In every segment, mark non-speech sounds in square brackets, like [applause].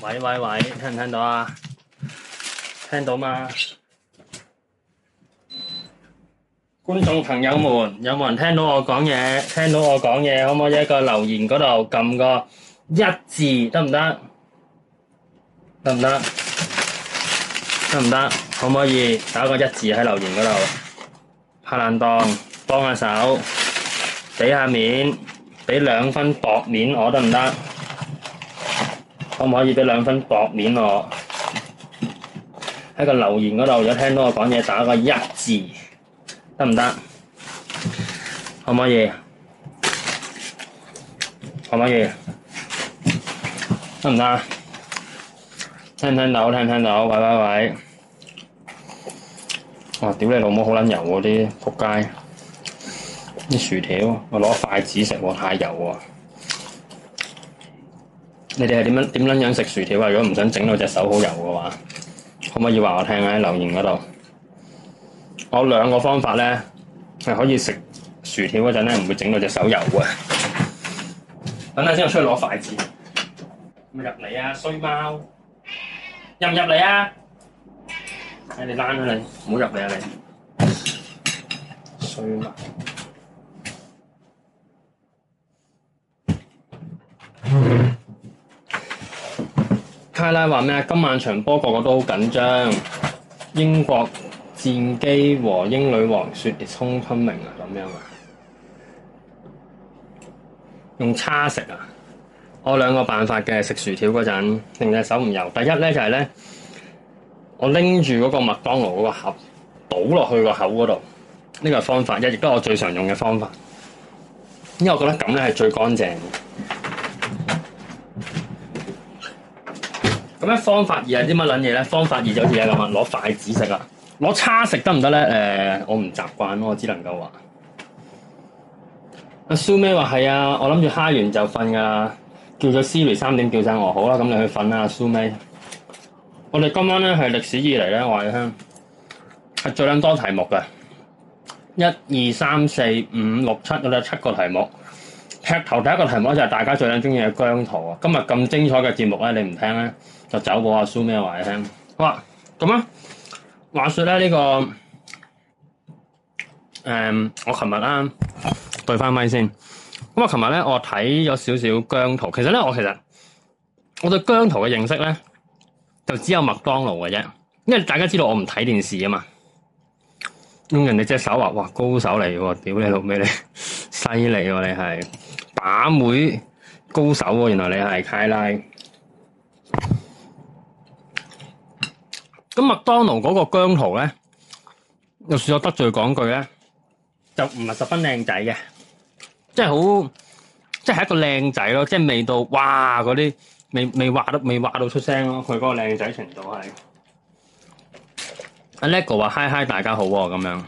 喂喂喂，聽唔聽到啊？聽到嗎？觀眾朋友們，有冇人聽到我講嘢？聽到我講嘢，可唔可以喺個留言嗰度撳個一字得唔得？得唔得？得唔得？可唔可以打個一字喺留言嗰度？拍爛檔，幫下手，俾下面，俾兩分薄面，我得唔得？可唔可以畀兩分薄面我？喺個留言嗰度，有聽到我講嘢，打個一字得唔得？可唔可以？可唔可以？得唔得？聽唔聽到？聽唔聽到？喂喂喂！哇！屌你老母，好撚油嗰啲仆街，啲薯條我攞筷子食喎，啊，太油喎！你哋係點樣點撚樣食薯條啊？如果唔想整到隻手好油嘅話，可唔可以話我聽下喺留言嗰度？我兩個方法咧係可以食薯條嗰陣咧唔會整到隻手油嘅。等陣先，我出去攞筷子。咪入嚟啊，衰貓！入唔入嚟啊？你哋躝啊你！唔好入嚟啊你！衰貓！睇啦，話咩今晚場波個個都好緊張，英國戰機和英女王雪地衝昆明啊，咁樣啊，用叉食啊！我兩個辦法嘅食薯條嗰陣，定隻手唔油。第一咧就係、是、咧，我拎住嗰個麥當勞嗰個盒倒落去個口嗰度，呢個係方法一，亦都係我最常用嘅方法，因為我覺得咁咧係最乾淨。咁樣方法二係啲乜捻嘢咧？方法二就好似係咁啊，攞筷子食啊，攞叉食得唔得咧？誒、呃，我唔習慣咯，我只能夠話阿蘇咩話係啊，我諗住蝦完就瞓噶啦，叫咗 Siri 三點叫醒我好啦，咁你去瞓啦。阿蘇咩、um，我哋今晚咧係歷史以嚟咧，我話你聽係最捻多題目嘅，一二三四五六七，我哋有七個題目。劈頭第一個題目就係大家最捻中意嘅姜濤啊！今日咁精彩嘅節目咧，你唔聽咧？就走過阿蘇咩話你聽？好啊，咁啊，話説咧呢個誒，我琴日啊對翻咪先。咁啊，琴日咧我睇咗少少姜濤。其實咧，我其實我對姜濤嘅認識咧，就只有麥當勞嘅啫。因為大家知道我唔睇電視啊嘛。咁人哋隻手話哇高手嚟喎，屌你老咩你，犀利喎你係把妹高手喎，原來你係凱拉。咁麥當勞嗰個姜濤咧，又算我得罪講句咧，就唔係十分靚仔嘅，即係好，即係係一個靚仔咯，即係未到哇嗰啲，未未畫到，未畫到出聲咯，佢嗰個靚仔程度係。阿 Lego 話 hi hi 大家好咁樣，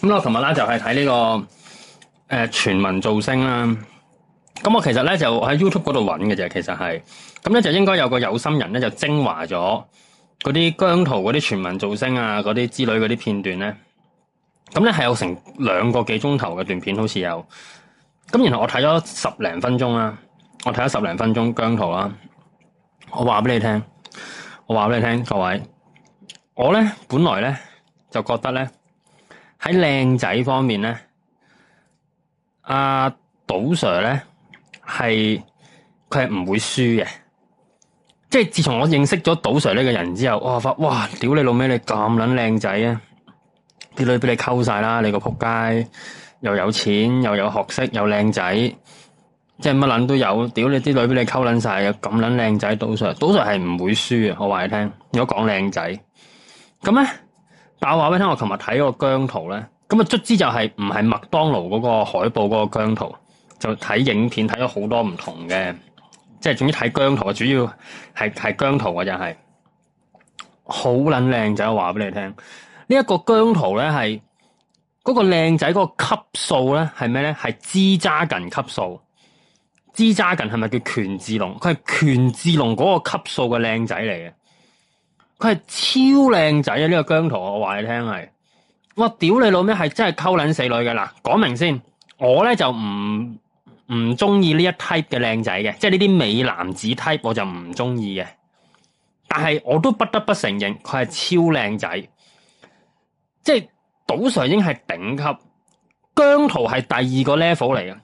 咁我琴日啦就係睇呢個誒全民造星啦。咁我其實咧就喺 YouTube 嗰度揾嘅啫，其實係咁咧就應該有個有心人咧就精華咗嗰啲姜濤嗰啲全民造星啊嗰啲之類嗰啲片段咧，咁咧係有成兩個幾鐘頭嘅段片，好似有咁，然後我睇咗十零分鐘啦、啊，我睇咗十零分鐘姜濤啦，我話俾你聽，我話俾你聽，各位，我咧本來咧就覺得咧喺靚仔方面咧，阿賭 Sir 咧。係佢係唔會輸嘅，即係自從我認識咗賭 Sir 呢個人之後，哇我發哇，屌你老味你咁捻靚仔啊！啲女俾你溝晒啦，你個仆街又有錢又有學識又靚仔，即係乜捻都有。屌你啲女俾你溝捻晒嘅，咁捻靚仔賭 Sir，賭 Sir 係唔會輸嘅。我話你聽，如果講靚仔咁咧，但係我話俾你聽，我琴日睇個姜濤咧，咁啊，卒之就係唔係麥當勞嗰個海報嗰個姜濤。就睇影片睇咗好多唔同嘅，即係總之睇姜濤啊，主要係係姜濤啊，就係好撚靚仔，我話俾你聽，呢、這、一個姜濤咧係嗰個靚仔個級數咧係咩咧？係支扎近級數，支扎近係咪叫權志龍？佢係權志龍嗰個級數嘅靚仔嚟嘅，佢係超靚仔啊！呢、這個姜濤我話你聽係，哇屌你老咩？係真係溝撚死女嘅啦，講明先，我咧就唔。唔中意呢一 type 嘅靚仔嘅，即係呢啲美男子 type，我就唔中意嘅。但係我都不得不承認佢係超靚仔，即係賭 Sir 已經係頂級，姜濤係第二個 level 嚟嘅，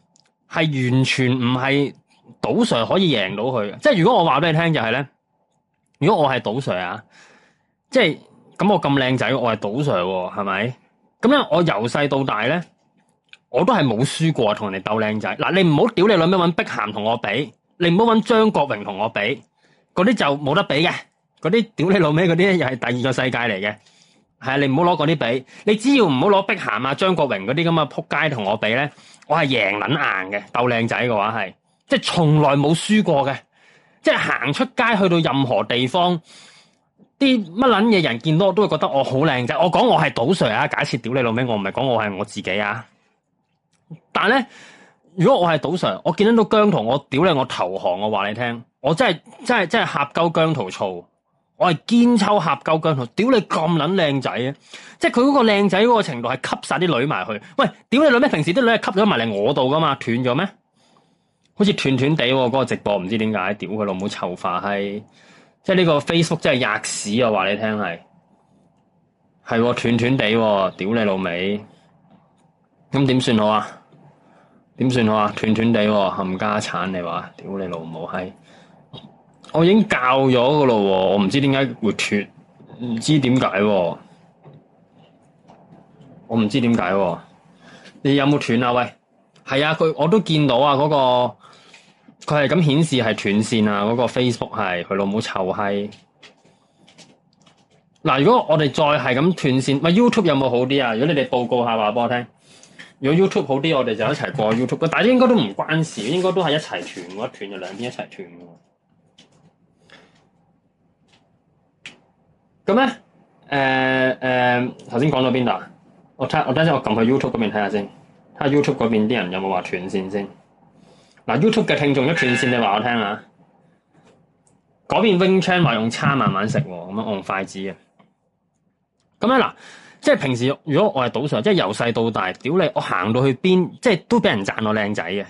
係完全唔係賭 Sir 可以贏到佢嘅。即係如果我話俾你聽就係、是、咧，如果我係賭 Sir 啊，即係咁我咁靚仔，我係賭 Sir 係、啊、咪？咁樣我由細到大咧。我都係冇輸過同人哋鬥靚仔。嗱，你唔好屌你老味揾碧咸同我比，你唔好揾張國榮同我比，嗰啲就冇得比嘅。嗰啲屌你老味嗰啲又係第二個世界嚟嘅。係啊，你唔好攞嗰啲比。你只要唔好攞碧咸啊、張國榮嗰啲咁啊扑街同我比咧，我係贏捻硬嘅。鬥靚仔嘅話係，即係從來冇輸過嘅。即係行出街去到任何地方，啲乜捻嘢人見到我都會覺得我好靚仔。我講我係賭 sir 啊，假設屌你老味，我唔係講我係我自己啊。但係咧，如果我係賭神，我見到姜濤，我屌你，我投降，我話你聽，我真係真係真係呷鳩姜濤醋，我係堅抽合鳩姜濤，屌你咁撚靚仔啊！即係佢嗰個靚仔嗰個程度係吸晒啲女埋去，喂，屌你女咩？平時啲女係吸咗埋嚟我度噶嘛？斷咗咩？好似斷斷地嗰個直播，唔知點解，屌佢老母臭化係即係呢個 Facebook 真係吔屎啊！話你聽係，係斷斷地，屌你老味，咁點算好啊？.點算好啊？斷斷地冚家產你話，屌你老母閪！我已經教咗噶咯，我唔知點解會斷，唔知點解，我唔知點解。你有冇斷啊？喂，係啊，佢我都見到啊，嗰個佢係咁顯示係斷綫啊，嗰個 Facebook 係佢老母臭閪。嗱，如果我哋再係咁斷綫，咪 YouTube 有冇好啲啊？如果你哋報告下話俾我聽。如果 YouTube 好啲，我哋就一齊過 YouTube，但係應該都唔關事，應該都係一齊斷，斷兩邊一斷就兩邊一齊斷嘅。咁、呃、咧，誒、呃、誒，頭先講到邊度我睇，我等陣，我撳去 YouTube 嗰邊睇下先，睇下 YouTube 嗰邊啲人有冇話斷線先。嗱，YouTube 嘅聽眾一斷線，你話我聽啊？嗰邊 WingChan 話用叉慢慢食喎，咁樣用筷子嘅。咁啊嗱。即係平時如果我係賭 Sir，即係由細到大，屌你，我行到去邊，即係都俾人讚我靚仔嘅，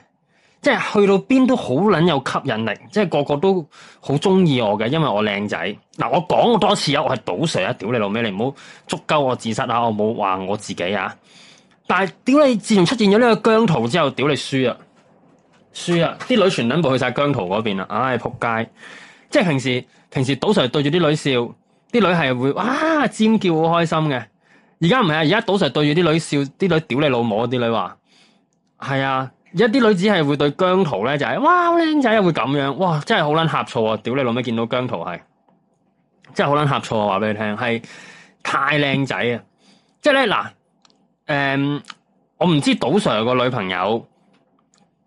即係去到邊都好捻有吸引力，即係個個都好中意我嘅，因為我靚仔。嗱，我講好多次啊，我係賭 Sir 啊，屌你老味，你唔好捉鳩我自殺啊，我冇話我自己啊。但係，屌你，自從出現咗呢個姜濤之後，屌你輸啊，輸啊，啲女全捻部去晒姜濤嗰邊啊。唉，撲街。即係平時平時賭 Sir 對住啲女笑，啲女係會哇尖叫好開心嘅。而家唔係啊！而家賭 Sir 對住啲女笑，啲女屌你老母，啲女話係啊，而家啲女子係會對姜濤咧就係、是、哇，靚仔又會咁樣哇，真係好撚呷醋啊！屌你老味見到姜濤係，真係好撚呷醋啊！話俾你聽係太靚仔啊！即係咧嗱，誒，我唔、就是呃、知賭 Sir 個女朋友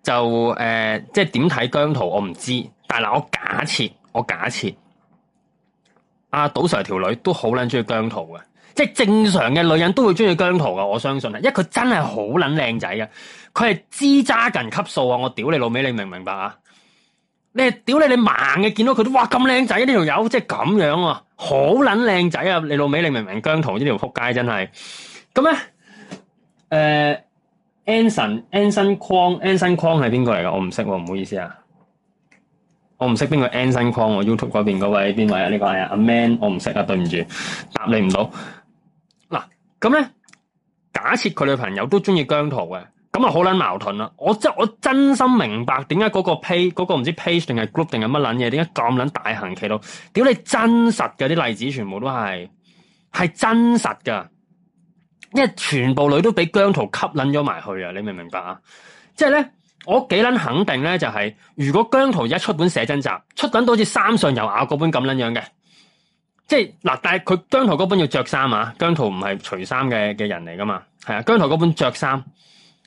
就誒、呃，即係點睇姜濤我唔知道，但係嗱，我假設我假設阿賭 Sir 條女都好撚中意姜濤嘅。即係正常嘅女人都會中意姜濤噶，我相信啊，因為佢真係好捻靚仔嘅，佢係芝加哥級數啊！我屌你老味，你明唔明白啊？你屌你，你盲嘅見到佢都哇咁靚仔呢條友，即係咁樣啊，好捻靚仔啊！你老味，你明唔明姜濤呢條撲街真係？咁咧，誒，Anson Anson Kong Anson Kong 係邊個嚟噶？我唔識，唔好意思啊，我唔識邊個 Anson Kong。YouTube 嗰邊嗰位邊位啊？呢個係阿 Man，我唔識啊，對唔住，答你唔到。咁咧，假設佢女朋友都中意姜濤嘅，咁啊好撚矛盾啦！我真我真心明白點解嗰個 page 嗰個唔知 page 定係 group 定係乜撚嘢，點解咁撚大行其道？屌你，真實嘅啲例子全部都係係真實嘅，因為全部女都俾姜濤吸撚咗埋去啊！你明唔明白啊？即係咧，我幾撚肯定咧、就係，就係如果姜濤一出本寫真集，出緊都好似三上悠亞嗰本咁撚樣嘅。即係嗱，但係佢姜濤嗰本要着衫啊！姜濤唔係除衫嘅嘅人嚟噶嘛？係啊，姜濤嗰本着衫，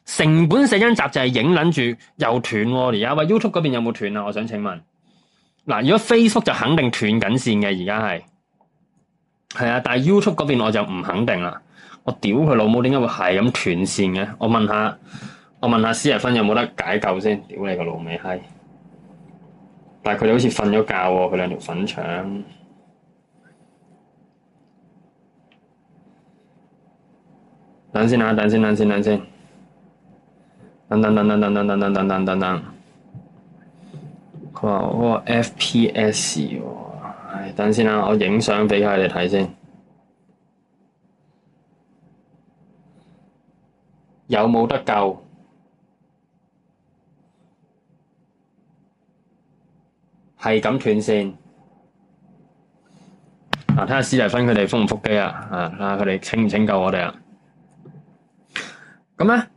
成本四張集就係影撚住又斷。而家喂，YouTube 嗰邊有冇斷啊？我想請問。嗱，如果 Facebook 就肯定斷緊線嘅，而家係，係啊，但係 YouTube 嗰邊我就唔肯定啦。我屌佢老母，點解會係咁斷線嘅？我問下，我問下史逸芬有冇得解救先？屌你個老味閪！但係佢哋好似瞓咗覺喎，佢兩條粉腸。等先啦，等先，等先，等先，等等，等等，等等，等等，等等，好啊，我 FPS 喎，唉，等先啦，我影相俾佢哋睇先，有冇得救？係咁斷線，啊，睇下史蒂芬佢哋復唔復機啊，啊，睇下佢哋請唔請救我哋啊？咁咧，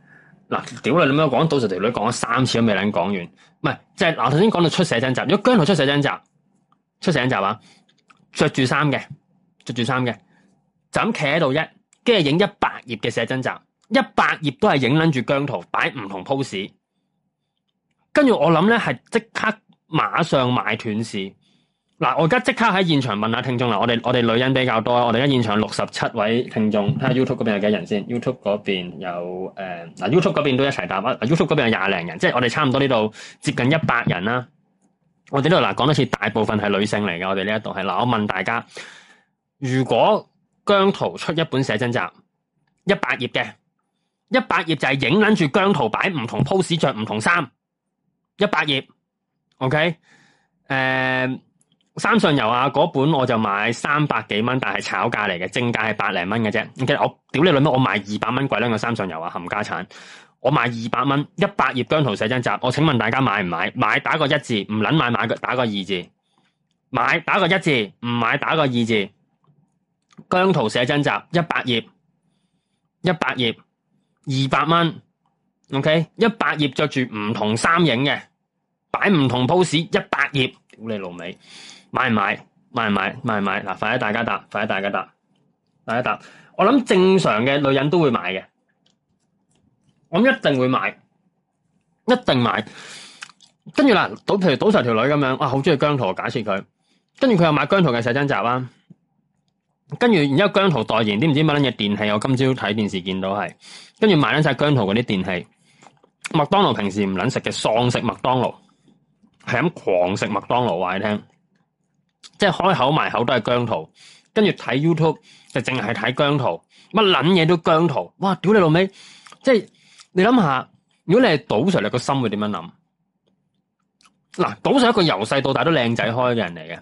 嗱，屌你，你咁樣講到時條女講咗三次都未撚講完，唔係，即係嗱，頭先講到出寫真集，如果姜濤出寫真集，出寫真集啊，着住衫嘅，着住衫嘅，就咁企喺度一，跟住影一百頁嘅寫真集，一百頁都係影捻住姜濤擺唔同 pose，跟住我諗咧係即刻馬上買斷市。嗱，我而家即刻喺現場問下聽眾啦。我哋我哋女人比較多，我哋而家現場六十七位聽眾，睇下 YouTube 嗰邊有幾人先。YouTube 嗰邊有誒，嗱、呃、YouTube 嗰邊都一齊答啦。YouTube 嗰邊有廿零人，即係我哋差唔多呢度接近一百人啦。我哋呢度嗱，講多次，大部分係女性嚟嘅。我哋呢一度係嗱，我問大家，如果姜濤出一本寫真集，一百頁嘅，一百頁就係影緊住姜濤擺唔同 pose，着唔同衫，一百頁，OK，誒、呃。三上油啊！嗰本我就買三百幾蚊，但係炒價嚟嘅，正價係百零蚊嘅啫。咁其實我屌你老尾，我賣二百蚊貴兩個三上油啊，冚家鏟！我賣二百蚊，一百頁姜濤寫真集。我請問大家買唔買？買打個一字，唔撚買買嘅打個二字，買打個一字，唔買打個二字。姜濤寫真集一百頁，一百頁，二百蚊。OK，一百頁着住唔同衫影嘅，擺唔同 pose，一百頁，屌你老味。買唔買？買唔買？買唔買？嗱，快啲大家答，快啲大家答，大家答。我諗正常嘅女人都會買嘅，我諗一定會買，一定買。跟住啦賭譬如賭手條女咁樣，啊好中意姜濤，假設佢。跟住佢又買姜濤嘅寫真集啦。跟住，然之後姜濤代言啲唔知乜撚嘢電器，我今朝睇電視見到係，跟住買撚晒姜濤嗰啲電器。麥當勞平時唔撚食嘅喪食麥當勞，係咁狂食麥當勞，話你聽。即係開口埋口都係姜濤，跟住睇 YouTube 就淨係睇姜濤，乜捻嘢都姜濤。哇！屌你老味！即係你諗下，如果你係賭 Sir，你個心會點樣諗？嗱，賭 Sir 一個由細到大都靚仔開嘅人嚟嘅，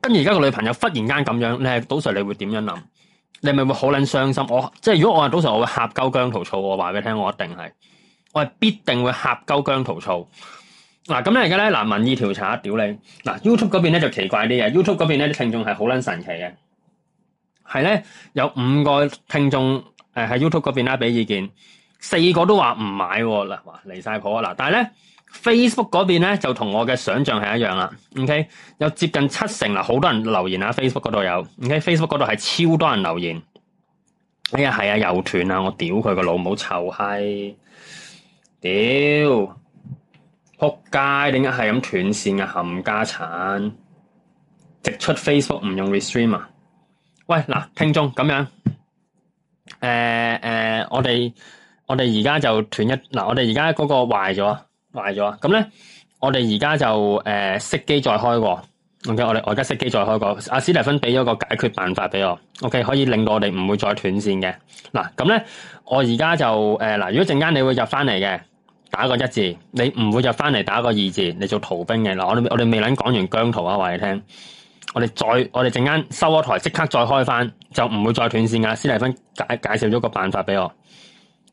跟住而家個女朋友忽然間咁樣，你係賭 Sir 你會點樣諗？你係咪會好捻傷心？我即係如果我係賭 Sir，我會呷鳩姜濤醋。我話俾你聽，我一定係，我係必定會呷鳩姜濤醋。嗱咁咧，而家咧嗱民意調查屌你嗱 YouTube 嗰邊咧就奇怪啲嘅，YouTube 嗰邊咧啲聽眾係好撚神奇嘅，係咧有五個聽眾誒喺 YouTube 嗰邊啦俾意見，四個都話唔買嗱，話離曬譜啦。但係咧 Facebook 嗰邊咧就同我嘅想象係一樣啦。OK，有接近七成啦，好多人留言啊，Facebook 嗰度有。OK，Facebook、OK? 嗰度係超多人留言。哎呀，係啊，又斷啊，我屌佢個老母臭閪，屌！撲街，點解係咁斷線嘅啊？冚家鏟，直出 Facebook 唔用 restream 啊！喂，嗱，聽眾咁樣，誒、呃、誒、呃，我哋我哋而家就斷一，嗱、呃，我哋而家嗰個壞咗，壞咗，咁咧，我哋而家就誒熄機再開喎。OK，我哋我而家熄機再開過，阿史蒂芬俾咗個解決辦法俾我。OK，可以令到我哋唔會再斷線嘅。嗱、呃，咁咧，我而家就誒，嗱、呃，如果陣間你會入翻嚟嘅。打個一字，你唔會入翻嚟打個二字，你做逃兵嘅嗱。我哋我哋未能講完姜濤啊，話你聽。我哋再我哋陣間收咗台，即刻再開翻，就唔會再斷線啊。施麗芬介紹咗個辦法俾我。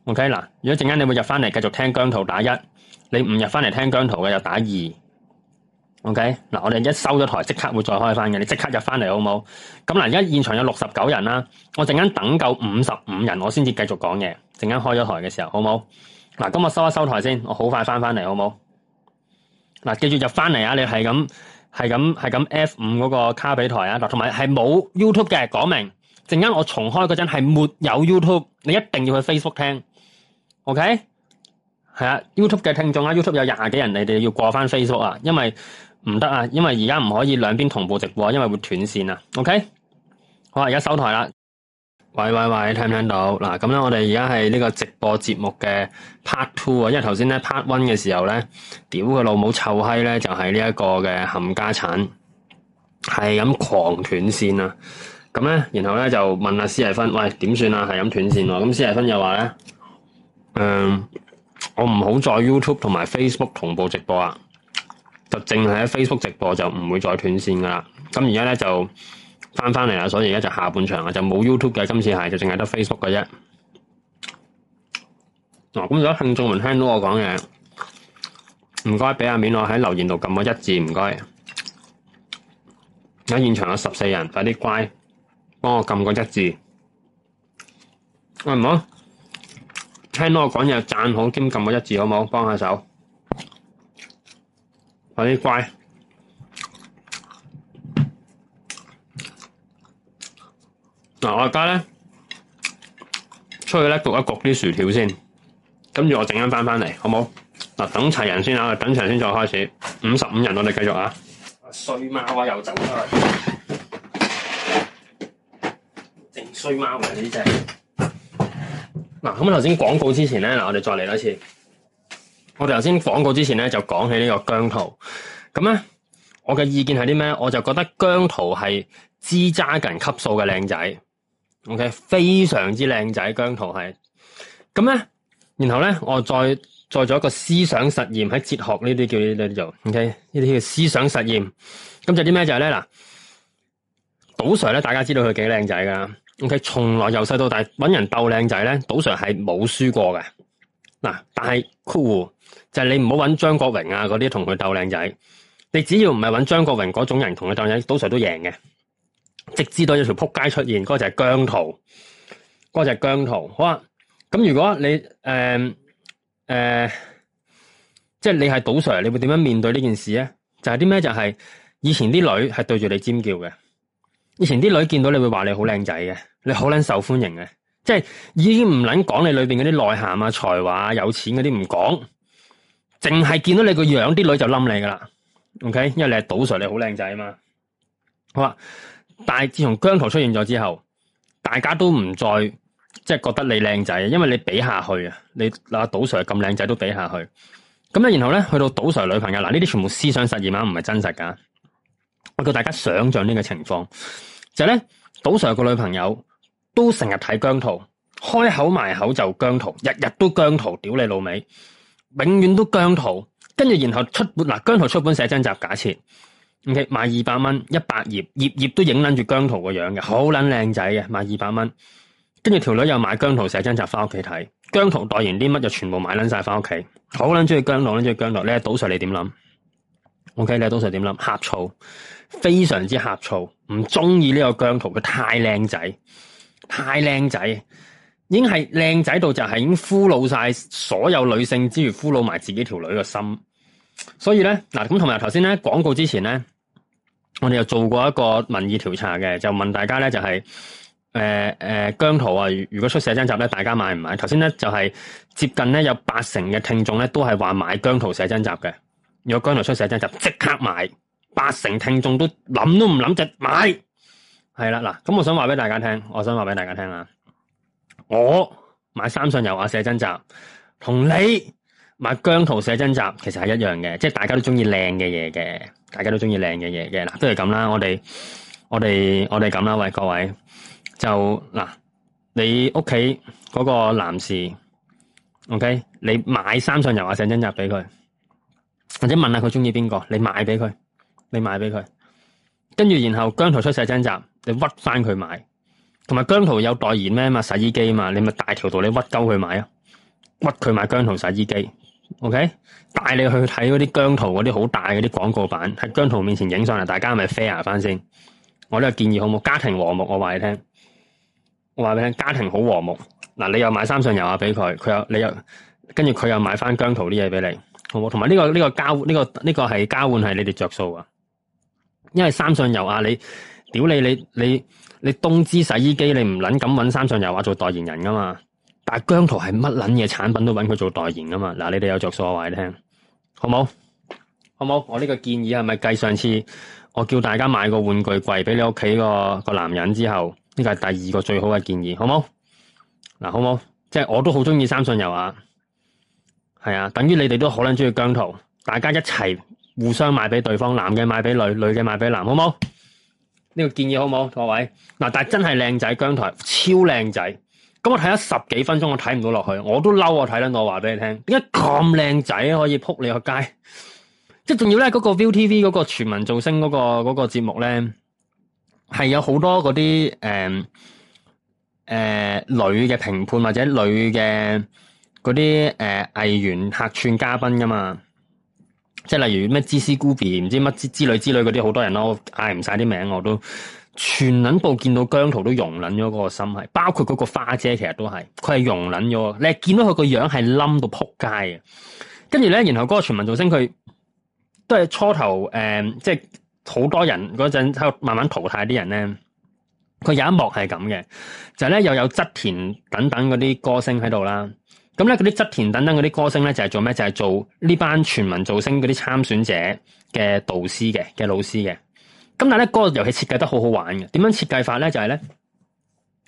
OK 嗱，如果陣間你會入翻嚟繼續聽姜濤打一，你唔入翻嚟聽姜濤嘅就打二。OK 嗱，我哋一收咗台即刻會再開翻嘅，你即刻入翻嚟好冇？咁嗱，而家現場有六十九人啦，我陣間等夠五十五人，我先至繼續講嘢。陣間開咗台嘅時候，好冇？嗱，今日收一收台先，我好快翻翻嚟，好唔好？嗱，記住入翻嚟啊！你係咁，係咁，係咁 F5 嗰個卡比台啊！嗱，同埋係冇 YouTube 嘅，講明。陣間我重開嗰陣係沒有 YouTube，你一定要去 Facebook 聽，OK？係啊，YouTube 嘅聽眾啊，YouTube 有廿幾人，你哋要過翻 Facebook 啊，因為唔得啊，因為而家唔可以兩邊同步直播，因為會斷線啊，OK？好，而家收台啦。喂喂喂，聽唔聽到？嗱，咁咧，我哋而家係呢個直播節目嘅 part two 啊，因為頭先咧 part one 嘅時候咧，屌佢老母臭閪咧，就係呢一個嘅冚家鏟，係咁狂斷線啊！咁咧，然後咧就問阿施懿芬，喂，點算啊？係咁斷線喎，咁施懿芬又話咧，誒、嗯，我唔好再 YouTube 同埋 Facebook 同步直播啊，就淨係喺 Facebook 直播就唔會再斷線噶啦。咁而家咧就。翻翻嚟啦，所以而家就下半場啦，就冇 YouTube 嘅，今次係就淨係得 Facebook 嘅啫。嗱，咁如果聽眾們聽到我講嘅，唔該俾阿面我喺留言度撳個一字，唔該。而家現場有十四人，快啲乖，幫我撳個一字，好唔好？聽到我講嘢讚好兼撳個一字，好唔好？幫下手，快啲乖。我而家咧出去咧焗一焗啲薯條先，跟住我陣間翻翻嚟，好冇？嗱，等齊人先啊，我等齊先再開始。五十五人，我哋繼續啊。衰貓啊，啊，又走開，淨衰貓嚟呢隻。嗱、啊，咁啊頭先廣告之前咧，嗱我哋再嚟多次。我哋頭先廣告之前咧就講起呢個姜濤，咁咧我嘅意見係啲咩？我就覺得姜濤係支扎人級數嘅靚仔。OK，非常之靚仔，姜濤係。咁咧，然後咧，我再再做一個思想實驗喺哲學呢啲叫呢啲就 OK 呢啲叫思想實驗。咁就啲咩就係咧嗱，賭 Sir 咧大家知道佢幾靚仔噶。OK，從來由細到大揾人鬥靚仔咧，賭 Sir 係冇輸過嘅。嗱，但係酷就係、是、你唔好揾張國榮啊嗰啲同佢鬥靚仔，你只要唔係揾張國榮嗰種人同佢鬥靚仔，賭 Sir 都贏嘅。直至到有條扑街出現，嗰、那個就係姜濤，嗰、那個就係姜濤。好啊，咁如果你誒誒，即、呃、係、呃就是、你係賭 Sir，你會點樣面對呢件事咧？就係啲咩？就係、是、以前啲女係對住你尖叫嘅，以前啲女見到你會話你好靚仔嘅，你好捻受歡迎嘅，即、就、係、是、已經唔捻講你裏邊嗰啲內涵啊、才華啊、有錢嗰啲唔講，淨係見到你個樣，啲女就冧你噶啦。OK，因為你係賭 Sir，你好靚仔啊嘛。好啊。但係自從姜濤出現咗之後，大家都唔再即係覺得你靚仔，因為你比下去啊，你嗱賭 Sir 咁靚仔都比下去。咁咧，然後咧，去到賭 Sir 女朋友嗱，呢啲全部思想實驗啊，唔係真實噶。我叫大家想象呢個情況就係、是、咧，賭 Sir 個女朋友都成日睇姜濤，開口埋口就姜濤，日日都姜濤，屌你老味，永遠都姜濤。跟住然後出嗱姜濤出本寫真集假設。ok 賣二百蚊一百頁頁頁都影捻住姜濤個樣嘅好捻靚仔嘅，賣二百蚊，跟住條女又買姜濤寫真集，翻屋企睇姜濤代言啲乜就全部買捻晒翻屋企，好捻中意姜濤呢，中意姜濤咧，賭 sir 你點諗？ok 你賭 sir 點諗？呷醋非常之呷醋，唔中意呢個姜濤佢太靚仔，太靚仔，已經係靚仔到就係已經俘虜晒所有女性之餘俘虜埋自己條女嘅心。所以咧嗱，咁同埋頭先咧廣告之前咧，我哋又做過一個民意調查嘅，就問大家咧就係誒誒姜濤啊，如果出寫真集咧，大家買唔買？頭先咧就係、是、接近咧有八成嘅聽眾咧都係話買姜濤寫真集嘅，如果「姜濤出寫真集即刻買，八成聽眾都諗都唔諗就買，係啦嗱，咁我想話俾大家聽，我想話俾大家聽啊，我買三信由阿寫真集，同你。買姜濤寫真集其實係一樣嘅，即係大家都中意靚嘅嘢嘅，大家都中意靚嘅嘢嘅嗱，都係咁啦。我哋我哋我哋咁啦，喂各位就嗱，你屋企嗰個男士，OK，你買三上油啊寫真集俾佢，或者問下佢中意邊個，你買俾佢，你買俾佢，跟住然後姜濤出寫真集，你屈翻佢買，同埋姜濤有代言咩嘛？洗衣機啊嘛，你咪大條道你屈鳩佢買啊，屈佢買姜濤洗衣機。OK，帶你去睇嗰啲姜濤，嗰啲好大嗰啲廣告版，喺姜濤面前影上嚟，大家咪 fair 翻、啊、先。我呢個建議好冇？家庭和睦，我話你聽，我話你聽，家庭好和睦。嗱，你又買三上油啊俾佢，佢又你又，跟住佢又買翻姜濤啲嘢俾你，好冇？同埋呢個呢、呢個交呢、呢個呢、呢個係交換係你哋着數啊，因為三上油啊，你屌你你你你東芝洗衣機，你唔捻敢揾三上油啊做代言人噶嘛？但係姜濤係乜捻嘢產品都揾佢做代言噶嘛？嗱，你哋有着數話各位聽，好冇？好冇？我呢個建議係咪繼上次我叫大家買個玩具櫃俾你屋企個個男人之後，呢個係第二個最好嘅建議，好冇？嗱，好冇？即係我都好中意三信油啊，係啊，等於你哋都可能中意姜濤，大家一齊互相買俾對方，男嘅買俾女，女嘅買俾男，好冇？呢個建議好冇，各位嗱，但係真係靚仔姜濤，超靚仔。咁我睇咗十幾分鐘，我睇唔到落去，我都嬲我睇啦！我話俾你聽，點解咁靚仔可以撲你個街？即係仲要咧，嗰個 ViuTV 嗰、嗰個全民造星嗰、嗰個嗰、嗰個、節目咧，係有好多嗰啲誒誒女嘅評判或者女嘅嗰啲誒藝員客串嘉賓噶嘛？即、就、係、係、例如咩芝斯古比，唔知乜之之類之類嗰啲好多人咯，嗌唔晒啲名我都。全撚部見到姜濤都溶撚咗嗰個心係，包括嗰個花姐其實都係，佢係溶撚咗。你係見到佢個樣係冧到仆街嘅。跟住咧，然後嗰、嗰個全民造星佢都係初頭，即係好多人嗰陣喺度慢慢淘汰啲人咧。佢有一幕係咁嘅，就係咧又有側田等等嗰啲歌星喺度啦。咁咧嗰啲側田等等嗰啲歌星咧就係做咩？就係、是、做呢、就是、班全民造星嗰啲參選者嘅導師嘅，嘅老師嘅。咁但係咧，嗰、那個遊戲設計得好好玩嘅。點樣設計法咧？就係、是、咧，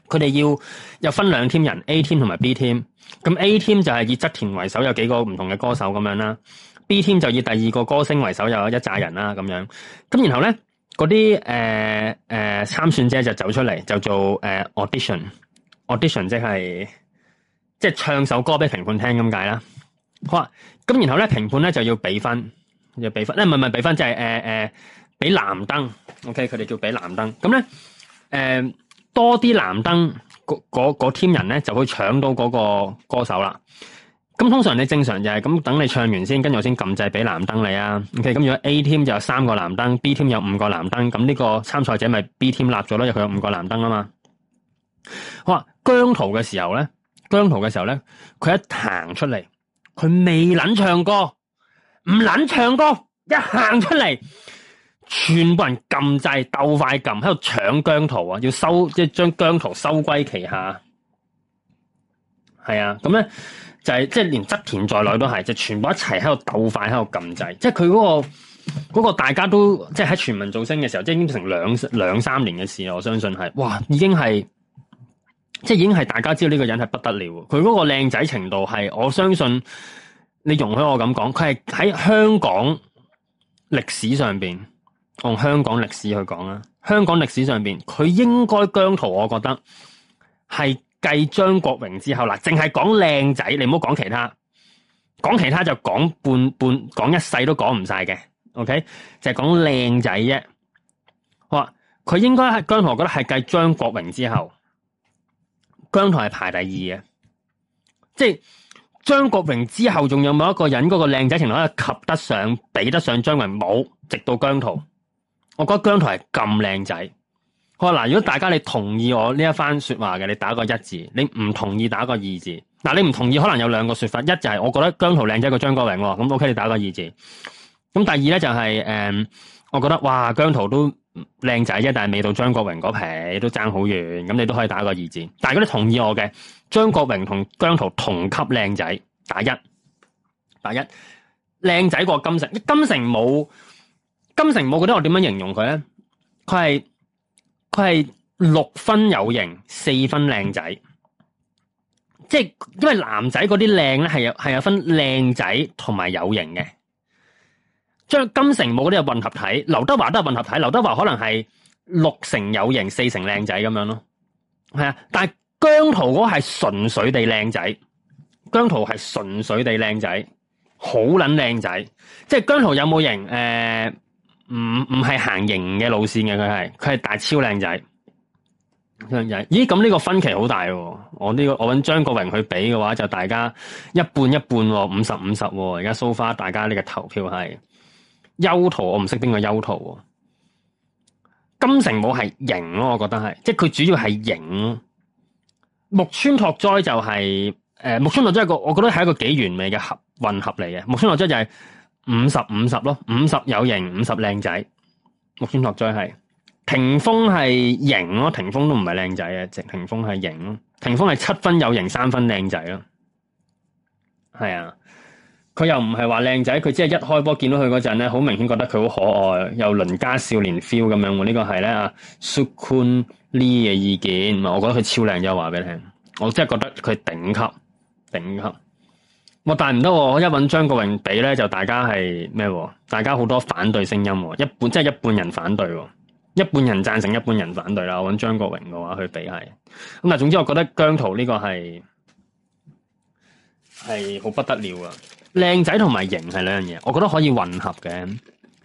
佢哋要又分兩添人，A 添同埋 B 添。a 咁 A 添就係以側田為首，有幾個唔同嘅歌手咁樣啦。B 添就以第二個歌星為首，有一一紮人啦咁樣。咁然後咧，嗰啲誒誒參選者就走出嚟，就做誒 audition、呃。audition 即係即係唱首歌俾評判聽咁解啦。好啊。咁然後咧，評判咧就要俾分，要俾分。咧唔係唔係俾分，即係誒誒。呃呃俾藍燈，OK，佢哋叫俾藍燈，咁咧，誒、呃，多啲藍燈嗰 team 人咧，就可以搶到嗰個歌手啦。咁通常你正常就係、是、咁，等你唱完先，跟住我先撳掣俾藍燈你啊，OK，咁如果 A team 就有三個藍燈，B team 有五個藍燈，咁呢個參賽者咪 B team 立咗囉，佢有五個藍燈啊嘛。好啊，姜濤嘅時候咧，姜濤嘅時候咧，佢一彈出嚟，佢未捻唱歌，唔捻唱歌，一行出嚟。全部人撳制鬥快撳，喺度搶姜濤啊！要收即係將姜濤收歸旗下，係啊！咁咧就係、是、即係連側田在內都係，就全部一齊喺度鬥快喺度撳制，即係佢嗰個嗰、那個、大家都即係喺全民造星嘅時候，即係已經成兩兩三年嘅事我相信係哇，已經係即係已經係大家知道呢個人係不得了。佢嗰個靚仔程度係，我相信你容許我咁講，佢係喺香港歷史上面。用香港歷史去講啦，香港歷史上邊佢應該姜濤，我覺得係繼張國榮之後啦，淨係講靚仔，你唔好講其他，講其他就講半半，講一世都講唔晒嘅，OK，就係講靚仔啫。好啊，佢應該係姜濤，我覺得係繼張國榮之後，姜濤係排第二嘅，即係張國榮之後仲有冇一個人嗰個靚仔程度及得上、比得上張國榮冇，直到姜濤。我覺得姜濤係咁靚仔，我話嗱，如果大家你同意我呢一番說話嘅，你打個一字；你唔同意打個二字。嗱，你唔同意可能有兩個說法，一就係我覺得姜濤靚仔過張國榮喎，咁 OK，你打個二字。咁第二咧就係誒，我覺得哇，姜濤都靚仔啫，但係未到張國榮嗰皮都爭好遠，咁你都可以打個二字。但係如果你同意我嘅，張國榮同姜濤同級靚仔，打一打一，靚仔過金城，金城冇。金城武，我覺得我點樣形容佢咧？佢係佢係六分有型，四分靚仔。即係因為男仔嗰啲靚咧，係有係有分靚仔同埋有型嘅。將金城武嗰啲係混合體，劉德華都係混合體。劉德華可能係六成有型，四成靚仔咁樣咯。係啊，但係姜濤嗰係純粹地靚仔，姜濤係純粹地靚仔，好捻靚仔。即係姜濤有冇型？誒。唔唔係行型嘅路線嘅，佢係佢係大超靚仔，靚仔。咦？咁呢個分歧好大喎、哦！我呢、這個我揾張國榮去比嘅話，就大家一半一半、哦，五十五十。而家 so far，大家呢個投票係邱圖，我唔識邊個邱圖、哦。金城武係型咯，我覺得係，即係佢主要係型。木村拓哉就係、是、誒，木、呃、村拓哉個，我覺得係一個幾完美嘅合混合嚟嘅。木村拓哉就係、是。五十五十咯，五十有型，五十靚仔。木村拓哉係，霆鋒係型咯，霆鋒都唔係靚仔嘅，霆鋒係型咯，霆鋒係七分有型，三分靚仔咯。係啊，佢又唔係話靚仔，佢即係一開波見到佢嗰陣咧，好明顯覺得佢好可愛，又鄰家少年 feel 咁樣。呢個係咧阿 Sukun Lee 嘅意見，唔係，我覺得佢超靚，真係話俾你聽，我真係覺得佢頂級，頂級。我帶唔得，我一搵張國榮比咧，就大家係咩？大家好多反對聲音喎，一半即係、就是、一半人反對，一半人贊成，一半人反對啦。我搵張國榮嘅話，佢比係咁。但係總之，我覺得姜濤呢個係係好不得了啊！靚仔同埋型係兩樣嘢，我覺得可以混合嘅。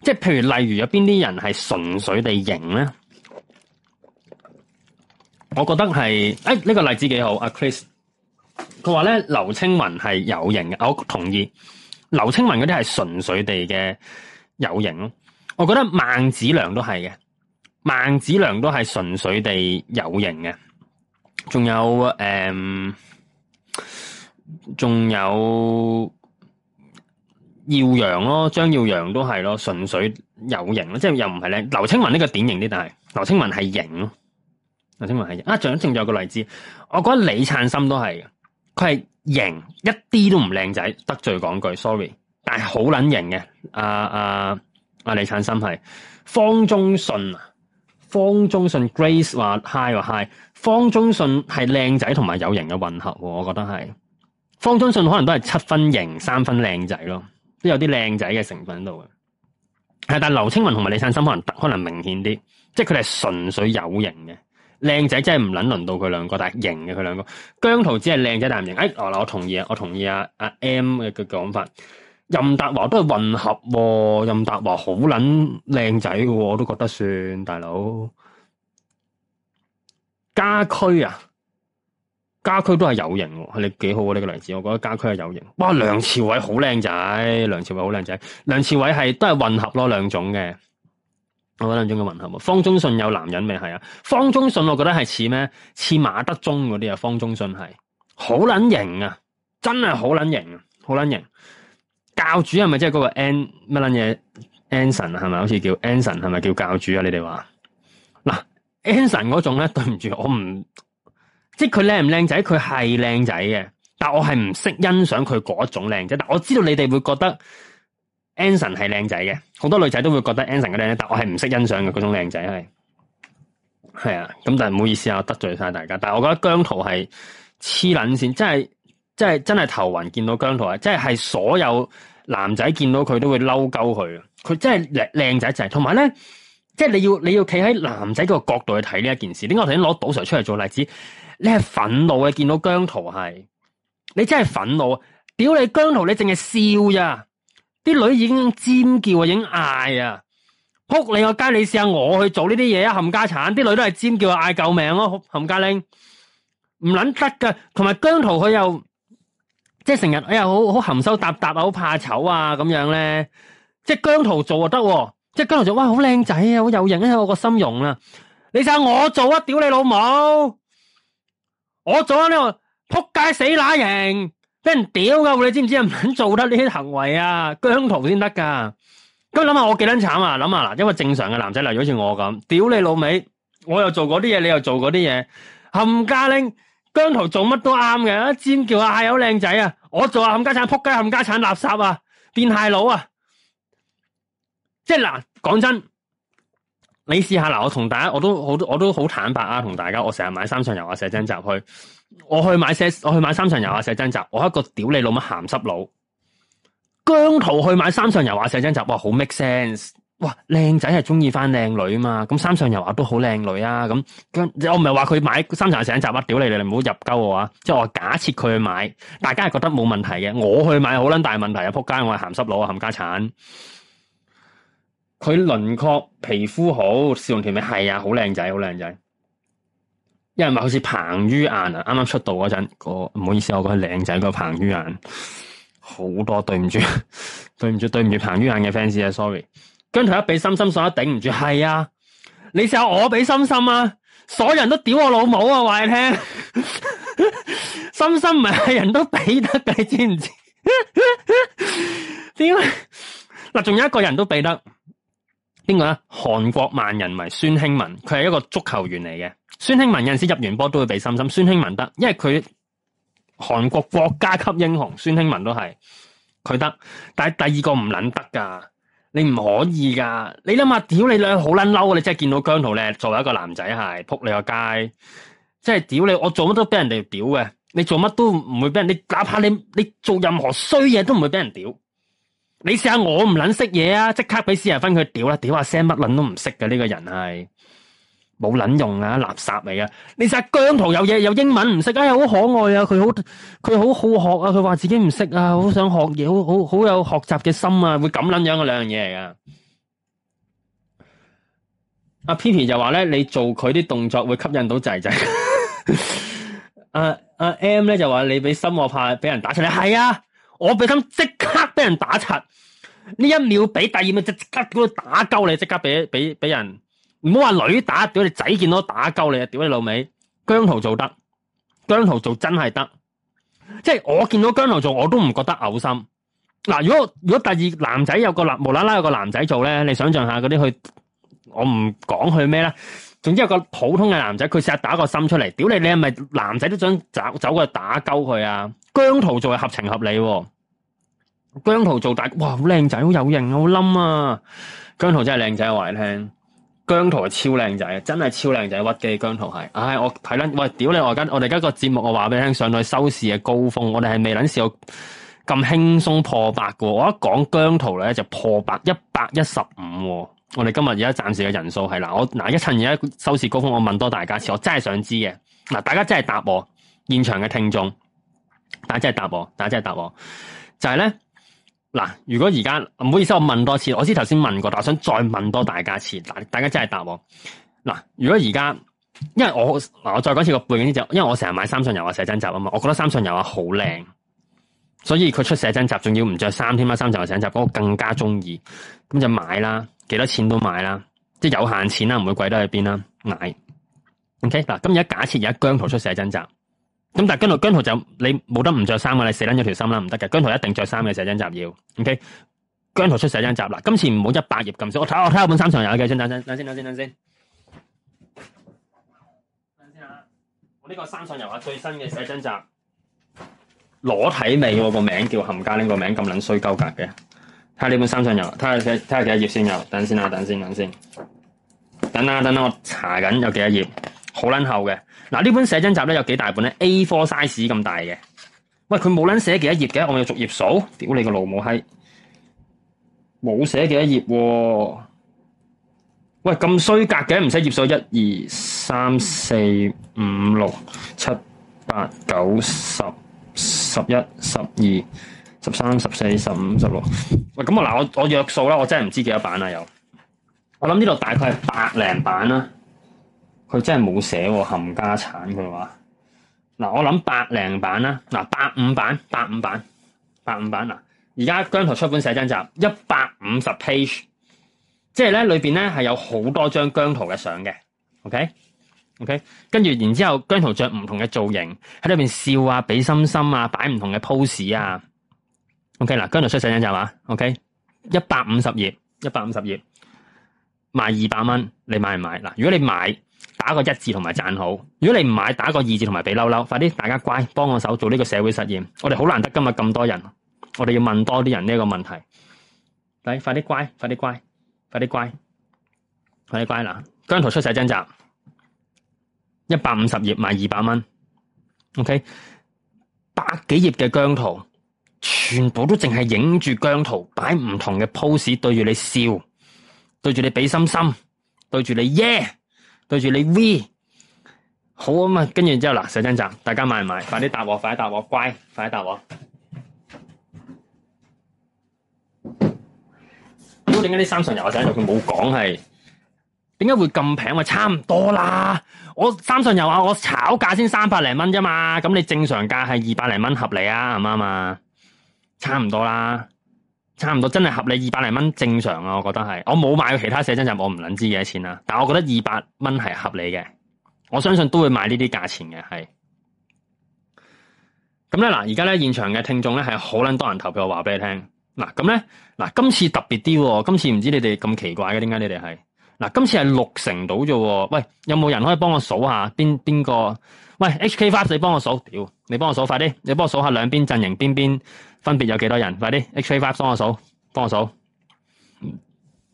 即係譬如例如有邊啲人係純粹地型咧？我覺得係誒呢個例子幾好啊，Chris。佢話咧劉青雲係有型嘅，我同意。劉青雲嗰啲係純粹地嘅有型咯，我覺得萬梓良都係嘅，萬梓良都係純粹地有型嘅。仲有誒，仲有耀揚咯，張耀揚都係咯，純粹有型咯，即係又唔係咧。劉青雲呢個典型啲，但係劉青雲係型咯。劉青雲係型啊，仲有仲有個例子，我覺得李燦森都係嘅。佢係型，一啲都唔靚仔，得罪講句，sorry 但帥帥。但係好撚型嘅，阿啊阿李燦森係方中信啊，啊方中信，方中信 Grace 話 high 話 high，方中信係靚仔同埋有型嘅混合，我覺得係方中信可能都係七分型，三分靚仔咯，都有啲靚仔嘅成分喺度嘅。係但係劉青雲同埋李燦森可能可能明顯啲，即係佢哋係純粹有型嘅。靚仔真係唔捻輪到佢兩個，但係型嘅佢兩個，姜濤只係靚仔但係唔型。哎，我同意啊，我同意啊阿 M 嘅講法。任達華都係混合、啊，任達華好捻靚仔嘅，我都覺得算大佬。家駒啊，家駒都係有型，喎。你幾好啊！呢個梁子，我覺得家駒係有型。哇，梁朝偉好靚仔，梁朝偉好靚仔，梁朝偉係都係混合咯、啊，兩種嘅。我好捻中嘅混合，方中信有男人未？係啊，方中信我覺得係似咩？似馬德鐘嗰啲啊，方中信係好捻型啊，真係好捻型，啊，好捻型。教主係咪即係嗰個 An 乜捻嘢？Anson 係咪？好似叫 Anson 係咪叫教主啊？你哋話嗱 Anson 嗰種咧，對唔住我唔即係佢靚唔靚仔？佢係靚仔嘅，但我係唔識欣賞佢嗰種靚仔。但我知道你哋會覺得。Anson 係靚仔嘅，好多女仔都會覺得 Anson 嘅靚，但我係唔識欣賞嘅嗰種靚仔係，係啊，咁但係唔好意思啊，我得罪晒大家。但係我覺得姜濤係黐捻線，真係真係真係頭暈，見到姜濤係，真係所有男仔見到佢都會嬲鳩佢，佢真係靚，靚仔就係同埋咧，即係你要你要企喺男仔嗰個角度去睇呢一件事。點解我頭先攞賭 Sir 出嚟做例子，你係憤怒啊，見到姜濤係，你真係憤怒，屌你姜濤，你淨係笑呀！啲女已經尖叫啊，已經嗌啊，扑你個街！你試下我去做呢啲嘢啊，冚家鏟！啲女都係尖叫啊，嗌救命咯，冚家拎，唔捻得噶。同埋姜濤佢又即係成日哎呀，好好含羞答答啊，好怕醜啊，咁樣咧，即係姜濤做就得，即係姜濤做哇，好靚仔啊，好有型啊，我個心融啦。你試下我做啊？屌你老母！我做啊呢個扑街死乸型！.俾人屌噶，你知唔知啊？唔肯做得呢啲行為啊，姜濤先得噶。咁諗下我幾撚慘啊？諗下嗱，因為正常嘅男仔，例如好似我咁，屌你老味，我又做嗰啲嘢，你又做嗰啲嘢，冚家拎，姜濤做乜都啱嘅。尖叫啊阿有靚仔啊，我做啊冚家鏟扑街產，冚家鏟垃圾啊，變態佬啊，即係嗱，講真，你試下嗱，我同大家我都好我都好坦白啊，同大家我成日買三上油啊，寫真集去。我去買些，我去買三上悠亞，寫真集，我一個屌你老母鹹濕佬，姜濤去買三上悠亞，寫真集，哇，好 make sense，哇，靚仔係中意翻靚女嘛，咁三上悠亞都好靚女啊，咁姜，我唔係話佢買三上悠亞寫真集啊，屌你你唔好入鳩我啊，即係我假設佢去買，大家係覺得冇問題嘅，我去買好撚大問題啊，仆街我係鹹濕佬啊，冚家鏟，佢輪廓皮膚好，笑容甜美，係啊，好靚仔，好靚仔。有人話好似彭于晏啊，啱啱出道嗰陣，嗰個唔好意思，我覺得靚仔個彭于晏好多對唔住，對唔住，對唔住彭于晏嘅 fans 啊，sorry，姜濤一俾心心，所一頂唔住，係啊，你試下我俾心心啊，所有人都屌我老母啊，話你聽， [laughs] 心心唔係人都俾得嘅，知唔知？點解？嗱，仲有一個人都俾得。邊個咧？韓國萬人迷孫興文，佢係一個足球員嚟嘅。孫興文有陣時入完波都會俾心心。孫興文得，因為佢韓國國家級英雄孫興文都係佢得。但係第二個唔捻得噶，你唔可以噶。你諗下，屌你兩好捻嬲啊！你真係見到姜濤咧，作為一個男仔係扑你個街，即係屌你，我做乜都俾人哋屌嘅。你做乜都唔會俾人你，哪怕你你做任何衰嘢都唔會俾人屌。你試下我唔捻識嘢啊！即刻俾私人分佢屌啦！屌下聲，乜捻都唔識嘅呢個人係冇捻用啊！垃圾嚟噶！你試下姜濤有嘢有英文唔識啊！好可愛啊！佢好佢好好學啊！佢話自己唔識啊！好想學嘢，好好好有學習嘅心啊！會咁捻樣嘅兩樣嘢嚟噶。阿 Pipi 就話咧，你做佢啲動作會吸引到仔仔。阿阿 M 咧就話，你俾心，我怕俾人打親，你係啊！我俾心即刻。俾人打柒，呢一秒，俾第二咪即刻佢打鳩你，即刻俾俾俾人唔好話女打，屌你仔見到打鳩你啊，屌你老味。姜濤做得姜濤做真係得，即係我見到姜濤做，我都唔覺得嘔心。嗱，如果如果第二男仔有，有個男無啦啦有個男仔做咧，你想象下嗰啲佢，我唔講佢咩呢？總之有個普通嘅男仔，佢成日打個心出嚟，屌你，你係咪男仔都想走走過去打鳩佢啊？姜濤做係合情合理，啊。姜濤做大，哇，好靚仔，好有型，好冧啊！姜濤真係靚仔，我話你聽，姜濤超靚仔，真係超靚仔，屈機姜濤係。唉、哎，我睇啦喂，屌你我而家，我哋而家個節目，我話俾你聽，上去收視嘅高峰，我哋係未諗到咁輕鬆破百喎。我一講姜濤咧就破百，一百一十五。我哋今日而家暫時嘅人數係嗱，我嗱一趁而家收視高峰，我問多大家一次，我真係想知嘅。嗱，大家真係答我，現場嘅聽眾，大家真係答我，大家真係答我，就係、是、咧。嗱，如果而家唔好意思，我問多次，我知頭先問過，但我想再問多大家一次，大大家真係答喎。嗱，如果而家，因為我嗱，我再講一次個背景就，因為我成日買三上悠亞寫真集啊嘛，我覺得三上悠亞好靚，所以佢出寫真集仲要唔着衫添啦，三上悠亞寫真集嗰個更加中意，咁就買啦，幾多錢都買啦，即係有限錢啦，唔會貴得去邊啦，買。OK，嗱，咁而家假設有一姜濤出寫真集。咁但係姜濤姜濤就你冇得唔着衫噶啦，你死撚咗條心啦，唔得嘅，姜濤一定着衫嘅寫真集要，ok 姜濤出寫真集啦，今次唔好一百頁咁少，我睇我睇下本三上油嘅。等先等先等先等先等先，等先啊！我呢個三上油啊最新嘅寫真集，裸體味喎，個名叫冚家拎個名咁撚衰鳩格嘅，睇下呢本三上油，睇下幾睇下幾多頁先有，等先啦，等先等先，等等等等我查緊有幾多頁，好撚厚嘅。嗱，呢本寫真集咧有幾大本咧？A4 size 咁大嘅，喂佢冇諗寫幾多頁嘅？我有逐頁數，屌你個老母閪，冇寫幾多頁喎？喂咁衰格嘅，唔使頁數一二三四五六七八九十十一十二十三十四十五十六，喂咁我嗱我我約數啦，我真係唔知幾多版啊又，我諗呢度大概係百零版啦。佢真係冇寫冚家產，佢話嗱，我諗百零版啦，嗱，百五版百五版百五版，嗱，而家姜濤出本寫真集一百五十 page，即係咧裏邊咧係有好多張姜濤嘅相嘅，ok ok 跟住然之後姜濤着唔同嘅造型喺裏邊笑啊，俾心心啊，擺唔同嘅 pose 啊，ok 嗱姜濤出寫真集嘛，ok 一百五十頁一百五十頁賣二百蚊，你買唔買嗱？如果你買。打個一字同埋讚好，如果你唔買，打個二字同埋俾嬲嬲，快啲大家乖，幫我手做呢個社會實驗。我哋好難得今日咁多人，我哋要問多啲人呢一個問題。嚟，快啲乖，快啲乖，快啲乖，快啲乖嗱，姜濤出晒寫真集，一百五十頁賣二百蚊，OK，百幾頁嘅姜濤，全部都淨係影住姜濤，擺唔同嘅 pose，對住你笑，對住你俾心心，對住你耶。對住你 V 好啊嘛，跟住之後嗱，寫真集，大家買唔買？快啲答我，快啲答我，乖，快啲答我。如果點解啲三上悠亞想想佢冇講係？點解會咁平？我差唔多啦。我三上悠亞啊，我炒價先三百零蚊啫嘛。咁你正常價係二百零蚊合理啊，唔啱嘛？差唔多啦。差唔多真係合理，二百零蚊正常啊，我覺得係，我冇買過其他寫真集，我唔捻知幾多錢啦。但係我覺得二百蚊係合理嘅，我相信都會買呢啲價錢嘅係。咁咧嗱，而家咧現場嘅聽眾咧係好捻多人投票，話俾你聽。嗱咁咧嗱，今次特別啲，今次唔知你哋咁奇怪嘅，點解你哋係？嗱，今次係六成到啫。喂，有冇人可以幫我數下邊邊個？喂，HK Five，你幫我數，屌，你幫我數快啲，你幫我數下兩邊陣營邊邊。邊邊分別有幾多人？快啲，HK Five 幫我數，幫我數。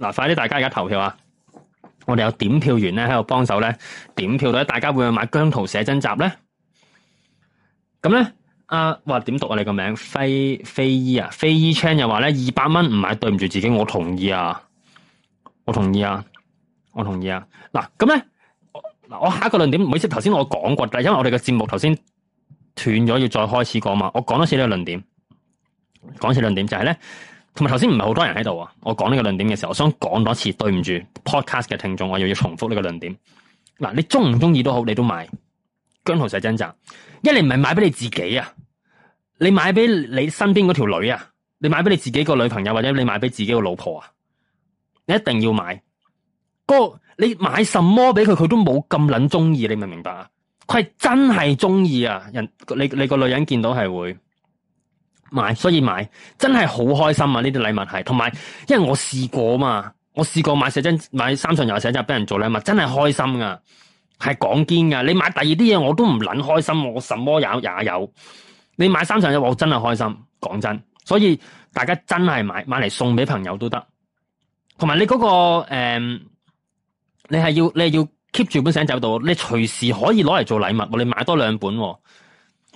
嗱，快啲大家而家投票啊！我哋有點票員咧喺度幫手咧點票，到大家會唔會買姜濤寫真集咧？咁咧，呃、嘩啊，話點讀我哋個名非非依啊？非依 Chan 又話咧二百蚊唔買對唔住自己，我同意啊！我同意啊！我同意啊！嗱、啊，咁咧嗱，我下一個論點，唔好意思，頭先我講過但係，因為我哋嘅節目頭先斷咗，要再開始講嘛，我講多次呢個論點。講次論點就係咧，同埋頭先唔係好多人喺度啊！我講呢個論點嘅時候，我想講多次。對唔住 Podcast 嘅聽眾，我又要重複呢個論點。嗱，你中唔中意都好，你都買姜濤寫真集。一嚟你唔係買俾你自己啊，你買俾你身邊嗰條女啊，你買俾你自己個女朋友或者你買俾自己個老婆啊，你一定要買。個、那個，你買什麼俾佢，佢都冇咁捻中意，你明唔明白啊？佢係真係中意啊！人你你個女人見到係會。買，所以買真係好開心啊！呢啲禮物係，同埋因為我試過嘛，我試過買寫真，買三上悠亞寫真俾人做禮物，真係開心噶，係講堅噶。你買第二啲嘢我都唔捻開心，我什麼有也有。你買三上悠亞嘅我真係開心，講真。所以大家真係買買嚟送俾朋友都得，同埋你嗰、嗰個誒、嗯，你係要你係要 keep 住本寫真度，你隨時可以攞嚟做禮物。你買多兩本，啊。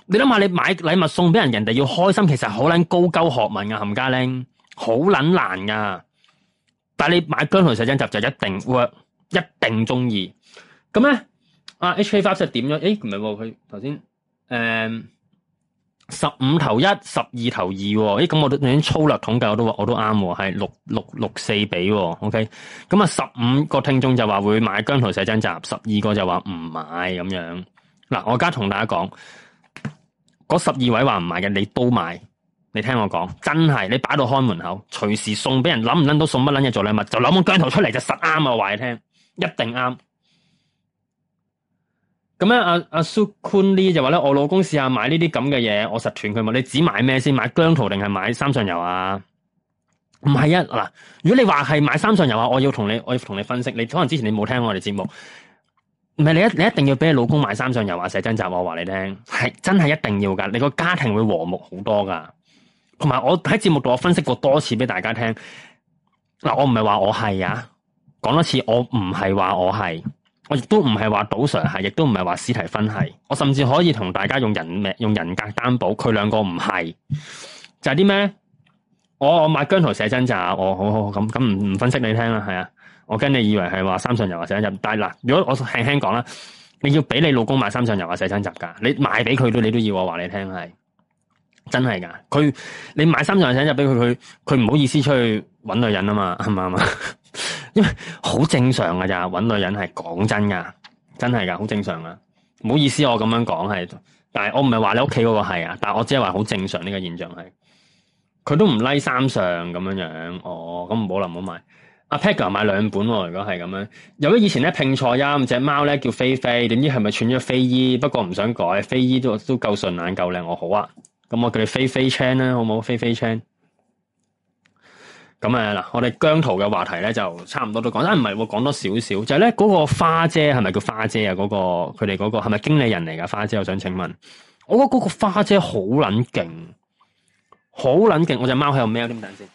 你諗下，你買禮物送俾人，人哋要開心，其實好撚高鳩學問噶，冚家拎，好撚難噶但係你買姜濤寫真集就一定 work，一定中意咁咧。啊 HK Five 七點咗，誒唔係佢頭先誒十五投一十二投二，誒咁、啊嗯欸、我都頭先粗略統計，我都話，我都啱係六六六四比。OK 咁啊，十五個聽眾就話會買姜濤寫真集，十二個就話唔買咁樣嗱。我而家同大家講。嗰十二位話唔買嘅，你都買。你聽我講，真係你擺到開門口，隨時送俾人諗唔諗都送乜捻嘢做禮物，就諗個姜濤出嚟就實啱啊！話你聽，一定啱。咁樣阿阿蘇寬 e 就話咧，我老公試下買呢啲咁嘅嘢，我實斷佢嘛。你只買咩先？買姜濤定係買三上油啊？唔係啊嗱，如果你話係買三上油啊，我要同你我要同你分析，你可能之前你冇聽我哋節目。唔係你一你一定要俾你老公買三上又話寫真集，我話你聽，係真係一定要噶，你個家庭會和睦好多噶。同埋我喺節目度我分析過多次俾大家聽，嗱我唔係話我係啊，講多次我唔係話我係，我亦都唔係話杜 Sir 係，亦都唔係話史提芬係，我甚至可以同大家用人命用人格擔保，佢兩個唔係，就係啲咩？我我買姜濤寫真集，我好好咁咁唔唔分析你聽啦，係啊。我跟你以為係話三上悠亞寫真集，但係嗱，如果我輕輕講啦，你要俾你老公買三上悠亞寫真集噶，你買俾佢都你都要我話你聽係真係噶，佢你買三上悠亞寫真集俾佢，佢佢唔好意思出去揾女人啊嘛，係咪啱因為好正常噶咋，揾女人係講真噶，真係噶，好正常噶，唔好意思我咁樣講係，但係我唔係話你屋企嗰個係啊，但我只係話好正常呢個現象係，佢都唔拉、like、三上咁樣樣，哦，咁唔好啦，唔好買。阿 Pegger 買兩本，啊，如果係咁樣，由於以前咧拼錯音，隻貓咧叫飛飛，點知係咪串咗飛衣？不過唔想改，飛衣都都夠順眼，夠靚，我好啊。咁我叫你飛飛 Chan 啦，好唔好？飛飛 Chan。咁啊，嗱、啊，我哋姜濤嘅話題咧就差唔多都講，但係唔係，講多少少就係咧嗰個花姐係咪叫花姐啊？嗰、那個佢哋嗰個係咪經理人嚟噶？花姐，我想請問，我覺得嗰個花姐好撚勁，好撚勁，我隻貓喺度喵添，等先。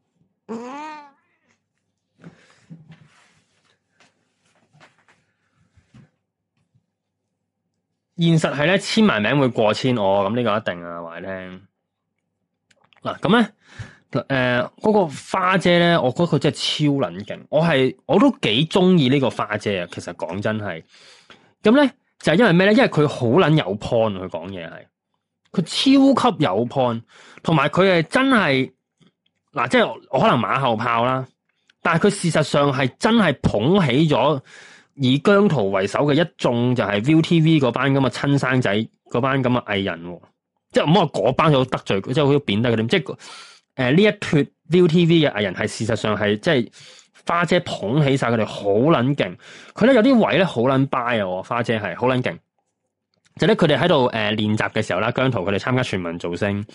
現實係咧，簽埋名會過千，我咁呢個一定啊，話你聽。嗱咁咧，誒，嗰、呃那個花姐咧，我覺得佢真係超撚勁，我係我都幾中意呢個花姐啊。其實講真係，咁咧就係、是、因為咩咧？因為佢好撚有 point，佢講嘢係，佢超級有 point，同埋佢係真係，嗱，即係我可能馬後炮啦，但係佢事實上係真係捧起咗。以姜濤為首嘅一眾就係 Viu TV 嗰班咁嘅親生仔嗰班咁嘅藝人，即係唔好話嗰班有得罪，即係好似貶低佢哋。即係誒呢一脱 Viu TV 嘅藝人係事實上係即係花姐捧起晒佢哋，好捻勁。佢咧有啲位咧好捻掰啊！花姐係好捻勁。就咧佢哋喺度誒練習嘅時候啦，姜濤佢哋參加全民造星。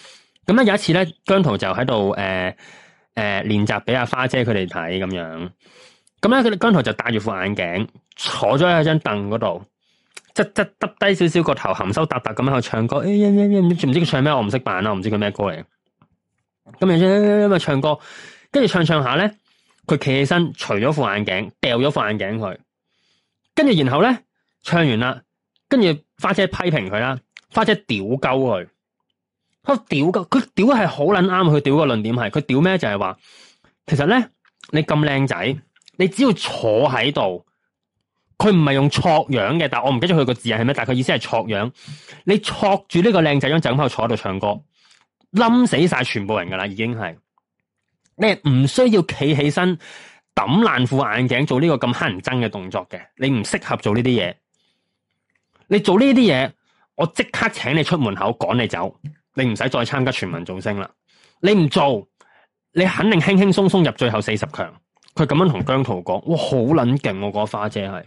咁咧有一次咧，姜濤就喺度誒誒練習俾阿花姐佢哋睇咁樣。咁咧佢哋姜濤就戴住副眼鏡，坐咗喺張凳嗰度，執耷低少少個頭，含羞答答咁喺度唱歌，誒、哎呀，呀，哎、呀呀呀，唔知唔知佢唱咩，我唔識扮啦，唔知佢咩歌嚟。咁樣啫，咪唱歌，跟住唱唱下咧，佢企起身，除咗副眼鏡，掉咗副眼鏡佢。跟住然後咧，唱完啦，跟住花姐批評佢啦，花姐屌鳩佢。佢屌佢屌係好撚啱，佢屌個論點係，佢屌咩就係話，其實咧你咁靚仔，你只要坐喺度。佢唔係用坐樣嘅，但係我唔記得佢個字係咩，但係佢意思係坐樣。你這這樣坐住呢個靚仔樣就咁喺坐喺度唱歌，冧死晒全部人噶啦，已經係。你唔需要企起身揼爛副眼鏡做呢個咁乞人憎嘅動作嘅，你唔適合做呢啲嘢。你做呢啲嘢，我即刻請你出門口趕你走，你唔使再參加全民造星啦。你唔做，你肯定輕輕鬆鬆入最後四十強。佢咁樣同姜濤講，哇，好捻勁我個花姐係、啊。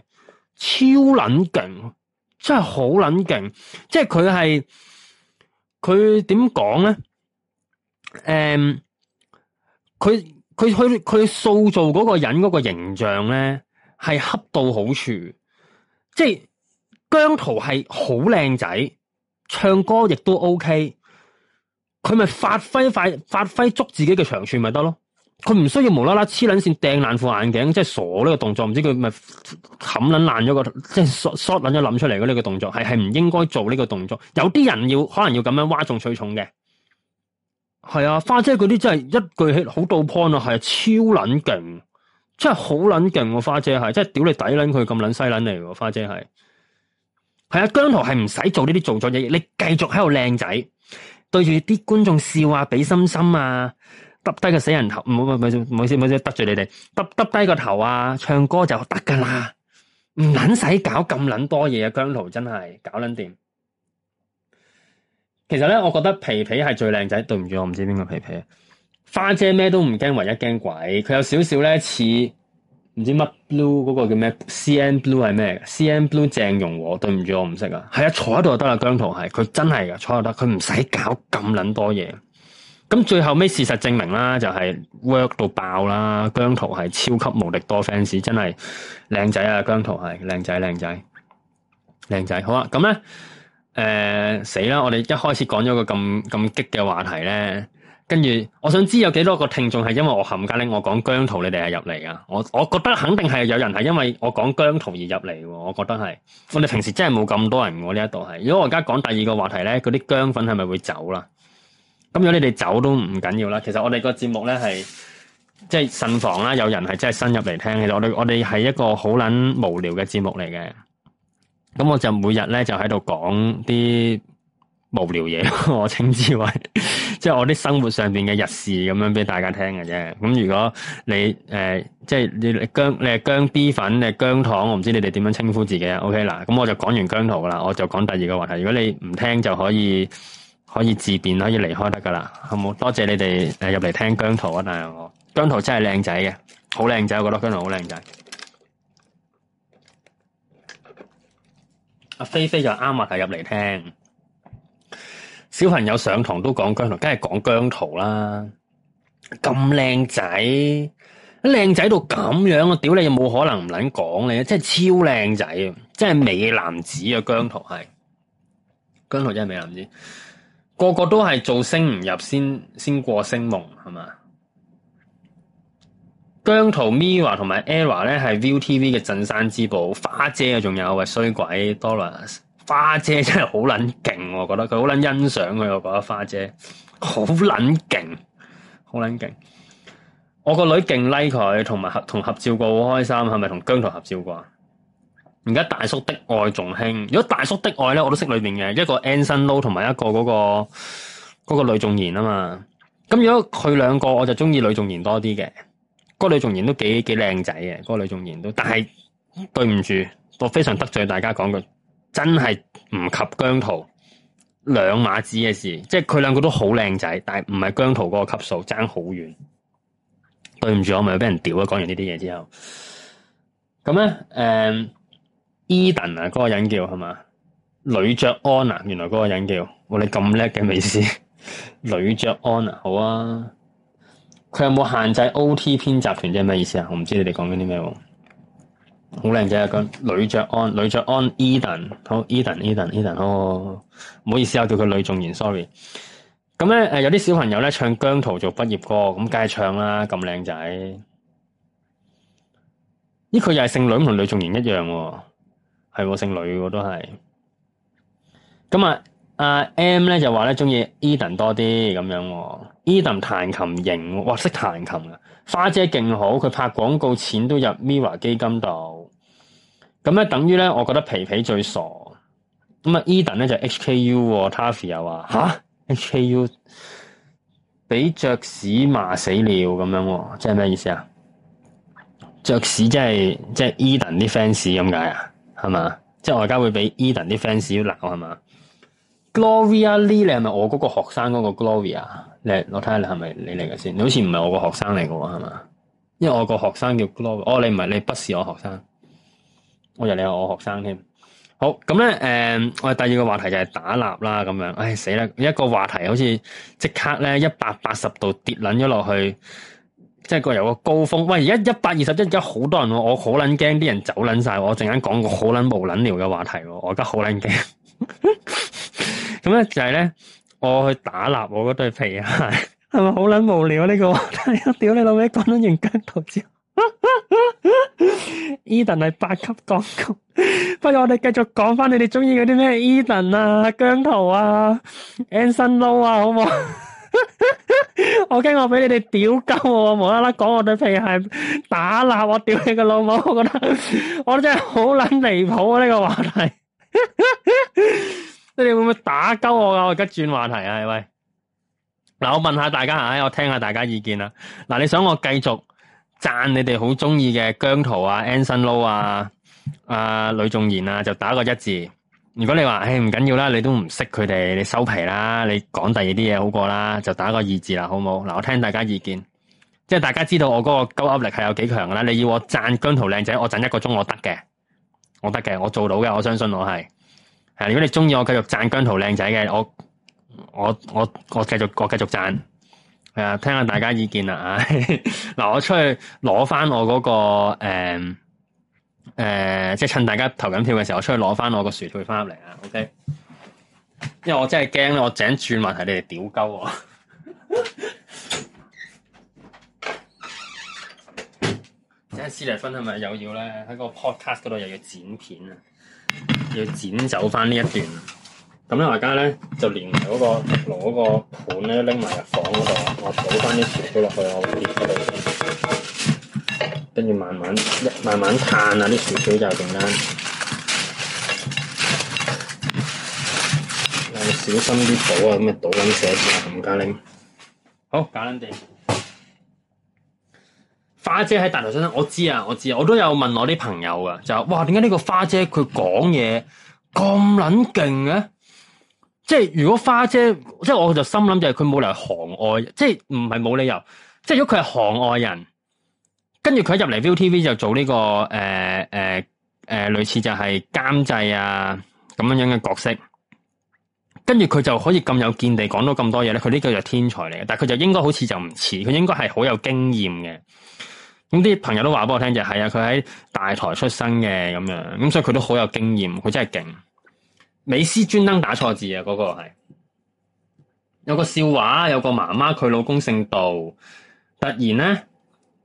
超撚勁，真係好撚勁。即係佢係佢點講咧？誒，佢佢佢佢塑造嗰個人嗰個形象咧，係恰到好處。即係姜濤係好靚仔，唱歌亦都 OK，佢咪發揮快發揮足自己嘅長處咪得咯。佢唔需要無啦啦黐卵線掟爛副眼鏡，即係傻呢個動作，唔知佢咪冚卵爛咗個，即係索縮卵咗諗出嚟嗰呢個動作，係係唔應該做呢個動作。有啲人要可能要咁樣挖重取重嘩眾取寵嘅。係啊，花姐嗰啲真係一句好到 point 啊，係超卵勁，真係好卵勁個花姐係，即係屌你底卵佢咁卵西卵嚟個花姐係，係啊，姜濤係唔使做呢啲做作嘢，你繼續喺度靚仔，對住啲觀眾笑啊，俾心心啊。耷低個死人頭，唔好唔好唔好，唔好意思，唔好意思得罪你哋。耷耷低個頭啊，唱歌就得噶啦，唔撚使搞咁撚多嘢啊！姜濤真係搞撚掂。其實咧，我覺得皮皮係最靚仔，對唔住我唔知邊個皮皮。花姐咩都唔驚，唯一驚鬼。佢有少少咧似唔知乜 blue 嗰個叫咩？CN Blue 係咩？CN Blue 鄭容和，我對唔住我唔識啊。係啊，坐喺度就得啦，姜濤係，佢真係嘅坐就得，佢唔使搞咁撚多嘢。咁最後尾事實證明啦，就係、是、work 到爆啦，姜濤係超級無敵多 fans，真係靚仔啊姜！姜濤係靚仔，靚仔，靚仔。好啊，咁咧誒死啦！我哋一開始講咗個咁咁激嘅話題咧，跟住我想知有幾多個聽眾係因為我冚家拎我講姜濤，你哋係入嚟噶？我我覺得肯定係有人係因為我講姜濤而入嚟喎，我覺得係。我哋平時真係冇咁多人喎、啊，呢一度係。如果我而家講第二個話題咧，嗰啲姜粉係咪會走啦？咁如果你哋走都唔緊要啦，其實我哋個節目咧係即係慎防啦，有人係真係深入嚟聽。其實我哋我哋係一個好捻無聊嘅節目嚟嘅。咁我就每日咧就喺度講啲無聊嘢，我稱之為即係、就是、我啲生活上邊嘅日事咁樣俾大家聽嘅啫。咁如果你誒即係你姜你係姜 B 粉，你姜糖，我唔知你哋點樣稱呼自己呀。O K 嗱，咁我就講完姜濤啦，我就講第二個話題。如果你唔聽就可以。可以自便，可以離開得噶啦，好冇？多謝你哋誒入嚟聽姜濤啊！但係我姜濤真係靚仔嘅，好靚仔，我覺得姜濤好靚仔。阿飛飛就啱啊係入嚟聽，小朋友上堂都講姜濤，梗係講姜濤啦。咁靚仔，靚仔到咁樣啊！我屌你又冇可能唔捻講你，真係超靚仔，真係美男子啊！姜濤係姜濤真係美男子。個個都係做星唔入先，先過星夢係嘛？姜濤、Mira 同埋 Era 咧係 ViuTV 嘅鎮山之寶，花姐啊，仲有啊衰鬼 Dollars，花姐真係好捻勁，我覺得佢好捻欣賞佢，我覺得花姐好捻勁，好捻勁。我個女勁 like 佢，同埋合同合照過好開心，係咪同姜濤合照過？而家大叔的愛仲興，如果大叔的愛咧，我都識裏面嘅一個 Anson Lo 同埋一個嗰、嗰個嗰、嗰個呂頌賢啊嘛。咁如果佢兩個，我就中意呂頌賢多啲嘅。嗰、嗰個呂頌賢都幾幾靚仔嘅，嗰、嗰個呂頌賢都，但係對唔住，我非常得罪大家句，講句真係唔及姜濤兩碼子嘅事。即係佢兩個都好靚仔，但係唔係姜濤嗰個級數，爭好遠。對唔住，我咪俾人屌啊！講完呢啲嘢之後，咁咧誒。嗯 Eden 啊，嗰、嗰個人叫係嘛？呂爵安啊，原來嗰個人叫，我哋咁叻嘅，意思？「呂爵安啊，好啊。佢有冇限制 O.T. 編集團即係？咩意思不知道你們說什麼啊？我唔知你哋講緊啲咩。好靚仔啊，個呂爵安，呂爵安，Eden」！好 Eden，Eden，Eden 哦，唔好意思啊，叫佢呂仲賢，sorry。咁咧，誒、呃，有啲小朋友咧唱姜濤做畢業歌，咁梗係唱啦，咁靚仔。咦，佢又係姓呂，同呂仲賢一樣喎、啊。係個姓女嘅，都係。咁啊，阿 M 咧就話咧中意 Eden 多啲咁樣。Eden 彈琴型，哇識彈琴啊！花姐勁好，佢拍廣告錢都入 MIRROR 基金度。咁咧等於咧，我覺得皮皮最傻、e U, 啊。咁啊，Eden 咧就 HKU，Taffy 又話吓 HKU 俾爵士罵死了咁樣，即係咩意思啊？爵士即係即係 Eden 啲 fans 咁解啊？就是 e 係嘛？即係我而家會俾 Eden 啲 fans 要鬧係嘛？Gloria Lee，你係咪我嗰個學生嗰個 Gloria？你我睇下你係咪你嚟嘅先？你好似唔係我個學生嚟嘅係嘛？因為我個學生叫 Glor，i a 哦你唔係你不是我學生，我以為我學生添。好咁咧，誒、嗯、我哋第二個話題就係打蠟啦，咁樣，唉死啦！一個話題好似即刻咧一百八十度跌捻咗落去。即係個有個高峰。喂，而家一百二十一，而家好多人喎，我好撚驚啲人走撚晒，我陣間講個好撚無撚聊嘅話題喎，我而家好撚驚。咁咧 [laughs] 就係咧，我去打蠟我嗰對皮鞋，係咪好撚無聊呢？啊，這個話題？屌你老味，講 [laughs] 到完姜濤、之後 Edan 係八級講曲，不如我哋繼續講翻你哋中意嗰啲咩 Edan 啊、姜濤啊、Anson Lo 啊，好唔好？ [laughs] 我驚我俾你哋屌鳩我，無啦啦講我對皮鞋打蠟，我屌你個老母！我覺得我真係好撚離譜啊呢、這個話題， [laughs] 你哋會唔會打鳩我啊？我而家轉話題啊！喂，嗱我問下大家啊，我聽下大家意見啊。嗱你想我繼續讚你哋好中意嘅姜濤啊、Anson Lo 啊、啊呂頌賢啊，呃呃、就打個一字。如果你話，唉唔緊要啦，你都唔識佢哋，你收皮啦，你講第二啲嘢好過啦，就打個二字啦，好唔好？嗱，我聽大家意見，即係大家知道我嗰個高壓力係有幾強噶啦，你要我贊姜濤靚仔，我贊一個鐘，我得嘅，我得嘅，我做到嘅，我相信我係。係如果你中意我繼續贊姜濤靚仔嘅，我我我我繼續我繼續贊，係啊，聽下大家意見啦。嗱、嗯，我出去攞翻我嗰個誒。誒、呃，即係趁大家投緊票嘅時候，我出去攞翻我個薯片翻入嚟啊！OK，因為我真係驚我整轉問題你哋屌鳩啊！而家斯蒂芬係咪又要咧喺個 podcast 嗰度又要剪片啊？要剪走翻呢一段啊！咁咧，而家咧就連埋嗰、嗰個攞嗰個盤咧拎埋入房度，啊。我倒翻啲薯片落去我碟度。好跟住慢慢一慢慢攤啊啲薯仔就定單，又小心啲倒啊，咁咪倒緊寫字啊！冚家拎，試試試試加好假撚地。花姐喺大頭先生，我知啊，我知，道我知道，我都有問我啲朋友噶，就哇點解呢個花姐佢講嘢咁撚勁嘅？即係如果花姐，即係我就心諗就係佢冇嚟行外，即係唔係冇理由。即係如果佢係行外人。跟住佢入嚟 Viu TV 就做呢、這個誒誒誒類似就係監製啊咁樣樣嘅角色，跟住佢就可以咁有見地講到咁多嘢咧，佢呢個就天才嚟嘅。但係佢就應該好似就唔似，佢應該係好有經驗嘅。咁啲朋友都話俾我聽就係、是、啊，佢喺大台出身嘅咁樣，咁所以佢都好有經驗，佢真係勁。美斯專登打錯字啊！嗰、那個係有個笑話，有個媽媽佢老公姓杜，突然咧。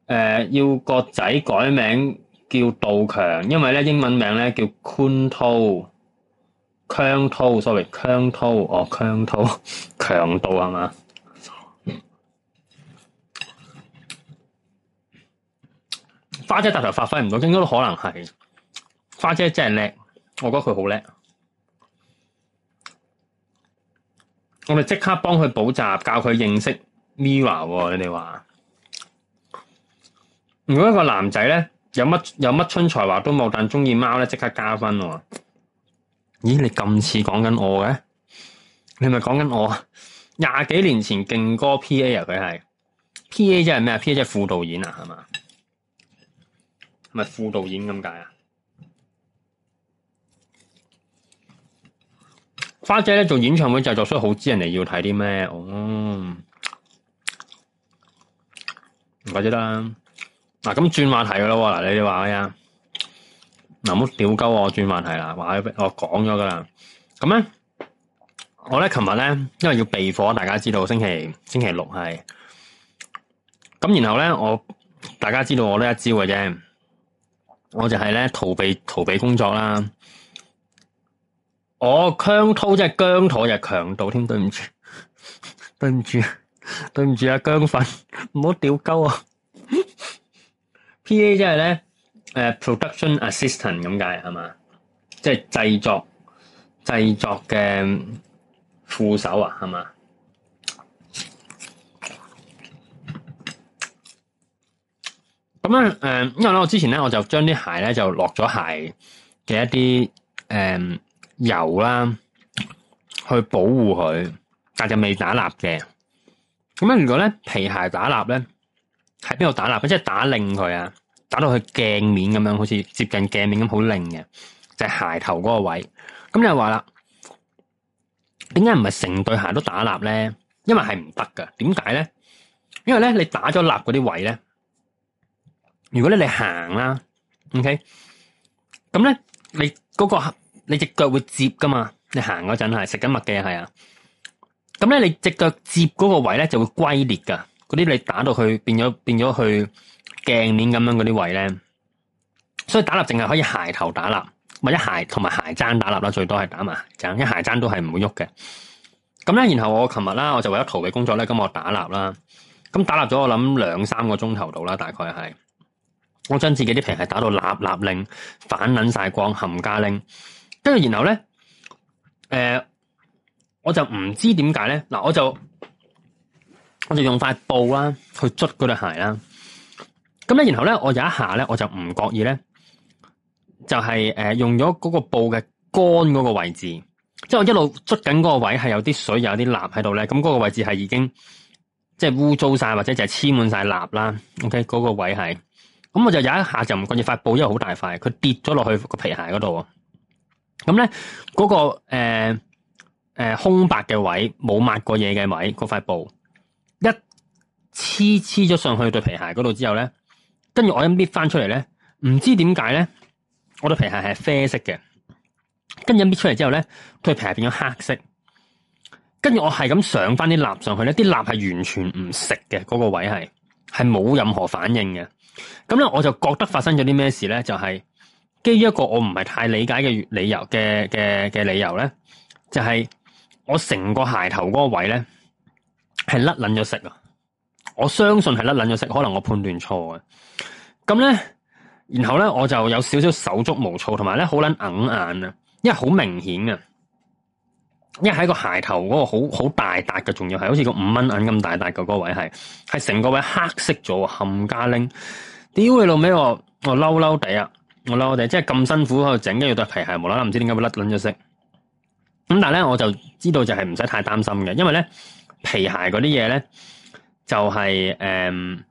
呃、要個仔改名叫杜強，因為咧英文名咧叫 Kun Tao，Keung To Sorry，Keung To 哦，Keung To，強盜係嘛？花姐頭發揮唔到，應該都可能係花姐真係叻，我覺得佢好叻。我哋即刻幫佢補習，教佢認識 MIRROR 喎，你哋話？如果一個男仔咧，有乜有乜春才華都冇，但係中意貓咧，即刻加分喎、哦！咦，你咁似講緊我嘅？你係咪講緊我啊？廿幾年前勁歌 P A 啊，佢係 P A 即係咩啊？P A 即係副導演啊，係嘛？係咪副導演咁解啊？花姐咧做演唱會製作，所以好知人哋要睇啲咩哦。唔怪得啦嗱，咁轉、啊、話題噶啦，嗱，你哋話啊，嗱，唔好屌鳩我，轉話題啦，話我講咗噶啦，咁咧，我咧，琴日咧，因為要避火，大家知道星，星期星期六係，咁然後咧，我大家知道，我呢一招嘅啫，我就係咧逃避逃避工作啦，我、哦、姜濤即係姜妥又強到添，對唔住，對唔住，對唔住啊姜粉，唔好屌鳩啊！P.A. 即係咧，誒 production assistant 咁解係嘛，即係製作製作嘅副手啊，係嘛？咁樣，誒因為咧，我之前咧我就將啲鞋咧就落咗鞋嘅一啲誒油啦，去保護佢，但係未打蠟嘅。咁樣，如果咧皮鞋打蠟咧？喺邊度打蠟，即係打擰佢啊，打到佢鏡面咁樣，好似接近鏡面咁好擰嘅，就係鞋頭嗰個位。咁又話啦，點解唔係成對鞋都打蠟咧？因為係唔得噶。點解咧？因為咧，你打咗蠟嗰啲位咧，如果咧你行啦，OK，咁咧你嗰個你隻腳會接噶嘛？你行嗰陣係食緊麥嘅係啊，咁咧你隻腳接嗰個位咧就會龜裂噶。啲你打到去變咗變咗去鏡面咁樣嗰啲位咧，所以打蠟淨係可以鞋頭打蠟，或者鞋同埋鞋踭打蠟啦，最多係打埋踭，一鞋踭都係唔會喐嘅。咁咧，然後我琴日啦，我就為咗逃避工作咧，咁我打蠟啦，咁打蠟咗我諗兩三個鐘頭度啦，大概係，我將自己啲皮鞋打到立立令反捻晒光冚家令，跟住然後咧，誒、呃，我就唔知點解咧，嗱我就。我就用塊布啦，去捽嗰對鞋啦。咁咧，然後咧，我有一下咧，我就唔覺意咧，就係、是、誒用咗嗰個布嘅乾嗰個位置，即係我一路捽緊嗰個位係有啲水，有啲蠟喺度咧。咁嗰個位置係已經即係污糟晒，或者就係黐滿晒蠟啦。OK，、那、嗰個位係咁，我就有一下就唔覺意，塊布因為好大塊，佢跌咗落去個皮鞋嗰度。咁咧、那個，嗰個誒誒空白嘅位冇抹過嘢嘅位，嗰塊布。黐黐咗上去對皮鞋嗰度之後咧，跟住我一搣翻出嚟咧，唔知點解咧，我對皮鞋係啡色嘅，跟住搣出嚟之後咧，對皮鞋變咗黑色。跟住我係咁上翻啲蠟上去咧，啲蠟係完全唔食嘅，嗰、嗰個位係係冇任何反應嘅。咁咧我就覺得發生咗啲咩事咧，就係、係、基於一個我唔係太理解嘅理由嘅嘅嘅理由咧，就係、係、我成個鞋頭嗰個位咧係甩撚咗食啊！我相信係甩捻咗色，可能我判斷錯嘅咁咧。然後咧我就有少少手足無措，同埋咧好捻硬眼啊，因為好明顯啊，因為喺個鞋頭嗰、那個大大好好大笪嘅，仲要係好似個五蚊銀咁大笪嘅嗰個位係係成個位黑色咗冚家拎屌你老尾，我我嬲嬲地啊！我嬲地，即係咁辛苦喺度整緊對皮鞋不、不，無啦啦唔知點解會甩捻咗色咁，但係咧我就知道就係唔使太擔心嘅，因為咧皮鞋嗰啲嘢咧。就係、是、誒、嗯，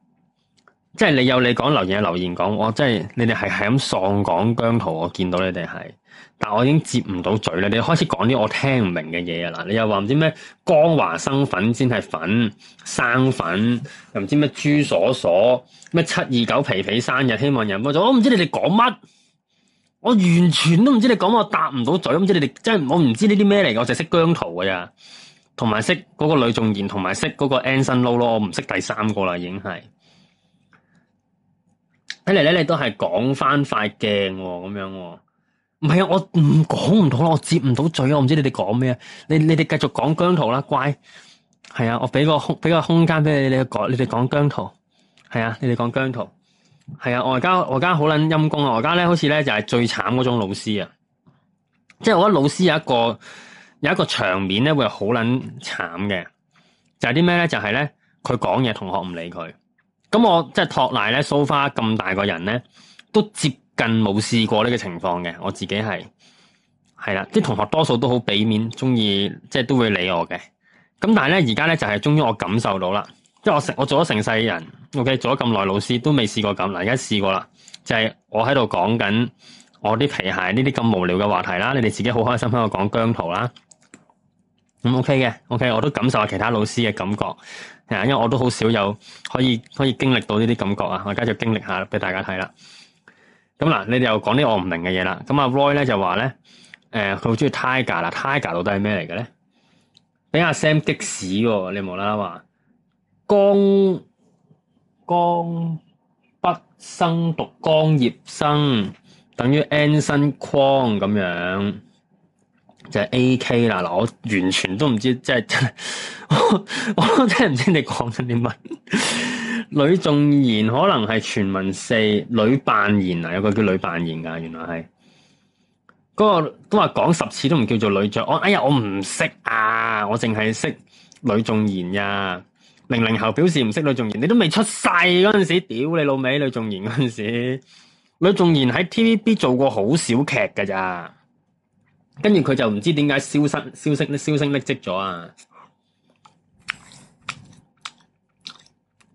即係你有你講留言留言講，我即係你哋係係咁喪講姜濤，我見到你哋係，但我已經接唔到嘴啦。你開始講啲我聽唔明嘅嘢啊！你又話唔知咩光華生粉先係粉生粉，又唔知咩朱鎖鎖咩七二九皮皮生日，希望有人夥咗。我唔知你哋講乜，我完全都唔知你講我答唔到嘴。唔知你哋即係我唔知呢啲咩嚟嘅，我就識姜濤嘅咋。同埋識嗰個女仲賢，同埋識嗰個 Anson Lo 咯，我唔識第三個啦，已經係。睇嚟咧，你都係講翻塊鏡喎，咁樣喎。唔係啊，我唔講唔到啦，我接唔到嘴，我唔知你哋講咩。你你哋繼續講姜濤啦，乖。係啊，我俾個空俾個空間俾你哋講，你哋講姜濤。係啊，你哋講姜濤。係啊，我而家我而家好撚陰功啊，我而家咧好似咧就係最慘嗰種老師啊。即係我覺得老師有一個。有一個場面咧，會好撚慘嘅，就係啲咩咧？就係咧，佢講嘢，同學唔理佢。咁我即係托賴咧，蘇花咁大個人咧，都接近冇試過呢個情況嘅。我自己係係啦，啲同學多數都好俾面，中意即係都會理我嘅。咁但係咧，而家咧就係終於我感受到啦，即係我成我做咗成世人，OK，做咗咁耐，老師都未試過咁嗱，而家試過啦，就係我喺度講緊我啲皮鞋呢啲咁無聊嘅話題啦。你哋自己好開心，喺度講姜濤啦。咁、嗯、OK 嘅，OK，我都感受下其他老師嘅感覺，啊，因為我都好少有可以可以經歷到呢啲感覺啊，我而家就經歷下俾大家睇啦。咁嗱，你哋又講啲我唔明嘅嘢啦。咁阿 Roy 咧就話咧，誒、呃，佢好中意 Tiger 啦、啊，Tiger 到底係咩嚟嘅咧？俾阿 Sam 激使喎，你冇啦話，江江北生讀江葉生，等於 Anson 框咁樣。就係 AK 啦嗱，我完全都唔知，即係真，真我我都聽唔知你講緊啲乜。呂仲賢可能係全民四，女扮賢啊，有個叫呂扮賢噶，原來係嗰、嗰個都話講十次都唔叫做呂爵。我哎呀，我唔識啊，我淨係識呂仲賢呀。零零後表示唔識呂仲賢，你都未出世嗰陣時，屌你老味呂仲賢嗰陣時，呂仲賢喺 TVB 做過好少劇噶咋。跟住佢就唔知點解消失、消失、消失、匿跡咗啊！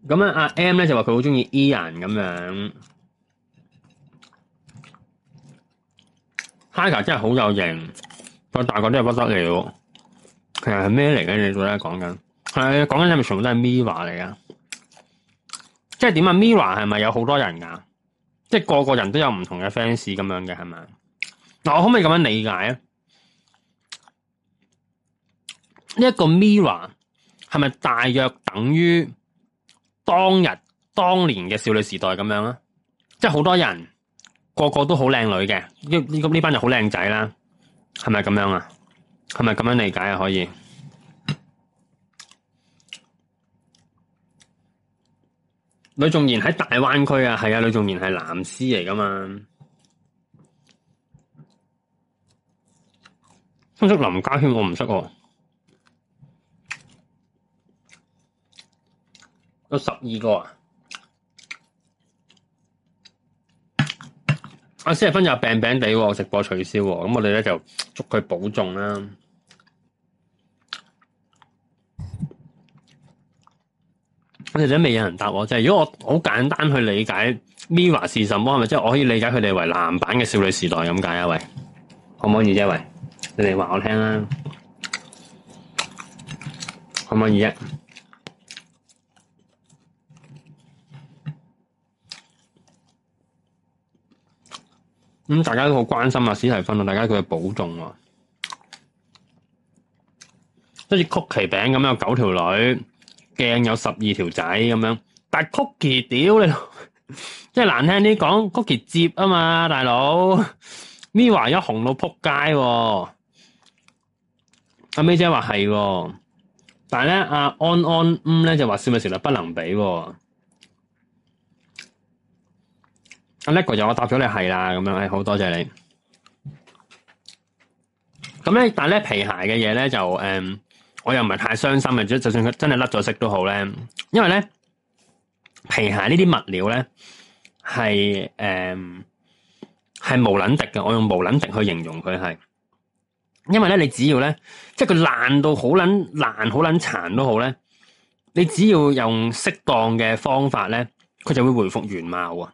咁樣阿 M 咧就話佢好中意 E 人咁樣 Hager 真係好有型，個大個都係不得了。其實係咩嚟嘅？你到底講緊係講緊係咪全部都係 MIRROR 嚟啊？即係點啊？MIRROR 係咪有好多人噶？即係個個人都有唔同嘅 fans 咁樣嘅係咪？嗱，我可唔可以咁樣理解啊？呢一個 Mirror 係咪大約等於當日當年嘅少女時代咁樣，樣啊？即係好多人個個都好靚女嘅，呢呢班就好靚仔啦，係咪咁樣啊？係咪咁樣理解啊？可以。呂仲言喺大灣區啊，係啊，呂仲言係男師嚟噶嘛？叔林家謙、啊，我唔識喎。有十二個啊！阿、啊、斯分芬又病病地，直播取消喎。咁我哋咧就祝佢保重啦。我哋都未有人答我，即係如果我好簡單去理解 MIRROR 是什麼，係咪即係我可以理解佢哋為男版嘅少女時代咁解啊？喂，可唔可以啫？喂，你哋話我聽、啊、啦，可唔可以啫？咁、嗯、大家都好關心啊，史提芬啊，大家佢嘅保重啊，好似曲奇餅咁有九條女，鏡有十二條仔咁樣，但曲奇屌你，即 [laughs] 係難聽啲講曲奇接啊嘛，大佬 MIRROR 一紅到撲街、啊，阿、啊、美姐話係、啊，但係咧阿安安唔、嗯、咧就話少咪少啦，不能俾、啊。叻個就我答咗你係啦，咁樣係好多謝你。咁咧，但咧皮鞋嘅嘢咧就誒，我又唔係太傷心嘅，即係就算佢真係甩咗色都好咧，因為咧皮鞋呢啲物料咧係誒係無撚敵嘅，我用無撚敵去形容佢係。因為咧你只要咧，即係佢爛到好撚爛、好撚殘都好咧，你只要用適當嘅方法咧，佢就會回復原貌啊！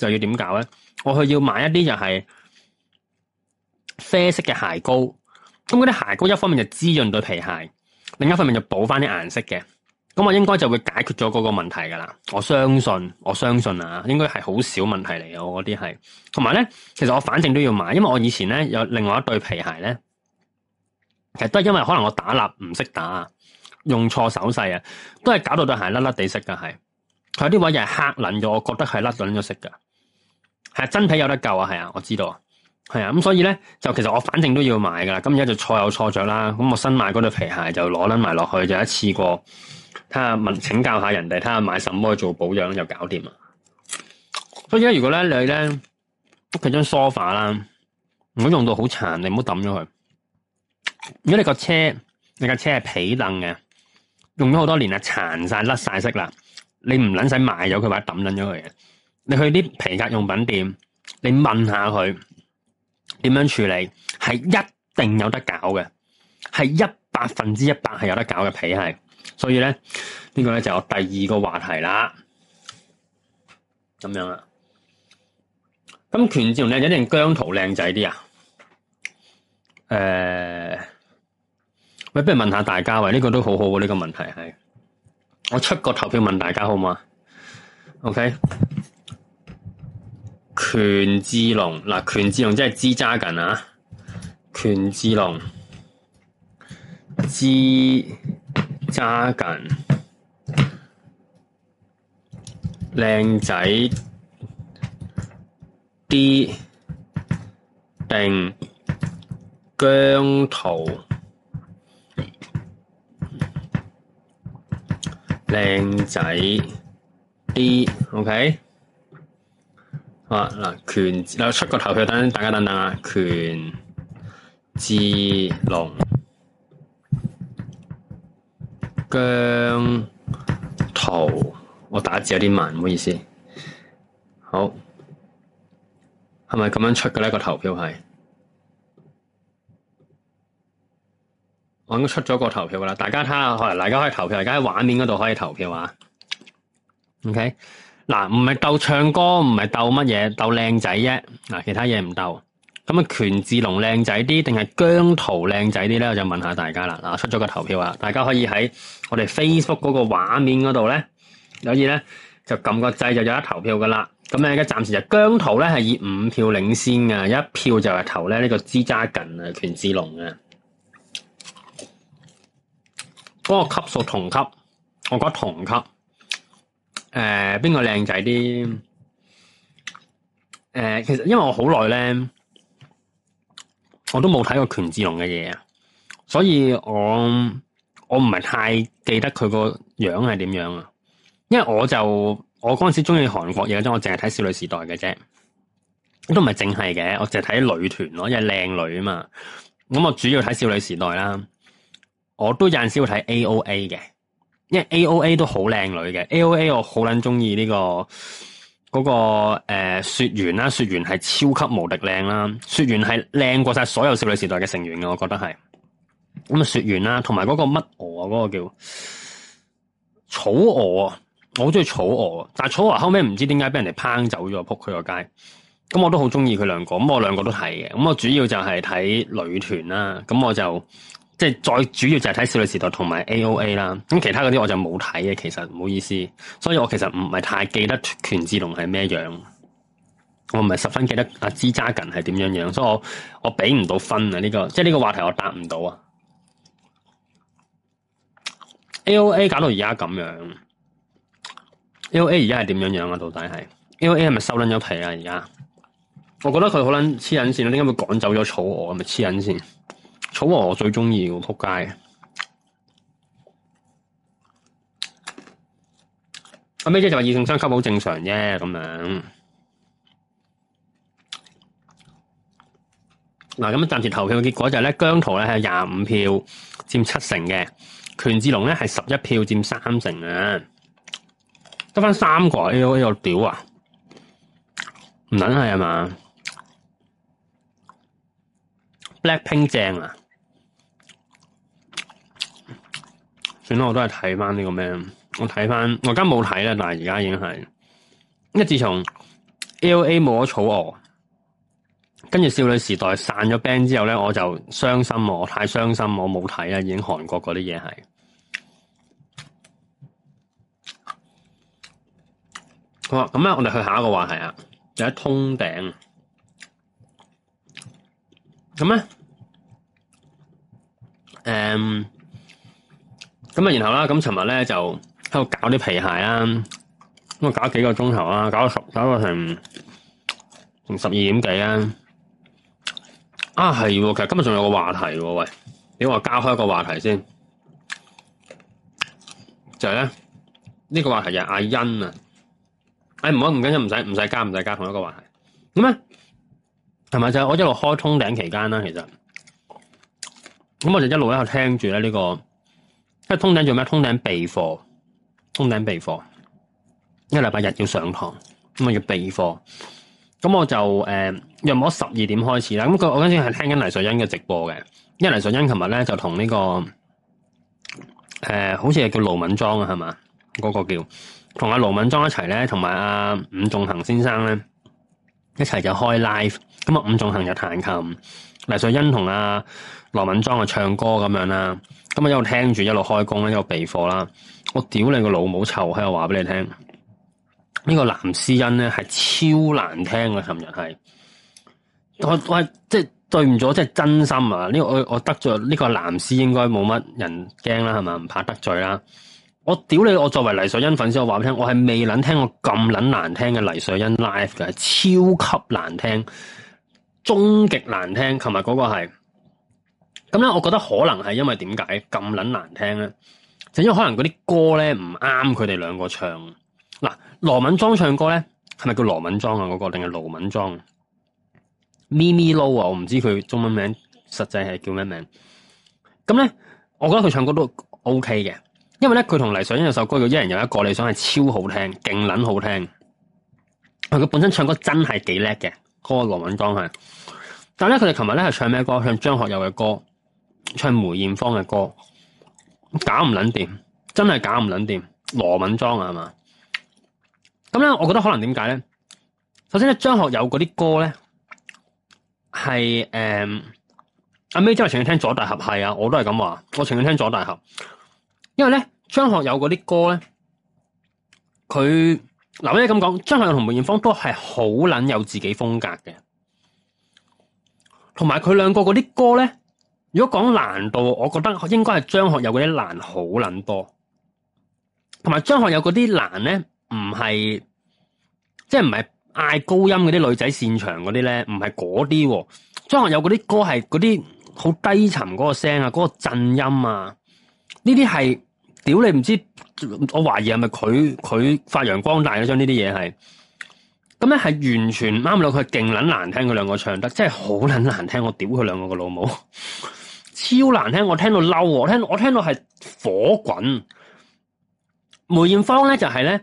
就要點搞咧？我去要買一啲就係啡色嘅鞋膏。咁嗰啲鞋膏一方面就滋潤對皮鞋，另一方面就補翻啲顏色嘅。咁我應該就會解決咗嗰個問題噶啦。我相信，我相信啊，應該係好少問題嚟。我嗰啲係同埋咧，其實我反正都要買，因為我以前咧有另外一對皮鞋咧，其實都係因為可能我打蠟唔識打，用錯手勢啊，都係搞到對鞋甩甩地色嘅係。佢啲位又係黑濫咗，我覺得係甩甩咗色嘅。係真皮有得救啊！係啊，我知道，係啊，咁、啊、所以咧，就其實我反正都要買噶啦，咁而家就錯有錯着啦，咁我新買嗰對皮鞋就攞捻埋落去，就一次過睇下問請教下人哋，睇下買什麼做保養就搞掂啦。所以咧，如果咧你咧屋企張 sofa 啦，唔好用到好殘，你唔好抌咗佢。如果你個車，你架車係皮凳嘅，用咗好多年啊，殘晒甩晒色啦，你唔捻使賣咗佢，或者抌捻咗佢嘅。你去啲皮革用品店，你問下佢，點樣處理，係一定有得搞嘅，係一百分之一百係有得搞嘅皮係。所以咧，呢、這個咧就係我第二個話題啦，咁樣啦。咁權志龍靚仔定姜濤靚仔啲啊？誒、呃，喂，不如問下大家喂，呢個都好好喎，呢個問題係、啊，我出個投票問，問大家好唔好？OK 權志龍嗱，權志龍即係 G-Dragon 啊，權志龍 G-Dragon，靚仔啲定姜濤，靚仔啲，OK。啊嗱，權有出個投票，等大家等等啊！權志龍姜濤，我打字有啲慢，唔好意思。好，係咪咁樣出嘅咧？個投票係我已經出咗個投票啦，大家睇下，可能大家可以投票，大家喺畫面嗰度可以投票啊。OK。嗱，唔係鬥唱歌，唔係鬥乜嘢，鬥靚仔啫。嗱，其他嘢唔鬥。咁啊，權志龍靚仔啲，定係姜濤靚仔啲咧？我就問下大家啦。嗱，出咗個投票啊，大家可以喺我哋 Facebook 嗰個畫面嗰度咧，以呢按按可以咧就撳個掣，就有得投票噶啦。咁咧，而家暫時就姜濤咧係以五票領先嘅，一票就係投咧呢個支加緊啊，權志龍啊。幫、哦、我級數同級，我覺得同級。誒，邊個靚仔啲？誒、呃，其實因為我好耐咧，我都冇睇過權志龍嘅嘢啊，所以我我唔係太記得佢個樣係點樣啊。因為我就我嗰陣時中意韓國嘢，咁我淨係睇少女時代嘅啫，都唔係淨係嘅，我淨係睇女團咯，因為靚女啊嘛。咁我主要睇少女時代啦，我都有陣時會睇 A.O.A 嘅。因為 A.O.A 都好靚女嘅，A.O.A 我好捻中意呢個嗰、那個誒雪媛啦，雪媛係超級無敵靚啦，雪媛係靚過晒所有少女時代嘅成員嘅，我覺得係咁啊雪媛啦，同埋嗰個乜鵝啊，嗰、那個叫草娥啊，我好中意草娥啊，但係草娥後尾唔知點解俾人哋抨走咗，撲佢個街，咁、嗯、我都好中意佢兩個，咁、嗯、我兩個都係嘅，咁、嗯、我主要就係睇女團啦，咁、嗯、我就。即係再主要就係睇少女時代同埋 A.O.A 啦，咁其他嗰啲我就冇睇嘅，其實唔好意思，所以我其實唔係太記得權志龍係咩樣，我唔係十分記得阿 G Dragon 係點樣樣，所以我我俾唔到分啊呢個，即係呢個話題我答唔到啊。A.O.A 搞到而家咁樣，A.O.A 而家係點樣樣啊？到底係 A.O.A 係咪收捻咗皮啊？而家我覺得佢可能黐引線啦，點解會趕走咗草娥，係咪黐引線。草禾我最中意嘅，扑街嘅。阿咩姐就話異性相吸，好正常啫，咁樣。嗱，咁啊，暫時投票嘅結果就係咧，姜濤咧係廿五票，佔七成嘅，權志龍咧係十一票，佔三成啊。得翻三個呢個呢個屌啊！唔撚係啊嘛，Blackpink 正啊！算啦，我都係睇翻呢個咩？我睇翻，我而家冇睇啦。但係而家已經係，因為自從 AOA 冇咗草娥，跟住少女時代散咗 band 之後咧，我就傷心，我太傷心，我冇睇啦。已經韓國嗰啲嘢係好啦。咁啊，我哋去下一個話題啊，就喺通頂。咁啊，誒、嗯。咁啊，然後啦，咁尋日咧就喺度搞啲皮鞋啊，咁啊搞幾個鐘頭啊，搞到十，搞到成成十二點幾啊！啊，係，其實今日仲有個話題喎，喂，你話交開一個話題先，就係咧呢個話題啊，就係阿欣啊，哎唔好唔緊要，唔使唔使加，唔使加同一個話題，咁啊同埋就我一路開通頂期間啦、啊，其實咁我就一路喺度聽住咧呢個。即通頂做咩？通頂備課，通頂備課。一個禮拜日要上堂，咁啊要備課。咁我就誒約我十二點開始啦。咁個我嗰陣時係聽緊黎瑞恩嘅直播嘅。因為黎瑞恩琴日咧就同呢、這個誒、呃，好似係叫盧敏莊啊，係嘛？嗰、那個叫同阿、啊、盧敏莊一齊咧，同埋阿伍仲恒先生咧一齊就開 live。咁啊，伍仲恒就彈琴。黎瑞恩同阿羅敏莊啊唱歌咁樣啦，咁啊一路聽住一路開工咧，一路備課啦。我屌你個老母臭喺度話俾你聽，呢個藍絲恩咧係超難聽嘅，尋日係我我即係對唔住，即係真心啊！呢個我我得罪呢個藍絲應該冇乜人驚啦，係咪？唔怕得罪啦。我屌你！我作為黎瑞恩粉絲，我話俾你聽，我係未撚聽過咁撚難聽嘅黎瑞恩 live 嘅，超級難聽。終極難聽，琴日嗰個係，咁咧，我覺得可能係因為點解咁撚難聽咧？就因為可能嗰啲歌咧唔啱佢哋兩個唱。嗱、啊，羅敏莊唱歌咧係咪叫羅敏莊啊？嗰、那個定係盧敏莊？咪咪 low 啊！我唔知佢中文名實際係叫咩名。咁咧，我覺得佢唱歌都 OK 嘅，因為咧佢同黎瑞恩有首歌叫《一人有一個理想》係超好聽，勁撚好聽。佢、啊、本身唱歌真係幾叻嘅。嗰個羅敏莊係，但係咧佢哋琴日咧係唱咩歌？唱張學友嘅歌，唱梅艷芳嘅歌，搞唔捻掂，真係搞唔捻掂。羅敏莊啊嘛，咁咧我覺得可能點解咧？首先咧張學友嗰啲歌咧係誒，阿 May 真係情願聽左大俠係啊，我都係咁話，我情願聽左大俠，因為咧張學友嗰啲歌咧佢。他嗱，即係咁講，張學友同梅艷芳都係好捻有自己風格嘅，同埋佢兩個嗰啲歌咧，如果講難度，我覺得應該係張學友嗰啲難好捻多，同埋張學友嗰啲難咧，唔係即係唔係嗌高音嗰啲女仔擅長嗰啲咧，唔係嗰啲，張學友嗰啲歌係嗰啲好低沉嗰個聲啊，嗰個震音啊，呢啲係。屌你唔知，我懷疑係咪佢佢發揚光大咧，將呢啲嘢係，咁咧係完全啱到佢係勁撚難聽，佢兩個唱得真係好撚難聽。我屌佢兩個個老母，超難聽。我聽到嬲，我聽我聽到係火滾。梅艷芳咧就係、是、咧，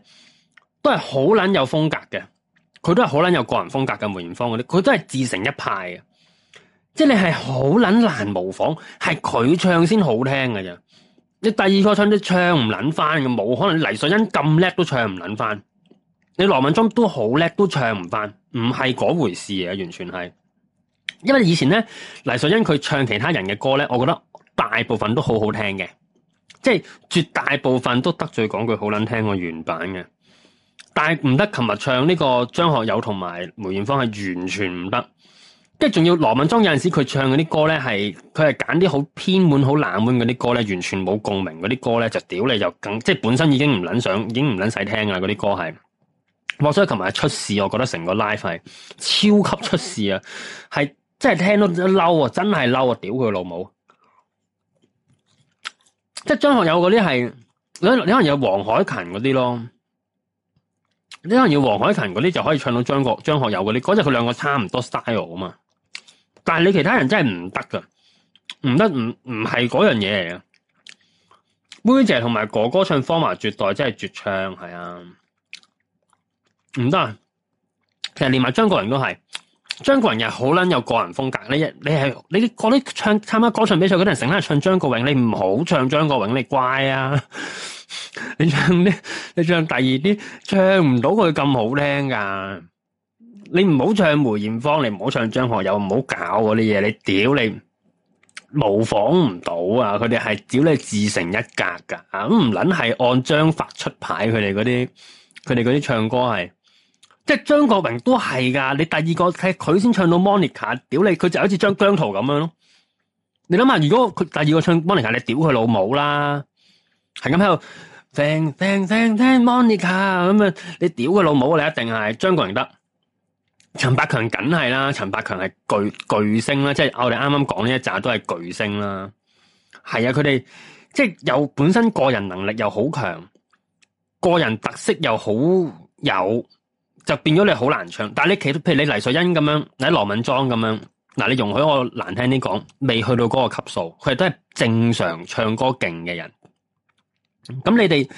都係好撚有風格嘅，佢都係好撚有個人風格嘅梅艷芳嗰啲，佢都係自成一派嘅，即係你係好撚難模仿，係佢唱先好聽嘅咋。你第二個唱都唱唔捻翻嘅，冇可能黎瑞恩咁叻都唱唔捻翻，你羅文忠都好叻都唱唔翻，唔係嗰回事啊！完全係，因為以前咧黎瑞恩佢唱其他人嘅歌咧，我覺得大部分都好好聽嘅，即係絕大部分都得罪講句好捻聽個原版嘅，但係唔得。琴日唱呢個張學友同埋梅艷芳係完全唔得。即係仲要羅文莊，有陣時佢唱嗰啲歌咧，係佢係揀啲好偏門、好冷門嗰啲歌咧，完全冇共鳴嗰啲歌咧，就屌你就更即係本身已經唔捻想，已經唔捻使聽㗎。嗰啲歌係。莫所以琴日出事，我覺得成個 life 係超級出事啊，係真係聽到都嬲啊，真係嬲啊！屌佢老母！即係張學友嗰啲係，你你可能有黃海芹嗰啲咯，你可能要黃海芹嗰啲就可以唱到張學張學友嗰啲歌嗰隻佢兩個差唔多 style 啊嘛。但係你其他人真係唔得噶，唔得唔唔係嗰樣嘢嚟嘅。梅姐同埋哥哥唱《芳華絕代》真係絕唱，係啊，唔得。其實連埋張國榮都係，張國榮又好捻有個人風格。你你係你啲嗰啲唱參加歌唱比賽嗰啲人成日唱張國榮，你唔好唱張國榮，你乖啊！你唱啲，你唱第二啲，唱唔到佢咁好聽噶你唔好唱梅艷芳，你唔好唱張學友，唔好搞嗰啲嘢。你屌你模仿唔到啊！佢哋係屌你自成一格噶，唔捻係按章法出牌。佢哋嗰啲，佢哋嗰啲唱歌係，即係張國榮都係噶。你第二個係佢先唱到 Monica，屌你，佢就好似姜濤咁樣咯。你諗下，如果佢第二個唱 Monica，你屌佢老母啦，係咁喺度，叮叮叮叮 Monica 咁啊！你屌佢老母，你一定係張國榮得。陳百強梗係啦，陳百強係巨巨星啦，即係我哋啱啱講呢一紮都係巨星啦。係啊，佢哋即係有本身個人能力又好強，個人特色又好有，就變咗你好難唱。但係你其實，譬如你黎瑞恩咁樣，你喺羅敏莊咁樣，嗱，你容許我難聽啲講，未去到嗰個級數，佢哋都係正常唱歌勁嘅人。咁你哋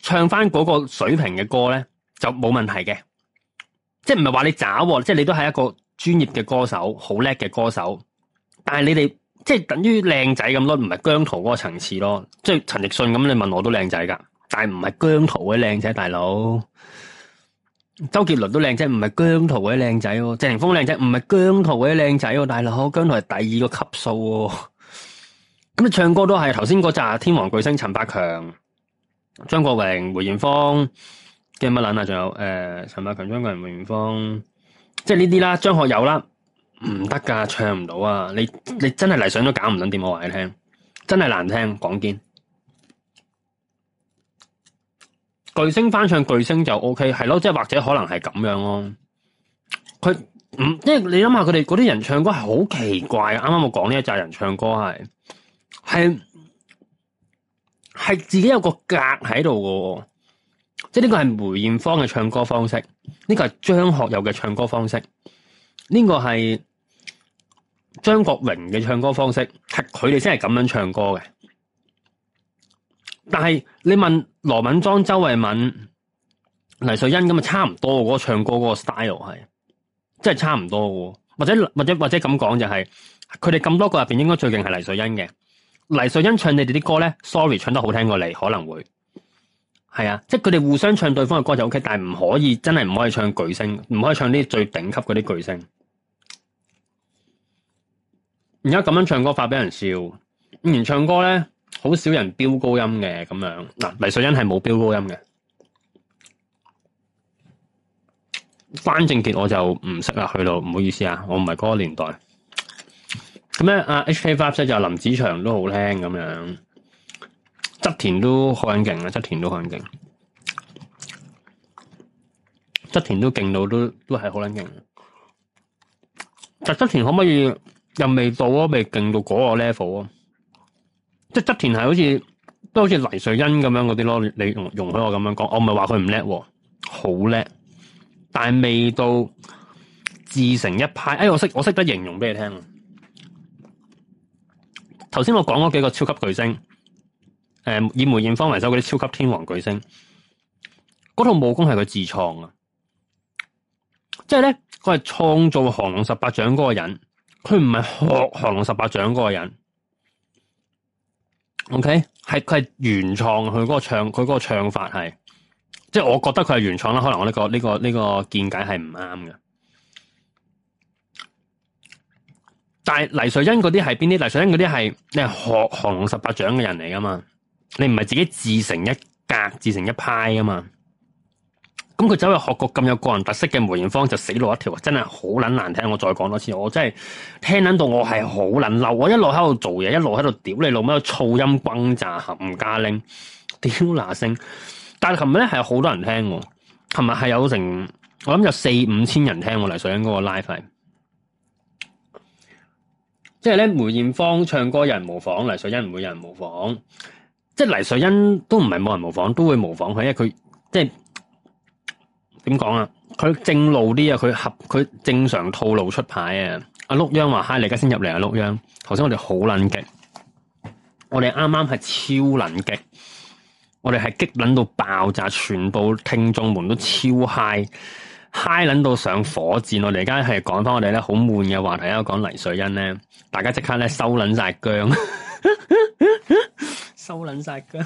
唱翻嗰個水平嘅歌咧，就冇問題嘅。即係唔係話你渣，即係你都係一個專業嘅歌手，好叻嘅歌手。但係你哋即係等於靚仔咁咯，唔係姜濤嗰個層次咯。即係陳奕迅咁，你問我都靚仔噶，但係唔係姜濤嘅靚仔，大佬。周杰倫都靚仔，唔係姜濤嘅靚仔哦。謝霆鋒靚仔，唔係姜濤嘅靚仔哦、啊，大佬。姜濤係第二個級數。咁啊，你唱歌都係頭先嗰紮天王巨星陳，陳百強、張國榮、梅艷芳。驚乜捻啊？仲有誒，陳百強、張國榮、梅艷芳，即係呢啲啦，張學友啦，唔得噶，唱唔到啊！你你真係嚟上都搞唔捻掂，我話你聽，真係難聽，講堅。巨星翻唱巨星就 O K，係咯，即係或者可能係咁樣咯、啊。佢唔、嗯、即係你諗下，佢哋嗰啲人唱歌係好奇怪，啱啱我講呢一紮人唱歌係係係自己有個格喺度喎。即係呢個係梅艷芳嘅唱歌方式，呢、這個係張學友嘅唱歌方式，呢、這個係張國榮嘅唱歌方式，係佢哋先係咁樣唱歌嘅。但係你問羅敏莊、周慧敏、黎瑞恩咁啊，差唔多個唱歌嗰個 style 係，即係差唔多嘅。或者或者或者咁講就係、是，佢哋咁多個入邊應該最勁係黎瑞恩嘅。黎瑞恩唱你哋啲歌咧，sorry，唱得好聽過你可能會。係啊，即係佢哋互相唱對方嘅歌就 OK，但係唔可以，但是不可以真係唔可以唱巨星，唔可以唱啲最頂級嗰啲巨星。而家咁樣唱歌法俾人笑，而唱歌咧好少人飆高音嘅咁樣。嗱，黎瑞恩係冇飆高音嘅，關正傑我就唔識啦，去到唔好意思啊，我唔係嗰個年代。咁咧啊，HK Five 咧就林子祥都好聽咁樣。側田都好撚勁啦，側田都好撚勁。側田都勁到都都係好撚勁。但側田可唔可以又未到咯？未勁到嗰個 level 啊！即側田係好似都好似黎瑞恩咁樣嗰啲咯。你容容許我咁樣講，我唔係話佢唔叻，好叻，但係未到自成一派。哎，我識我識得形容俾你聽。頭先我講嗰幾個超級巨星。誒，以梅艷芳為首嗰啲超級天王巨星，嗰套武功係佢自創噶，即係咧，佢係創造降龍十八掌嗰個人，佢唔係學降龍十八掌嗰個人。OK，係佢係原創，佢嗰個唱，佢嗰個唱法係，即係我覺得佢係原創啦。可能我呢個呢個呢個見解係唔啱嘅。但係黎瑞恩嗰啲係邊啲？黎瑞恩嗰啲係你係學降龍十八掌嘅人嚟噶嘛？你唔係自己自成一格、自成一派啊嘛？咁佢走去學個咁有個人特色嘅梅艷芳，就死路一條。真係好卵難聽！我再講多次，我真係聽卵到我係好卵嬲！我一路喺度做嘢，一路喺度屌你老母，噪音轟炸，冚家拎，屌嗱聲。但係琴日咧係好多人聽，琴日係有成，我諗有四五千人聽我黎瑞恩嗰個 live。即係咧，梅艷芳唱歌有人模仿，黎瑞恩唔會有人模仿。即係黎瑞恩都唔係冇人模仿，都會模仿佢，因為佢即係點講啊？佢正路啲啊，佢合佢正常套路出牌啊！阿碌央話嗨，你而家先入嚟啊！碌央，頭先我哋好捻激，我哋啱啱係超捻激，我哋係激捻到爆炸，全部聽眾們都超嗨，嗨捻到上火箭！我哋而家係講翻我哋咧好悶嘅話題啊，講黎瑞恩咧，大家即刻咧收捻晒姜。 [laughs] 收捻晒噶，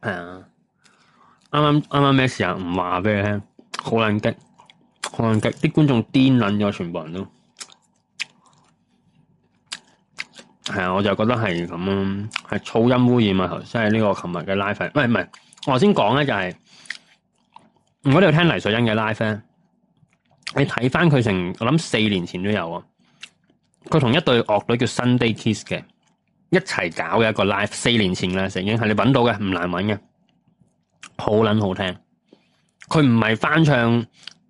係啊！啱啱啱啱咩時候，唔話俾你聽，好捻激，好捻激！啲觀眾癲捻咗，全部人都係啊！我就覺得係咁樣，係噪音污染嘛頭先係呢個琴日嘅 live。喂唔係，我頭先講咧就係、是，我哋聽黎瑞恩嘅 live 咧。你睇翻佢成，我諗四年前都有啊。佢同一對樂隊叫 Sunday Kiss 嘅。一齊搞嘅一個 live 四年前啦，曾經係你揾到嘅，唔難揾嘅，好撚好聽。佢唔係翻唱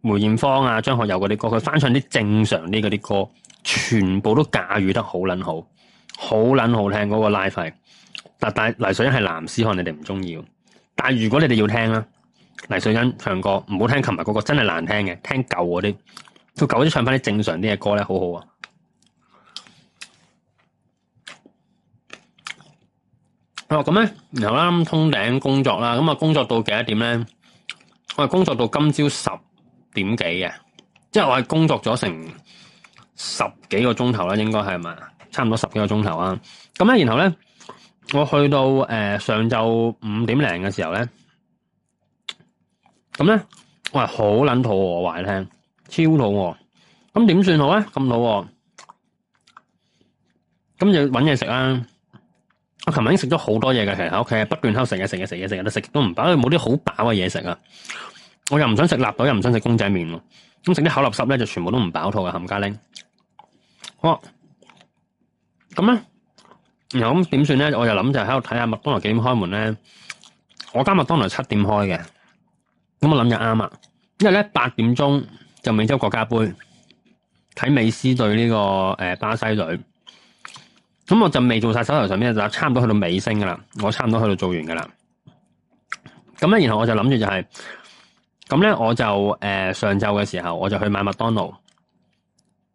梅艷芳啊、張學友嗰啲歌，佢翻唱啲正常啲嗰啲歌，全部都駕馭得好撚好，好撚好聽嗰個 live。但但黎瑞恩係藍絲漢，你哋唔中意。但係如果你哋要聽啦，黎瑞恩唱歌唔好聽，琴日嗰個真係難聽嘅，聽舊嗰啲，到舊啲唱翻啲正常啲嘅歌咧，好好啊。哦，咁咧，然後啱啱通頂工作啦，咁啊工作到幾多點咧？我係工作到今朝十點幾嘅，即係我係工作咗成十幾個鐘頭啦，應該係咪？差唔多十幾個鐘頭啊！咁咧，然後咧，我去到誒上晝五點零嘅時候咧，咁咧，我係好撚肚餓話你聽，超肚餓，咁點算好咧？咁老餓，咁就揾嘢食啦。我琴晚已經食咗好多嘢嘅，其實喺屋企係不斷喺度食嘢，食嘢食嘢食嘢，都食都唔飽，因為冇啲好飽嘅嘢食啊！我又唔想食辣豆，又唔想食公仔麵，咁食啲口立濕咧就全部都唔飽肚嘅冚家拎。好，咁咧，然後咁點算咧？我就諗就喺度睇下麥當勞幾點開門咧。我家麥當勞七點開嘅，咁我諗就啱啊。因為咧八點鐘就美洲國家杯睇美斯對呢、這個誒、呃、巴西隊。咁我就未做晒手頭上面，就差唔多去到尾聲噶啦，我差唔多去到做完噶啦。咁咧，然後我就諗住就係、是，咁咧我就誒、呃、上晝嘅時候我就去買麥當勞，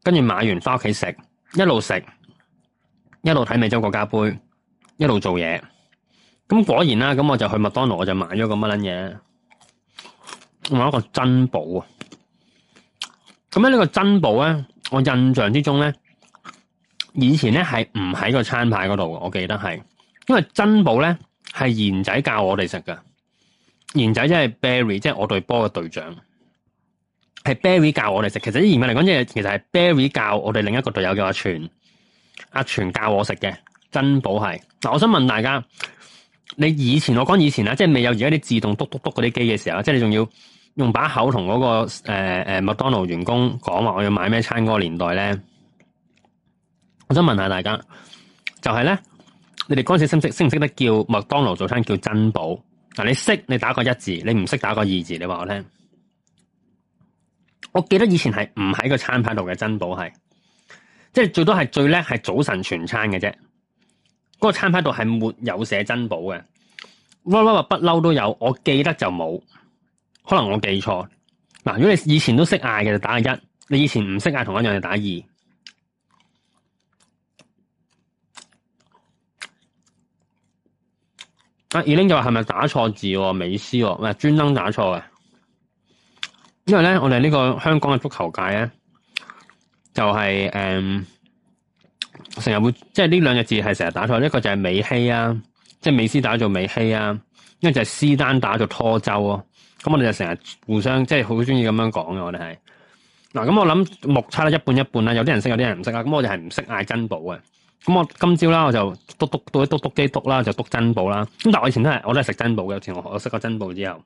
跟住買完翻屋企食，一路食，一路睇美洲國家杯，一路做嘢。咁果然啦，咁我就去麥當勞，我就買咗個乜撚嘢，買一個珍寶啊！咁咧呢個珍寶咧，我印象之中咧。以前咧係唔喺個餐牌嗰度，我記得係，因為珍寶咧係賢仔教我哋食㗎。賢仔即係 Berry，即係我隊波嘅隊長，係 Berry 教我哋食。其實啲疑問嚟講，即係其實係 Berry 教我哋另一個隊友叫阿全，阿全教我食嘅。珍寶係，嗱，我想問大家，你以前我講以前啦，即係未有而家啲自動篤篤篤嗰啲機嘅時候啦，即係你仲要用把口同嗰、嗰個誒誒、呃、麥當勞員工講話我要買咩餐嗰個年代咧，我想問下大家，就係咧，你哋嗰陣時識識唔識得叫麥當勞早餐叫珍寶？嗱，你識你打個一字，你唔識打個二字，你話我聽。我記得以前係唔喺個餐牌度嘅，珍寶係，即係最多係最叻係早晨全餐嘅啫。嗰個餐牌度係沒有寫珍寶嘅，哇哇哇，不嬲都有，我記得就冇，可能我記錯。嗱，如果你以前都識嗌嘅就打一，你以前唔識嗌同一樣就打二。二零就話係咪打錯字，啊？美斯喎，啊，唔專登打錯嘅。因為咧，我哋呢個香港嘅足球界咧，就係誒成日會，即係呢兩隻字係成日打錯。一個就係美欺啊，即係美斯打做美欺啊，一個就係斯丹打做拖州咯，啊。咁我哋就成日互相即係好中意咁樣講嘅。我哋係嗱咁，咁我諗目測咧一半一半啦。有啲人識，有啲人唔識啊。咁我哋係唔識嗌珍寶嘅。咁我今朝啦，我就篤篤到啲篤篤機篤啦，就篤珍寶啦。咁但係我以前都係，我都係食珍寶嘅。以前我學我識過珍寶之後，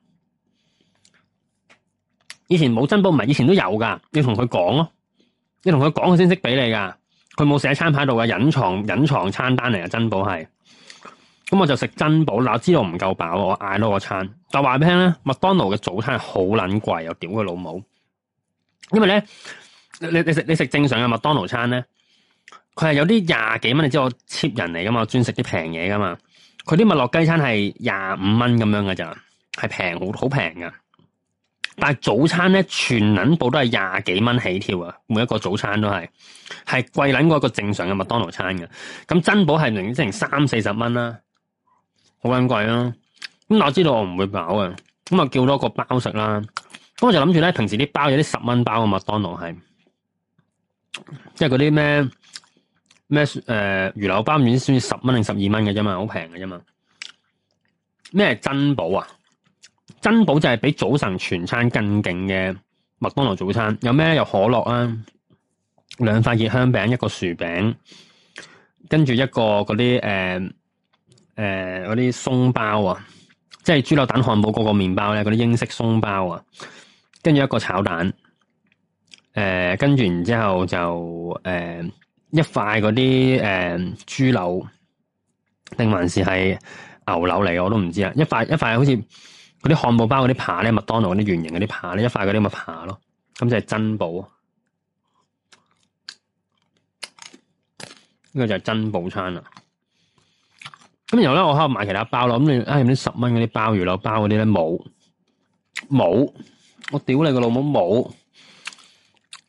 以前冇珍寶唔係，以前都有㗎。要同佢講咯，要同佢講佢先識俾你㗎。佢冇寫餐牌度嘅，隱藏隱藏餐單嚟嘅珍寶係。咁我就食珍寶啦，我知道唔夠飽，我嗌多個餐。但話俾你聽咧，麥當勞嘅早餐係好撚貴，又屌佢老母。因為咧，你你食你食正常嘅麥當勞餐咧。佢係有啲廿幾蚊，你知我 cheap 人嚟噶嘛？我專食啲平嘢噶嘛？佢啲麥樂雞餐係廿五蚊咁樣噶咋，係平好好平噶。但係早餐咧，全揇部都係廿幾蚊起跳啊！每一個早餐都係，係貴捻過一個正常嘅麥當勞餐嘅。咁珍寶係零零三四十蚊啦，好捻貴囉。咁我知道我唔會飽啊，咁啊叫多個包食啦。咁我就諗住咧，平時啲包有啲十蚊包嘅麥當勞係，即係嗰啲咩？咩誒、呃、魚柳包麵先至十蚊定十二蚊嘅啫嘛，好平嘅啫嘛。咩珍寶啊？珍寶就係比早晨全餐更勁嘅麥當勞早餐。有咩？有可樂啊，兩塊熱香餅，一個薯餅，跟住一個嗰啲誒誒啲鬆包啊，即係豬柳蛋漢堡嗰個麵包咧，嗰啲英式鬆包啊，跟住一個炒蛋，誒跟住然之後就誒。呃一塊嗰啲誒豬柳，定還是係牛柳嚟？我都唔知啊！一塊一塊好似嗰啲漢堡包嗰啲扒咧，麥當勞嗰啲圓形嗰啲扒咧，一塊嗰啲咪扒咯。咁就係珍寶，呢、呢個就係珍寶餐啦。咁然後咧，我可能買其他包咯。咁你唉啲十蚊嗰啲鮑魚柳包嗰啲咧冇冇？我屌你個老母冇！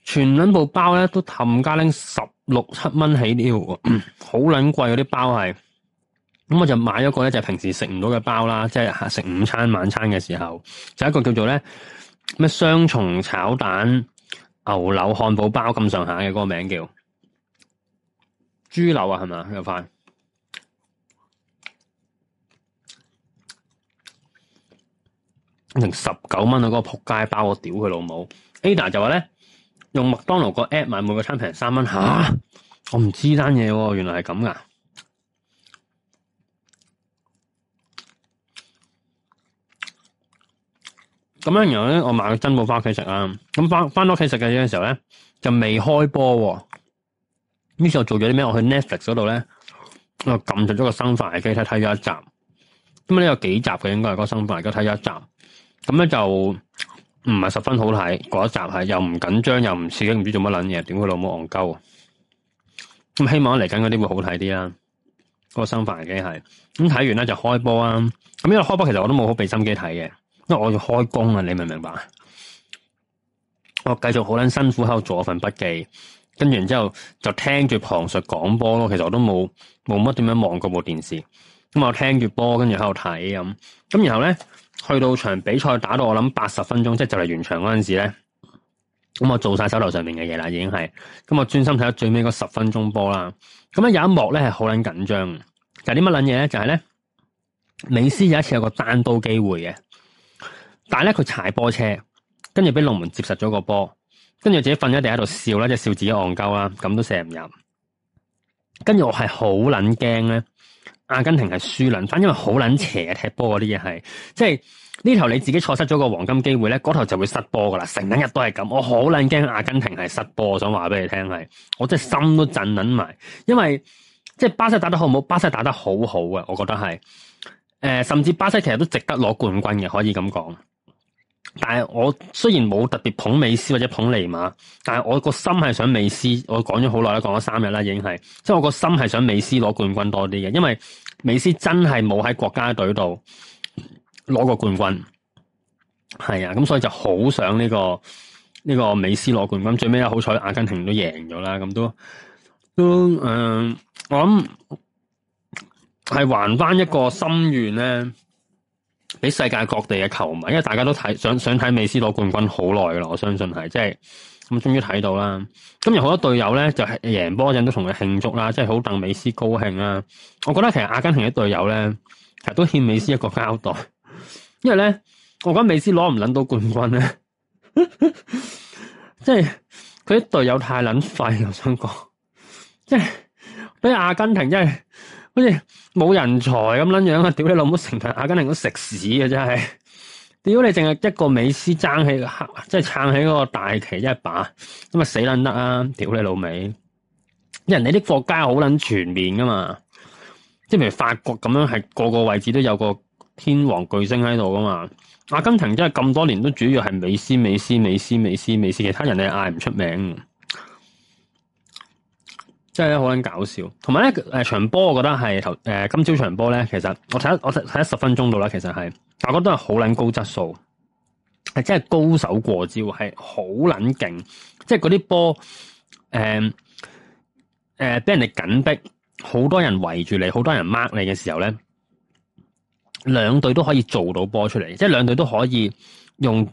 全 number 包咧都冚家拎十。六七蚊起啲好，好撚貴嗰啲包係，咁我就買咗個咧就平時食唔到嘅包啦，即係食午餐、晚餐嘅時候，就是，一個叫做咧咩雙重炒蛋牛柳漢堡包咁上下嘅嗰個名叫豬柳啊，係咪啊有塊，成十九蚊啊，嗰個仆街包我屌佢老母，Ada 就話咧。用麥當勞個 app 買每個餐平三蚊，吓，我唔知單嘢喎，原來係咁㗎。咁樣然後咧，我買個珍寶翻屋企食啊。咁翻翻屋企食嘅嘢嘅時候咧，就未開波。於是，我做咗啲咩？我去 Netflix 嗰度咧，我撳著咗個生化危機，睇睇咗一集。咁啊，呢有幾集嘅應該係嗰生化危機睇咗一集。咁咧就。唔係十分好睇，嗰一集係又唔緊張又唔刺激，唔知做乜撚嘢，點佢老母戇鳩啊！咁希望嚟緊嗰啲會好睇啲啦。個心煩嘅係，咁睇完咧就開波啦。咁因為開波其實我都冇好俾心機睇嘅，因為我要開工啊，你明唔明白？我繼續好撚辛苦喺度做一份筆記，跟住然之後就聽住旁述講波咯。其實我都冇冇乜點樣望嗰部電視，咁我聽住波跟住喺度睇咁，咁然後咧。去到場比賽打到我諗八十分鐘，即係就嚟、是、完場嗰陣時咧，咁我做晒手頭上面嘅嘢啦，已經係，咁我專心睇下最尾嗰十分鐘波啦。咁有一幕咧係好捻緊張，就係啲乜捻嘢咧？就係咧，美斯有一次有一個單刀機會嘅，但係咧佢踩波車，跟住俾龍門接實咗個波，跟住自己瞓咗地喺度笑啦，即係笑自己戇鳩啦，咁都射唔入。跟住我係好捻驚咧。阿根廷係輸兩分，因為好撚斜踢波嗰啲嘢係，即係呢頭你自己錯失咗個黃金機會咧，嗰頭就會失波噶啦，成兩日都係咁。我好撚驚阿根廷係失波，我想話俾你聽係，我真係心都震撚埋，因為即係巴西打得好唔好？巴西打得好好，啊、嘅，我覺得係，誒、呃，甚至巴西其實都值得攞冠軍嘅，可以咁講。但係我雖然冇特別捧美斯或者捧尼馬，但係我個心係想美斯。我講咗好耐啦，講咗三日啦，已經係，即係我個心係想美斯攞冠軍多啲嘅，因為美斯真係冇喺國家隊度攞過冠軍，係啊，咁所以就好想呢、這個呢、這個美斯攞冠軍。最尾好彩阿根廷都贏咗啦，咁都都誒、嗯，我諗係還翻一個心願咧。俾世界各地嘅球迷，因為大家都睇想想睇美斯攞冠軍好耐嘅啦，我相信係，即係咁終於睇到啦。今日好多隊友咧就係贏波陣都同佢慶祝啦，即係好戥美斯高興啦，啊。我覺得其實阿根廷嘅隊友咧，其實都欠美斯一個交代，因為咧，我覺得美斯攞唔捻到冠軍咧， [laughs] 即係佢啲隊友太捻廢，我想講，即係俾阿根廷即係好似。冇人才咁撚樣啊！屌你老母，成個阿根廷都食屎嘅真係！屌你淨係一個美斯爭起撐起，即係撐起嗰個大旗一把，咁啊死撚得啊！屌你老味，因為你啲國家好撚全面噶嘛，即係譬如法國咁樣，係個個位置都有個天王巨星喺度噶嘛。阿根廷真係咁多年都主要係美斯、美斯、美斯、美斯、美斯，其他人你嗌唔出名。即係咧好捻搞笑，同埋咧，誒場波我覺得係頭誒今朝場波咧，其實我睇我睇睇咗十分鐘到啦，其實係，大家都係好捻高質素，係真係高手過招，係好捻勁，即係嗰啲波，誒、嗯、誒，俾、呃、人哋緊逼，好多人圍住你，好多人 mark 你嘅時候咧，兩隊都可以做到波出嚟，即係兩隊都可以用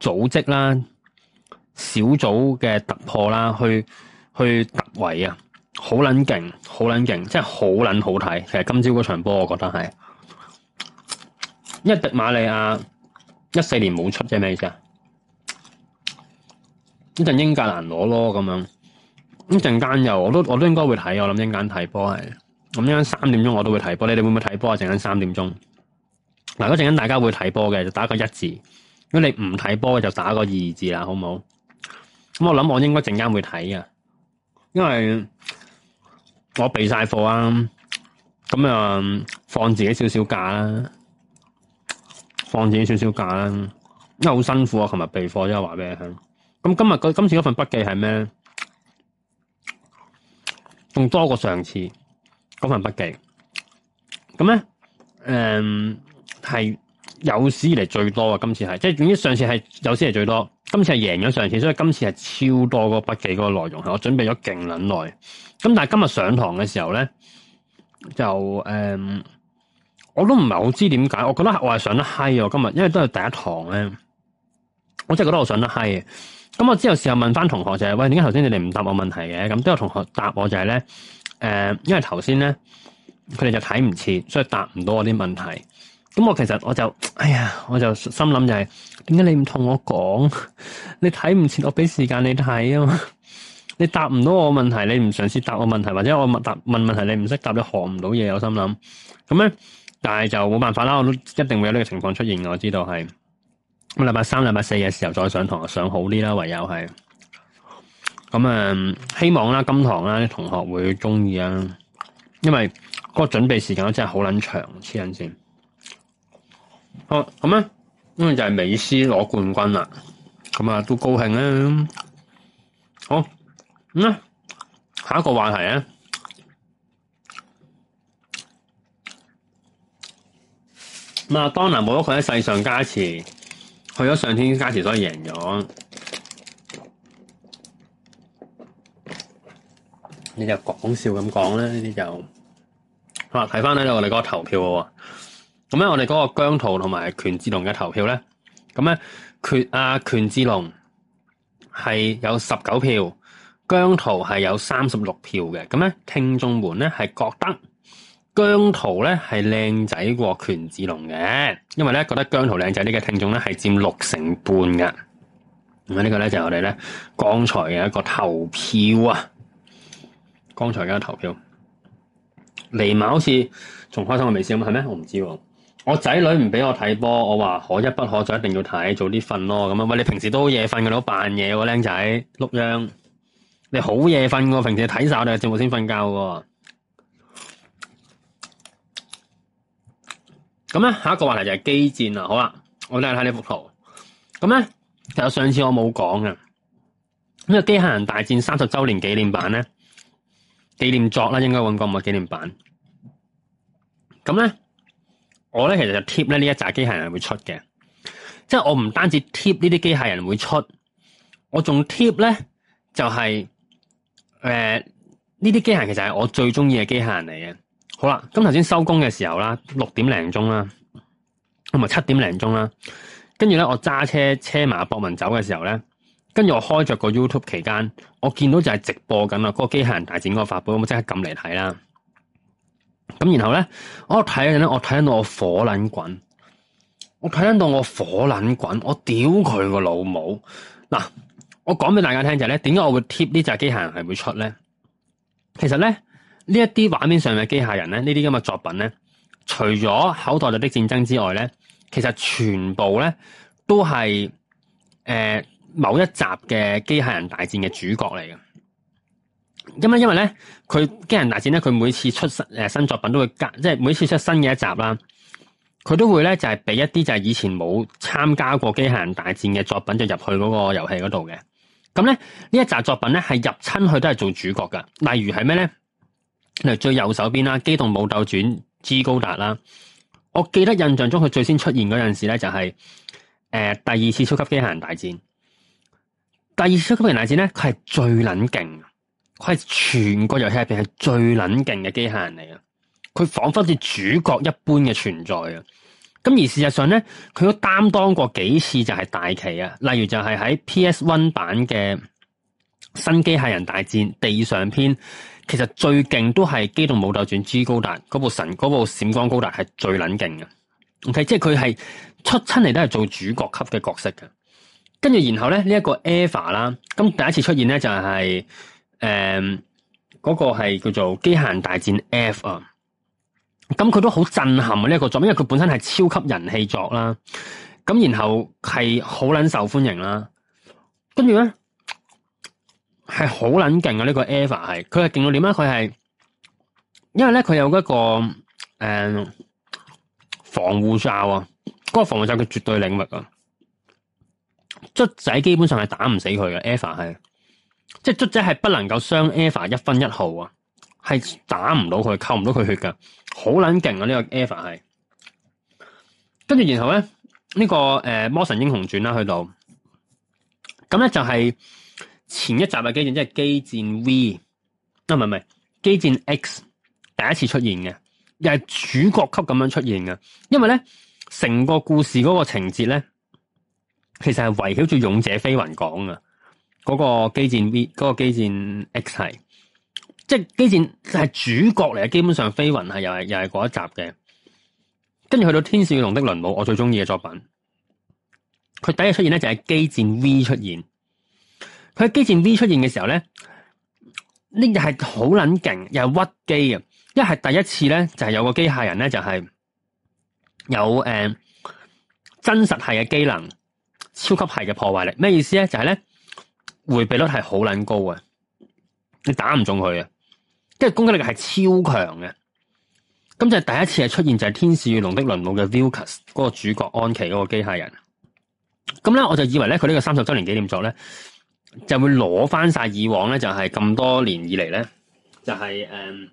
組織啦、小組嘅突破啦，去去突圍啊！好撚勁，好撚勁，真係好撚好睇。其實今朝嗰場波，我覺得係，一迪馬利亞一四年冇出啫，咩意思啊？呢陣英格蘭攞咯咁樣，咁陣間又我都我都應該會睇，我諗陣間睇波係。咁陣間三點鐘我都會睇波，你哋會唔會睇波啊？陣間三點鐘，嗱，嗰陣間大家會睇波嘅就打個一字，如果你唔睇波就打個二字啦，好唔好？咁我諗我應該陣間會睇啊，因為。我備晒貨啊，咁啊放自己少少假啦，放自己少少假啦，因為好辛苦啊，琴日備貨即係話俾你聽、啊。咁今日今次嗰份筆記係咩？仲多過上次嗰份筆記。咁咧，誒、嗯、係有史以嚟最多啊！今次係，即係總之上次係有史係最多。今次係贏咗上次，所以今次係超多個筆記嗰個內容，我準備咗勁撚耐。咁但係今日上堂嘅時候咧，就誒、嗯，我都唔係好知點解，我覺得我係上得閪啊、哦！今日，因為都係第一堂咧，我真係覺得我上得閪。咁我之後試下問翻同學就係，喂，點解頭先你哋唔答我問題嘅？咁都有同學答我就係、是、咧，誒、呃，因為頭先咧，佢哋就睇唔切，所以答唔到我啲問題。咁我其實我就，哎呀，我就心諗就係、是，點解你唔同我講？你睇唔切，我俾時間你睇啊嘛。你答唔到我問題，你唔嘗試答我問題，或者我問答問問題你唔識答，你學唔到嘢。我心諗，咁咧，但係就冇辦法啦。我都一定會有呢個情況出現，我知道係。咁禮拜三、禮拜四嘅時候再上堂上好啲啦，唯有係。咁誒，希望啦，今堂啦啲同學會中意啦，因為個準備時間真係好撚長，黐撚線好，咁咧，咁就係美斯攞冠軍啦，咁啊都高興啦。好，咁啊下一個話題咧，咁啊，當然冇咗佢喺世上加持，去咗上天加持，所以贏咗。你就講笑咁講啦，呢啲就，好啦睇翻呢度，我哋個投票喎。咁咧，我哋嗰個姜濤同埋權志龍嘅投票咧，咁咧權啊，權志龍係有十九票，姜濤係有三十六票嘅。咁咧，聽眾們咧係覺得姜濤咧係靚仔過權志龍嘅，因為咧覺得姜濤靚仔呢個聽眾咧係佔六成半㗎。咁啊，就是、呢個咧就我哋咧剛才嘅一個投票啊，剛才嘅投票，尼馬好似仲開心過美斯，咁，係咩？我唔知、啊。我仔女唔俾我睇波，我話可一不可再，一定要睇，早啲瞓咯。咁啊，喂，你平時都好夜瞓嘅咯，扮嘢喎，僆仔，碌秧，你好夜瞓嘅喎，平時睇晒我哋嘅節目先瞓覺嘅。咁咧，下一個話題就係機戰啦。好啦，我哋睇下呢幅圖。咁咧，其實上次我冇講嘅，呢個機械人大戰三十周年紀念版咧，紀念作啦，應該搵個唔係紀念版。咁咧。我咧其實就 keep 咧呢一紮機械人會出嘅，即係我唔單止 keep 呢啲機械人會出，我仲 keep 咧就係誒呢啲機械人其實係我最中意嘅機械人嚟嘅。好啦，咁頭先收工嘅時候啦，六點零鐘啦，同埋七點零鐘啦，跟住咧我揸車車埋博文走嘅時候咧，跟住我開着個 YouTube 期間，我見到就係直播緊嗰個機械人大戰嗰個發布會，我即刻撳嚟睇啦。咁然後咧，我睇緊咧，我睇緊到我火撚滾，我睇緊到我火撚滾，我屌佢個老母！嗱，我講俾大家聽就係、是、咧，點解我會貼呢隻機械人係會出咧？其實咧，呢一啲畫面上嘅機械人咧，呢啲咁嘅作品咧，除咗《口袋裡的戰爭》之外咧，其實全部咧都係誒、呃、某一集嘅機械人大戰嘅主角嚟嘅。因咩？因為咧，佢《機械人大戰》呢咧，佢每次出新誒新作品都會加，即係每次出新嘅一集啦。佢都會咧就係、是、俾一啲就係以前冇參加過《機械人大戰》嘅作品就入去嗰個遊戲嗰度嘅。咁咧，呢一集作品咧係入親去都係做主角噶。例如係咩咧？例如最右手邊啦，《機動武鬥傳 G 高達》啦。我記得印象中佢最先出現嗰陣時咧就係、是、誒、呃、第二次超級機械人大戰。第二次超級機械人大戰咧，佢係最冷勁。佢係全個遊戲入邊係最冷靜嘅機械人嚟噶，佢仿佛似主角一般嘅存在啊！咁而事實上咧，佢都擔當過幾次就係大旗啊，例如就係喺 PS One 版嘅《新機械人大戰地上篇》，其實最勁都係機動武鬥傳 G 高達嗰部神，嗰部閃光高達係最冷靜嘅，OK，即係佢係出親嚟都係做主角級嘅角色嘅。跟住然後咧，呢、這、一個 Alpha 啦，咁第一次出現咧就係、是。誒，嗰、嗯，那個係叫做《機械人大戰 F》啊，咁佢都好震撼啊！呢、這、一個作品，因為佢本身係超級人氣作啦、啊，咁然後係好捻受歡迎啦，跟住咧係好捻勁嘅呢個 a 係，佢係勁到點啊？佢係、這個、因為咧佢有一個誒、嗯、防護罩啊，嗰、那個防護罩佢絕對領域啊。卒仔基本上係打唔死佢嘅 Eva 係。即係卒仔係不能夠傷 Eva 一分一毫，是、這個 e、啊，係打唔到佢，扣唔到佢血噶，好撚勁啊！呢個 Eva 係，跟住然後咧呢、這個誒、呃《魔神英雄傳》啦，去到咁咧就係前一集嘅機戰，即係機戰 V，啊唔係唔係機戰 X，第一次出現嘅，又係主角級咁樣出現嘅，因為咧成個故事嗰個情節咧，其實係圍繞住勇者飛雲講嘅嗰個機戰 V，嗰個機戰 X 係，即係機戰就係主角嚟嘅。基本上飛雲係又係又係嗰一集嘅，跟住去到天使與龍的輪舞，我最中意嘅作品，佢第一出現咧，就係機戰 V 出現，佢喺機戰 V 出現嘅時候咧，呢個係好撚勁，又係屈機啊！一係第一次咧就係、是、有個機械人咧就係、是、有誒、呃、真實係嘅機能，超級係嘅破壞力，咩意思咧？就係、是、咧。回避率係好撚高嘅，你打唔中佢啊，即係攻擊力係超強嘅。咁就係第一次係出現，就係《天使與龍的輪舞》嘅 Vilcus 嗰個主角安琪嗰個機械人。咁咧，我就以為咧，佢呢個三十周年紀念作咧，就會攞翻晒以往咧，就係咁多年以嚟咧、就是嗯，就係誒，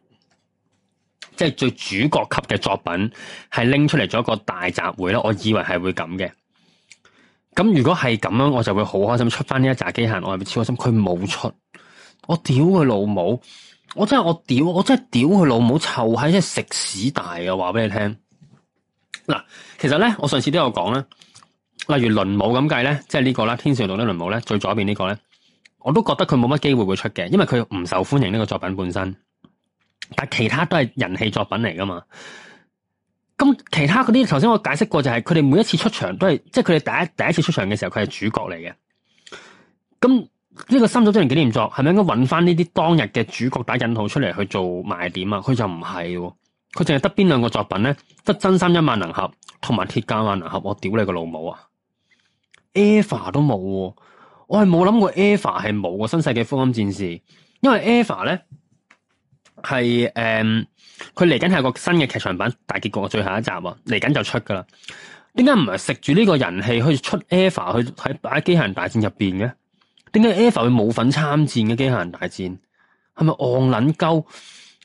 即係最主角級嘅作品，係拎出嚟做一個大集會囉。我以為係會咁嘅。咁如果係咁樣，我就會好開心出翻呢一扎機械，我係咪超開心？佢冇出，我屌佢老母！我真係我屌，我真係屌佢老母！臭閪即係食屎大嘅話俾你聽。嗱，其實咧，我上次都有講啦，例如輪舞咁計咧，即係呢、這個啦，天上動的輪舞咧，最左邊呢、這個咧，我都覺得佢冇乜機會會出嘅，因為佢唔受歡迎呢個作品本身。但其他都係人氣作品嚟噶嘛。咁其他嗰啲，頭先我解釋過，就係佢哋每一次出場都係，即係佢哋第一第一次出場嘅時候，佢係主角嚟嘅。咁呢、呢個《三祖真人紀念作》係咪應該揾翻呢啲當日嘅主角打引號出嚟去做賣點啊？佢就唔係喎，佢淨係得邊兩個作品咧？得《真三一萬能俠》同埋《鐵甲萬能俠》，我屌你個老母啊！Eva 都冇、啊，我係冇諗過 Eva 係冇個新世紀福音戰士，因為 Eva 咧係佢嚟緊係個新嘅劇場版大結局嘅最後一集啊，嚟緊就出噶啦。點解唔係食住呢個人氣去出 EVA 去喺《機械，、e、械人大戰》入邊嘅？點解 EVA 會冇份參戰嘅《機、哦、械人大戰》？係咪戇捻鳩？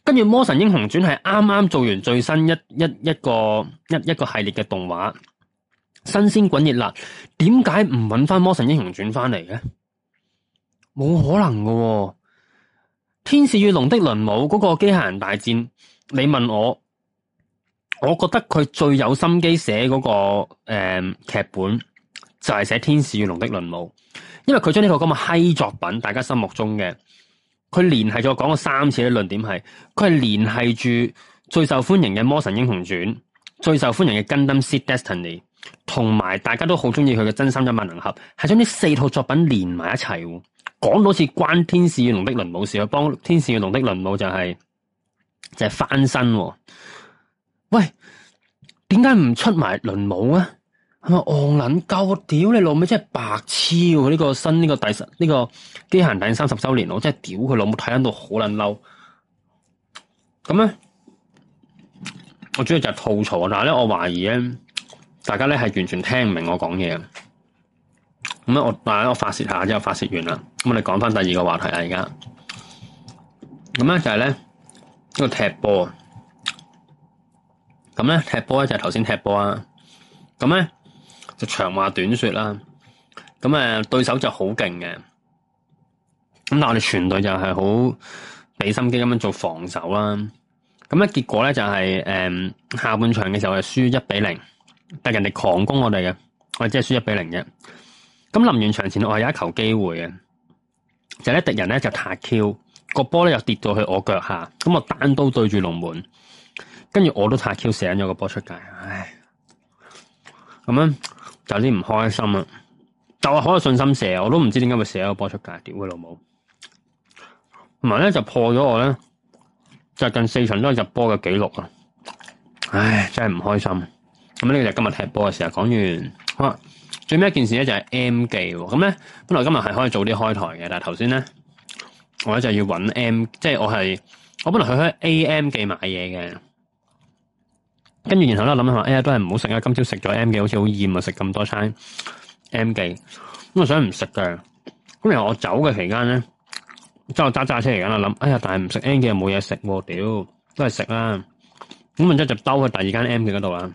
跟住《魔神英雄傳》係啱啱做完最新一一一個一一個系列嘅動畫，新鮮滾熱辣。點解唔搵翻《魔神英雄傳》翻嚟嘅？冇可能喎！天使與龍的輪舞嗰個《機械人大戰》。你問我，我覺得佢最有心機寫嗰個誒劇、嗯、本，就係、是、寫《天使與龍的輪舞》，因為佢將呢套咁嘅閪作品，大家心目中嘅，佢聯繫咗講咗三次啲論點係，佢係聯繫住最受歡迎嘅《魔神英雄傳》，最受歡迎嘅《Gundam Seed Destiny》，同埋大家都好中意佢嘅《真心一萬能俠》，係將呢四套作品連埋一齊，講到似關《天使與龍的輪舞》事，去幫《天使與龍的輪舞、就是》就係。就係翻身喎！喂，點解唔出埋輪舞啊？係咪憨撚？夠屌你老味！真係白痴喎！呢個新呢、呢個第十呢、呢個機械人第三十週年，我真係屌佢老母！睇緊到好撚嬲。咁咧，我主要就係吐槽。但係咧，我懷疑咧，大家咧係完全聽唔明我講嘢。咁咧，我但係我發泄下之後發，發泄完啦。咁我哋講翻第二個話題啦。而家咁咧就係、係、咧。呢個踢波，咁咧踢波咧就頭先踢波啊，咁咧就長話短說啦，咁誒對手就好勁嘅，咁但我哋全隊就係好俾心機咁樣做防守啦，咁咧結果咧就係誒下半場嘅時候係輸一比零，但人哋狂攻我哋嘅，我哋只係輸一比零嘅，咁臨完場前我係有一球機會嘅，就咧、係、敵人咧就撻 Q。個波咧又跌咗去我腳下，咁我單刀對住龍門，跟住我都太 Q 醒咗個波出界，唉，咁樣就有啲唔開心啦，就係好有信心射，我都唔知點解會射一個波出界，屌老母，同埋咧就破咗我咧，就是、近四場都係入波嘅紀錄啊！唉，真係唔開心。咁呢個就今日踢波嘅時候講完，好啦，最尾一件事咧就係 M 記，咁咧本來今日係可以早啲開台嘅，但係頭先咧。我咧就要揾 M，即係我係我本來去開 AM 記買嘢嘅，跟住然後咧諗一下，哎呀都係唔好食呀。今朝食咗 M 記好似好厭啊，食咁多餐 M 記，咁我想唔食㗎。咁然後我走嘅期間咧，即係我揸揸車嚟緊啦，諗哎呀，但係唔食 M 記又冇嘢食，屌都係食啦。咁啊，即係就兜去第二間 M 記嗰度啦。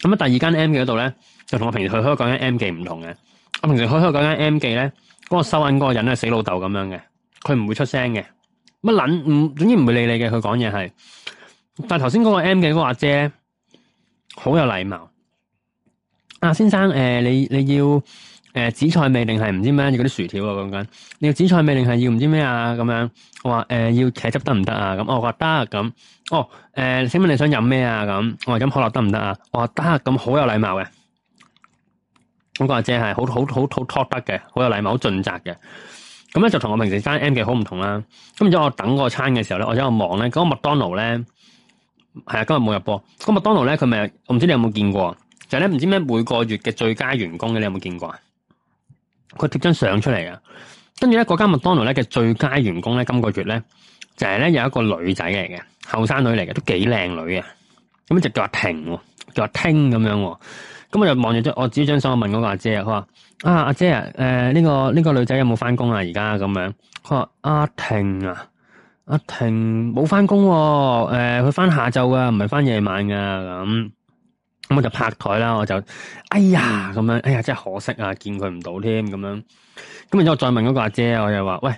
咁啊，第二間 M 記嗰度咧，就同我平時去開嗰間 M 記唔同嘅。我平時去開嗰間 M 記咧。嗰個收銀嗰個人咧，死老豆咁樣嘅，佢唔會出聲嘅，乜撚唔總之唔會理你嘅。佢講嘢係，但係頭先嗰個 M 嘅嗰個阿姐，好有禮貌。啊先生，呃、你你要、呃、紫菜味你要紫菜味定係唔知咩，嗰啲薯條啊咁樣，要紫菜味定係要唔知咩啊咁樣。我話、呃、要茄汁得唔得啊？咁我話得咁。哦、呃、請問你想飲咩啊？咁我話飲可樂得唔得啊？我話得咁，啊、好有禮貌嘅。嗰個阿姐係好好好好 talk 得嘅，好有禮貌，好盡責嘅。咁咧就同我平時返 M 嘅好唔同啦。咁而家我等嗰個餐嘅時候咧，我喺度望咧，嗰、嗰個麥當勞咧，係啊，今日冇入波。嗰個麥當勞咧，佢咪我唔知你有冇見過？就係咧，唔知咩每個月嘅最佳員工嘅，你有冇見過啊？佢貼張相出嚟啊！跟住咧，嗰間麥當勞咧嘅最佳員工咧，今個月咧就係咧有一個女仔嚟嘅，後生女嚟嘅，都幾靚女嘅。咁就叫阿婷，叫阿聽咁樣。咁我就望住張，我攞張相我問嗰個阿姐，姐，佢話：啊阿姐啊，呢、呃呢個呢、呢個女仔有冇翻工啊？而家咁樣，佢話：阿婷啊，阿婷冇翻工喎，佢、呃、翻下晝噶，唔係翻夜晚噶咁。咁我就拍台啦，我就，哎呀咁樣，哎呀真係可惜啊，見佢唔到添咁樣。咁然之後我再問嗰個阿姐，姐，我又話：喂，誒、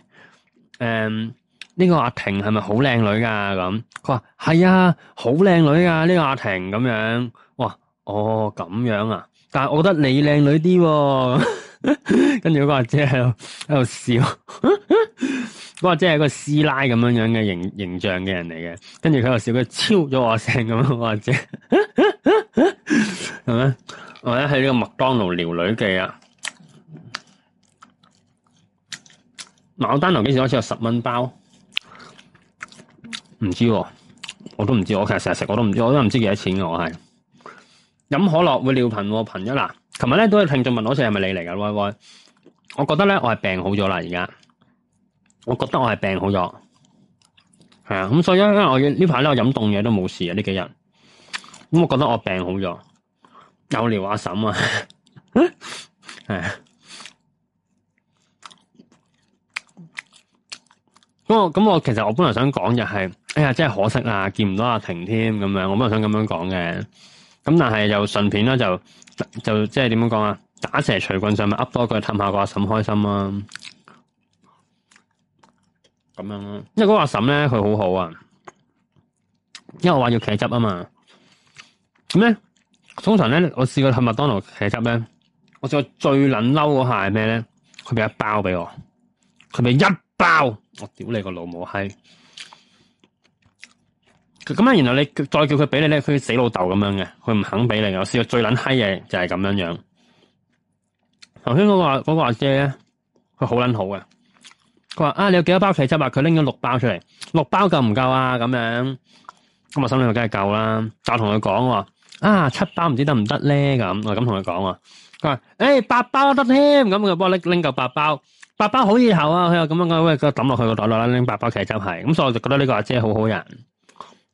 呃、呢、呢個阿婷係咪好靚女噶？咁佢話：係啊，好靚、啊、女㗎、啊。這」呢個阿婷咁樣，樣，哇！哦，咁樣啊！但係我覺得你靚女啲、啊， [laughs] 跟住嗰個阿姐喺度喺度笑，嗰個阿姐係一個師奶咁樣樣嘅形形象嘅人嚟嘅，跟住佢又笑佢超咗我聲咁樣，阿姐係咪？我咧喺呢個麥當勞撩女記啊！牡丹樓幾時開始有十蚊包？唔知、啊，我都唔知，我其實成日食，我都唔知，我都唔知幾多錢嘅、啊、我係。飲可樂會尿頻頻咗啦，琴日咧都係聽眾問我，即係係咪你嚟噶？喂喂，我覺得咧，我係病好咗啦，而家我覺得我係病好咗，係啊，咁所以咧，我呢排咧，我飲凍嘢都冇事啊，呢幾日，咁我覺得我病好咗，有尿阿嬸啊，係 [laughs] 啊，咁我咁我其實我本來想講就係，哎呀，真係可惜啊，見唔到阿婷添，咁樣，我本來想咁樣講嘅。咁但係又順便啦，就就即係點樣講啊？打蛇隨棍上咪噏多句氹下個阿嬸開心啦，啊，咁樣咯。因為嗰個阿嬸咧佢好好啊，因為我話要茄汁啊嘛。咁咧通常咧我試過去麥當勞茄汁咧，我試過最撚嬲嗰下係咩咧？佢俾一包俾我，佢俾一包，我屌你個老母閪！咁樣！然後你再叫佢俾你咧，佢死老豆咁樣嘅，佢唔肯俾你。我試過最撚閪嘅就係咁樣樣。頭先嗰個嗰個阿姐咧，佢好撚好嘅。佢話：啊，你有幾多包茄汁啊？佢拎咗六包出嚟，六包夠唔夠啊？咁樣，咁我心裏梗係夠啦。就同佢講話：啊，七包唔知得唔得咧？咁我咁同佢講話，佢話：誒、欸，八包得添。咁我幫佢拎拎夠八包，八包好以後啊。佢又咁樣講，喂，佢抌落去個袋度啦，拎八包茄汁係。咁所以我就覺得呢個阿姐好好人。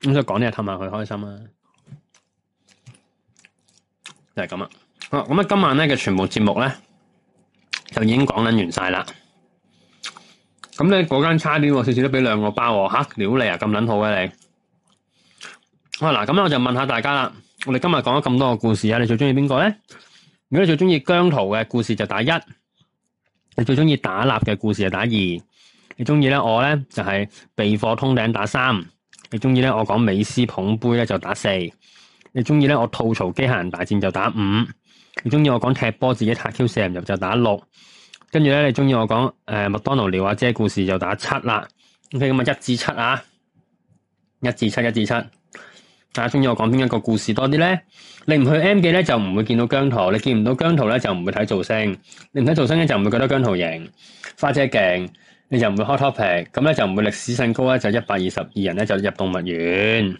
咁就講呢個氹下佢開心啦、啊，就係咁啦。好，咁啊，今晚咧嘅全部節目咧就已經講捻完晒啦。咁咧嗰間差啲，我少少都俾兩個包，吓，你好你啊，咁捻好嘅、啊、你。好啊，嗱，咁咧我就問下大家啦，我哋今日講咗咁多個故事啊，你最中意邊個咧？如果你最中意姜濤嘅故事就打一，你最中意打臘嘅故事就打二，你中意咧？我咧就係備貨通頂打三。你中意咧，我講美斯捧杯咧就打四；你中意咧，我吐槽機械人大戰就打五；你中意我講踢波自己踢 Q 射唔入就打六；跟住咧，你中意我講誒麥當勞撩阿姐故事就打七啦。OK，咁啊一至七啊，一至七，一至七。7, 7, 大家中意我講邊一個故事多啲咧？你唔去 M 記咧就唔會見到姜濤，你見唔到姜濤咧就唔會睇造星，你唔睇造星咧就唔會覺得姜濤贏。花姐勁。你就唔會開 topic，咁咧就唔會歷史性高咧，就一百二十二人咧就入動物園。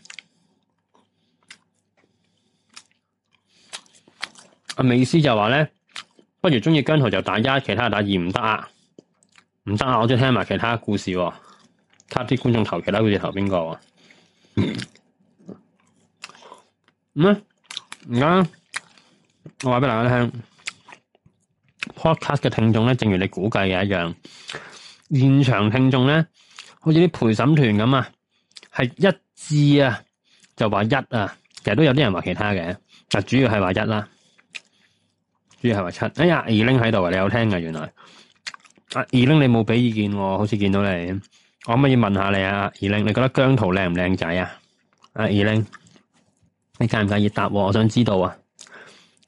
阿美斯就話咧，不如中意姜濤就打一，其他打二唔得啊，唔得啊，我想聽埋其他故事、啊。睇下啲觀眾投其他故事投邊個啊？唔啦唔啦，我話俾大家 Podcast 聽，podcast 嘅聽眾咧，正如你估計嘅一樣。現場聽眾咧，好似啲陪審團咁啊，係一致啊，就話一啊，其實都有啲人話其他嘅，就主要係話一啦，主要係話七。哎呀，二拎喺度啊，你有聽啊？原來，啊二拎你冇俾意見我，好似見到你，我可唔可以問下你啊？二拎，你覺得姜濤靚唔靚仔啊？啊二拎，你介唔介意答我啊？我想知道啊，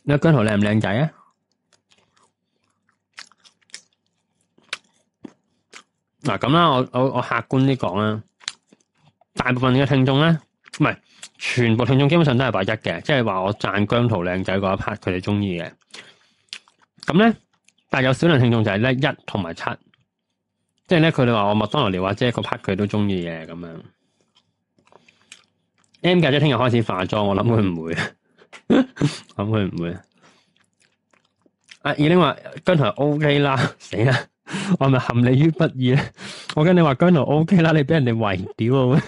你覺得姜濤靚唔靚仔啊？嗱咁啦，我我我客觀啲講啦，大部分嘅聽眾咧，唔係全部聽眾基本上都係擺、就是、一嘅，即係話我讚姜濤靚仔嗰一 part，佢哋中意嘅。咁咧，但係有少量聽眾就係咧一同埋七，即係咧佢哋話我麥當勞聊或即係個 part 佢都中意嘅咁樣。M 家姐，聽日開始化妝，我諗佢唔會，諗佢唔會。阿、啊、二靚話姜濤 OK 啦，死啦！我咪陷你於不義咧！我跟你話姜濤 OK 啦，你俾人哋圍屌啊！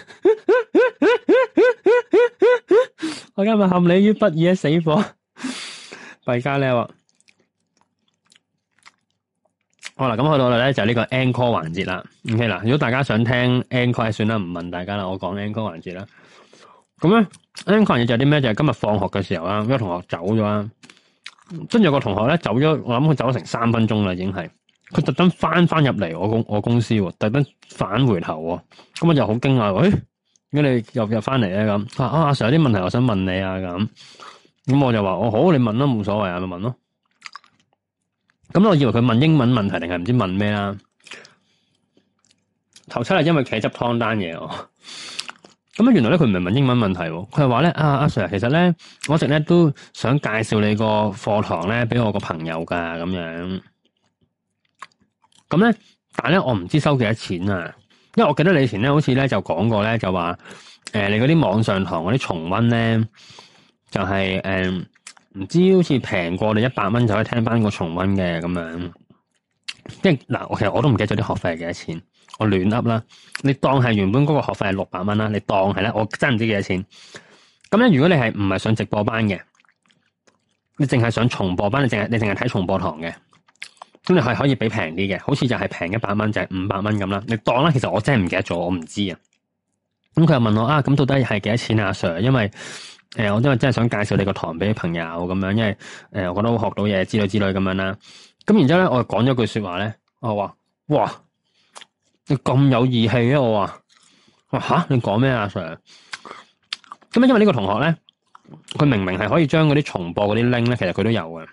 我今日陷你於不義啊，死火弊家伙，好啦，咁去到咧就係呢個 Encore 環節啦。OK 啦，如果大家想聽 Encore 算啦，唔問大家啦，我講 Encore 環節啦。咁咧 Encore 環節就係啲咩？就係、是、今日放學嘅時候啦，有同學走咗啦，跟住有個同學咧走咗，我諗佢走咗成三分鐘啦，已經係。佢特登翻翻入嚟我公我公司喎，特登返回頭喎，咁我就好驚訝，喂，點解、哎、你又入翻嚟咧咁啊？阿、啊、Sir 有啲問題，我想問你啊咁。咁我就話：我好，你問都冇所謂啊，你問咯。咁我以為佢問英文問題定係唔知問咩啦。頭七日因為企執湯單嘢咁，原來咧佢唔係問英文問題，佢係話咧：啊阿、啊、Sir，其實咧我一直咧都想介紹你個課堂咧俾我個朋友噶咁樣。咁咧，但咧我唔知收幾多錢啊！因為我記得你以前咧、就是嗯，好似咧就講過咧，就話誒你嗰啲網上堂嗰啲重溫咧，就係誒唔知好似平過你一百蚊就可以聽翻個重溫嘅咁樣。即係嗱，其實我都唔記得咗啲學費係幾多錢，我亂噏啦。你當係原本嗰個學費係六百蚊啦，你當係咧，我真唔知幾多錢。咁咧，如果你係唔係上直播班嘅，你淨係上重播班，你淨係你淨係睇重播堂嘅。咁你係可以俾平啲嘅，好似就係平一百蚊就係五百蚊咁啦。你當啦，其實我真係唔記得咗，我唔知啊。咁佢又問我啊，咁到底係幾多錢啊，阿 Sir？因為誒、呃，我真係真係想介紹你個堂俾朋友咁樣，因為誒、呃，我覺得好學到嘢之類之類咁樣啦。咁然之後咧，我就講咗句說話咧，我話哇，你咁有義氣啊！我話，哇、啊、吓，你講咩阿 Sir？咁因為呢個同學咧，佢明明係可以將嗰啲重播嗰啲 link 咧，其實佢都有嘅。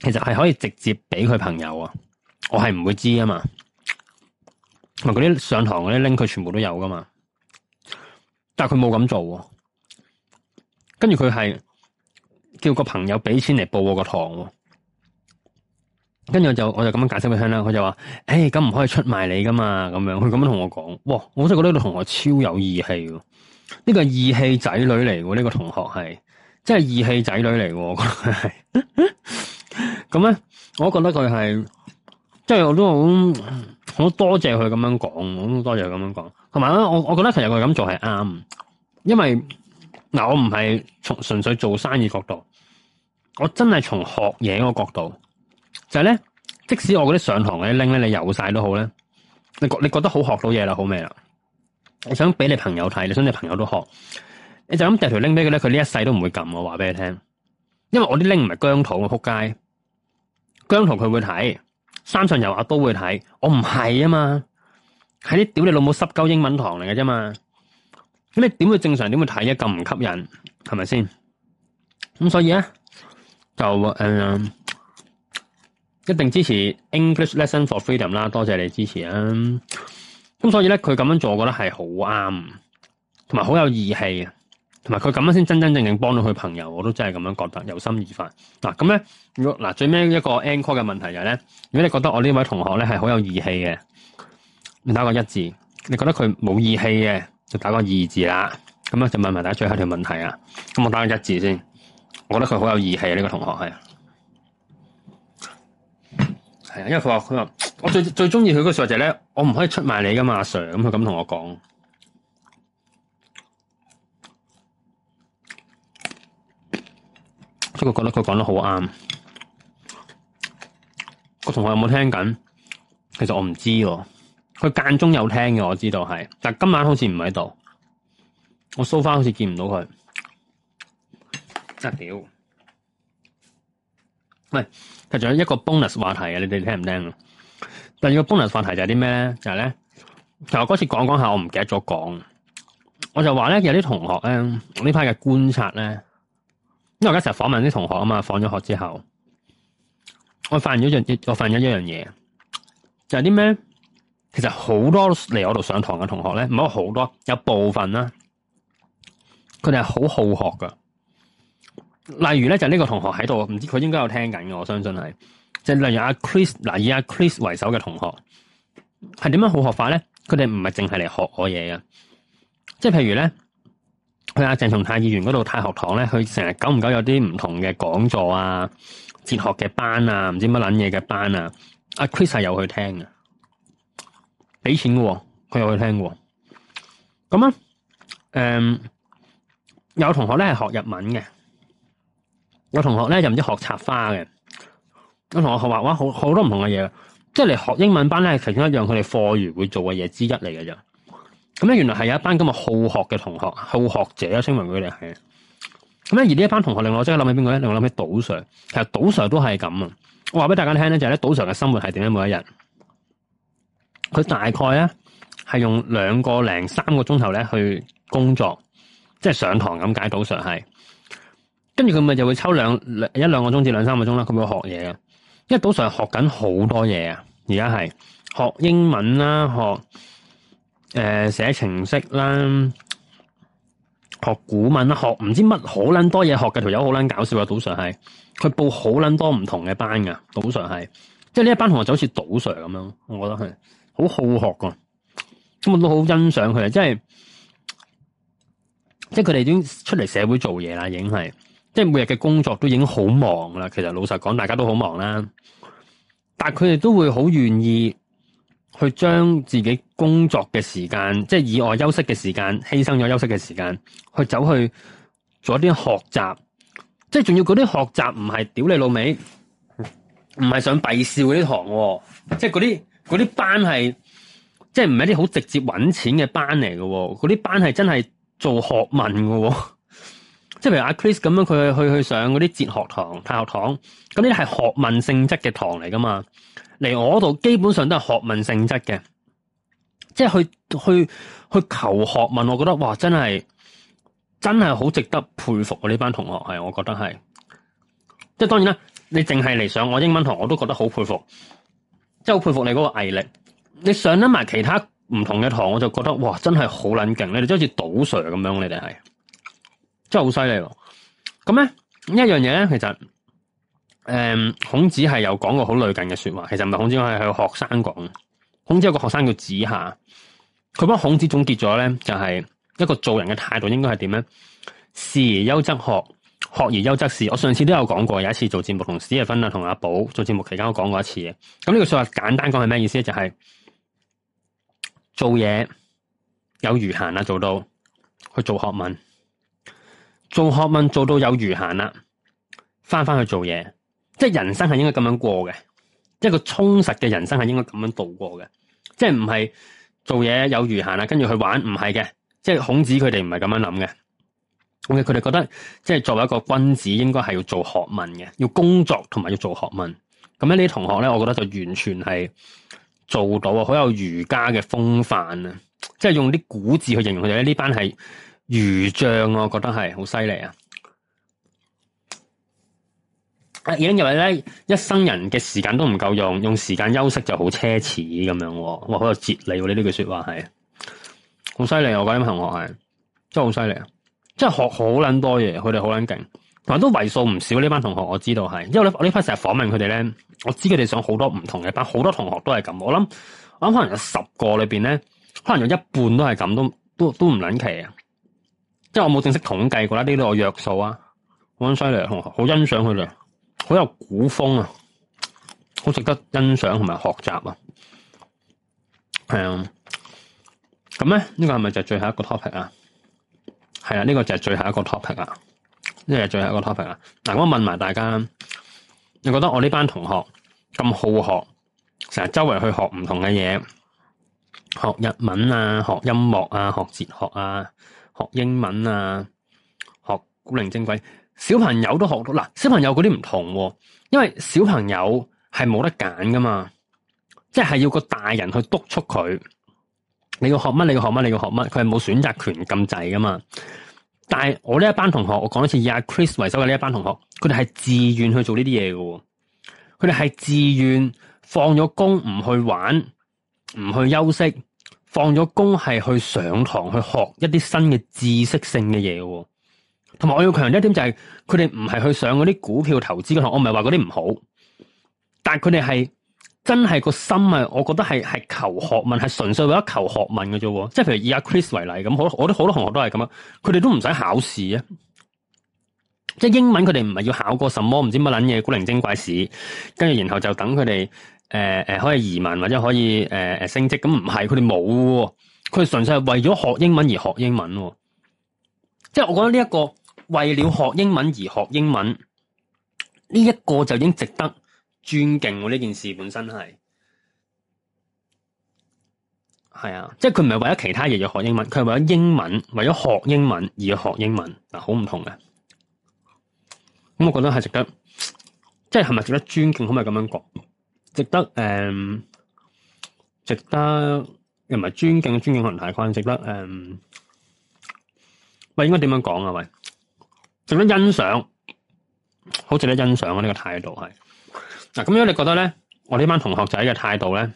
其實係可以直接俾佢朋友啊，我係唔會知啊嘛。同埋嗰啲上堂啲拎佢全部都有噶嘛，但係佢冇咁做啊。跟住佢係叫個朋友俾錢嚟報我個堂啊。跟住我就我就咁樣解釋俾佢聽啦，佢就話：，誒，咁唔可以出賣你噶嘛？咁樣，佢咁樣同我講。哇，我真係覺得呢個同學超有義氣。呢個義氣仔女嚟噶，呢個同學係、這個、真係義氣仔女嚟噶。我覺得係 [laughs] 咁咧，我覺得佢係，即係我都好好多謝佢咁樣講，好多謝佢咁樣講。同埋咧，我我，我覺得其實佢咁做係啱，因為嗱，我唔係從純粹做生意角度，我真係從學嘢嗰個角度，就係、是、咧，即使我嗰啲上堂嘅拎咧，你有晒都好咧，你覺你覺得好學到嘢啦，好咩啦，你想俾你朋友睇，你想你朋友都學，你就咁掉條拎俾佢咧，佢呢一世都唔會撳，我話俾你聽，因為我啲拎唔係姜濤，我仆街。張圖佢會睇，三上油畫都會睇，我唔係啊嘛，係啲屌你老母濕鳩英文堂嚟嘅啫嘛，咁你點會正常點會睇啊咁唔吸引，係咪先？咁所以咧就誒，一定支持 English Lesson for Freedom 啦，多謝你支持啊！咁所以咧佢咁樣做，我覺得係好啱，同埋好有義氣啊！同埋佢咁樣先真真正正幫到佢朋友，我都真係咁樣覺得，由心而發嗱。咁咧，嗱最尾一個 encore 嘅問題就係咧，如果你覺得我呢位同學咧係好有義氣嘅，你打個一字；你覺得佢冇義氣嘅，就打個二字啦。咁咧就問埋大家最後條問題啊。咁我打個一字先，我覺得佢好有義氣啊！呢個同學係，係啊，因為佢話佢話我最最中意佢個小姐咧，我唔可以出賣你噶嘛，阿 Sir，咁佢咁同我講。即係佢覺得佢講得好啱，個同學有冇聽緊？其實我唔知喎、啊，佢間中有聽嘅，我知道係，但今晚好似唔喺度，我搜翻好似見唔到佢。得屌！喂，其實仲有一個 bonus 話題啊，你哋聽唔聽啊？第二個 bonus 話題就係啲咩咧？就係、是、咧，其實我嗰次講講下，我唔記得咗講，我就話咧，有啲同學咧，我呢排嘅觀察咧。因為我成日訪問啲同學啊嘛，放咗學之後，我發現咗一我發現咗一樣嘢，就係啲咩？其實好多嚟我度上堂嘅同學咧，唔係好多，有部分啦，佢哋係好好學噶。例如咧，就係呢個同學喺度，唔知佢應該有聽緊嘅，我相信係，即係例如阿 Chris 嗱，以阿 Chris 為首嘅同學，係點樣好學法咧？佢哋唔係淨係嚟學我嘢嘅，即係譬如咧。去阿鄭松泰議員嗰度太學堂咧，佢成日久唔久有啲唔同嘅講座啊、哲學嘅班啊、唔知乜撚嘢嘅班啊，阿、啊、Chris 啊有去聽嘅，俾錢嘅喎、哦，佢有去聽喎。咁啊，誒有同學咧係學日文嘅，有同學咧就唔知學插花嘅，有同學學畫畫，好好多唔同嘅嘢，即係你學英文班咧係其中一樣佢哋課餘會做嘅嘢之一嚟嘅啫。咁咧，原來係有一班咁嘅好學嘅同學、好學者啊，稱謂佢哋係。咁咧，而呢一班同學令我即刻諗起邊個咧？令我諗起島 sir，其實島 sir 都係咁啊！我話俾大家聽咧，就係咧，島 sir 嘅生活係點樣咧？每一日，佢大概咧係用兩個零三個鐘頭咧去工作，即係上堂咁解。島 sir 係，跟住佢咪就會抽兩兩一兩個鐘至兩三個鐘啦。佢咪會學嘢啊，因為島 sir 學緊好多嘢啊！而家係學英文啦，學。誒、呃、寫程式啦，學古文啦，學唔知乜好撚多嘢學嘅條友好撚搞笑啊！賭 Sir 係佢報好撚多唔同嘅班㗎，賭 Sir 係即係呢一班同學就好似賭 Sir 咁樣，我覺得係好好學噶，咁我都好欣賞佢啊！即係即係佢哋已經出嚟社會做嘢啦，已經係即係每日嘅工作都已經好忙啦。其實老實講，大家都好忙啦，但佢哋都會好願意。去將自己工作嘅時間，即係以外休息嘅時間，犧牲咗休息嘅時間，去走去做一啲學習，即係仲要嗰啲學習唔係屌你老味，唔係上閉笑嗰啲堂，即係嗰啲嗰啲班係，即係唔係啲好直接揾錢嘅班嚟嘅，嗰啲班係真係做學問喎。即係譬如阿 Chris 咁樣，佢去去上嗰啲哲學堂、太學堂，咁呢啲係學問性質嘅堂嚟噶嘛。嚟我度基本上都係學問性質嘅，即係去去去求學問，我覺得哇，真係真係好值得佩服我、啊、呢班同學，係我覺得係。即係當然啦，你淨係嚟上我英文堂，我都覺得好佩服，即係好佩服你嗰個毅力。你上得埋其他唔同嘅堂，我就覺得哇，真係好捻勁咧！你真好似賭 Sir 咁樣，你哋係，真係好犀利喎！咁咧，一樣嘢咧，其實。誒、嗯，孔子係有講過好類近嘅說話，其實唔係孔子講，係佢學生講。孔子有個學生叫子夏，佢幫孔子總結咗咧，就係、是、一個做人嘅態度應該係點咧？事而優則學，學而優則事。我上次都有講過，有一次做節目同史逸芬啊同阿寶做節目期間，我講過一次嘅。咁呢個說話簡單講係咩意思咧？就係、是、做嘢有餘閒啦，做到去做學問，做學問做到有餘閒啦，翻翻去做嘢。即係人生係應該咁樣過嘅，即係個充實嘅人生係應該咁樣度過嘅，即係唔係做嘢有餘閒啊，跟住去玩唔係嘅，即係孔子佢哋唔係咁樣諗嘅，咁佢哋覺得即係作為一個君子，應該係要做學問嘅，要工作同埋要做學問。咁樣呢啲同學咧，我覺得就完全係做到啊，好有儒家嘅風範啊，即係用啲古字去形容佢哋咧，呢班係儒將，我覺得係好犀利啊！已經認為咧，一生人嘅時間都唔夠用，用時間休息就好奢侈咁樣。哇，好有哲理喎、啊！呢呢句說話係好犀利，我覺得同學係真係好犀利啊！真係學好撚多嘢，佢哋好撚勁，同埋都為數唔少呢班同學我我，我知道係，因為呢呢排成日訪問佢哋咧，我知佢哋想好多唔同嘅班，好多同學都係咁。我諗我諗可能有十個裏邊咧，可能有一半都係咁，都都都唔撚奇啊！即係我冇正式統計過啦，呢啲我約數啊，好犀利，同學好欣賞佢哋。好有古風啊，好值得欣賞同埋學習啊，係、um，啊，咁咧呢個係咪就係最後一個 topic 啊？係啊，呢、呢個就係最後一個 topic 啊，呢、呢、係、個、最後一個 topic 啊，嗱、啊，我問埋大家，你覺得我呢班同學咁好學，成日周圍去學唔同嘅嘢，學日文啊，學音樂啊，學哲學啊，學英文啊，學古靈精鬼。小朋友都學到啦，小朋友嗰啲唔同、哦，因為小朋友係冇得揀噶嘛，即係要個大人去督促佢，你要學乜？你要學乜？你要學乜？佢係冇選擇權咁滯噶嘛。但係我呢一班同學，我講一次，以阿 Chris 為首嘅呢一班同學，佢哋係自願去做呢啲嘢嘅，佢哋係自願放咗工唔去玩，唔去休息，放咗工係去上堂去學一啲新嘅知識性嘅嘢、哦。同埋我要強調一點就係佢哋唔係去上嗰啲股票投資嘅課，我唔係話嗰啲唔好，但係佢哋係真係個心啊，我覺得係係求學問，係純粹為咗求學問嘅啫。即係譬如以阿 Chris 為例咁，好，我啲好多同學都係咁啊，佢哋都唔使考試啊，即係英文佢哋唔係要考過什麼唔知乜撚嘢古靈精怪試，跟住然後就等佢哋誒誒可以移民或者可以誒誒，呃、升職，咁唔係，佢哋冇，佢哋純粹係為咗學英文而學英文。即係我覺得呢、這、一個。為了學英文而學英文，呢一個就已經值得尊敬。呢件事本身係，係啊，即係佢唔係為咗其他嘢要學英文，佢係為咗英文，為咗學英文而學英文嗱，好、啊、唔同嘅。咁我覺得係值得，即係係咪值得尊敬？可唔可以咁樣講？值得誒、嗯，值得又唔係尊敬？尊敬係唔係？值得誒、嗯，喂，應該點樣講啊？喂？咁欣賞，好值得欣賞啊！呢個態度係嗱，咁樣你覺得咧？我呢班同學仔嘅態度咧，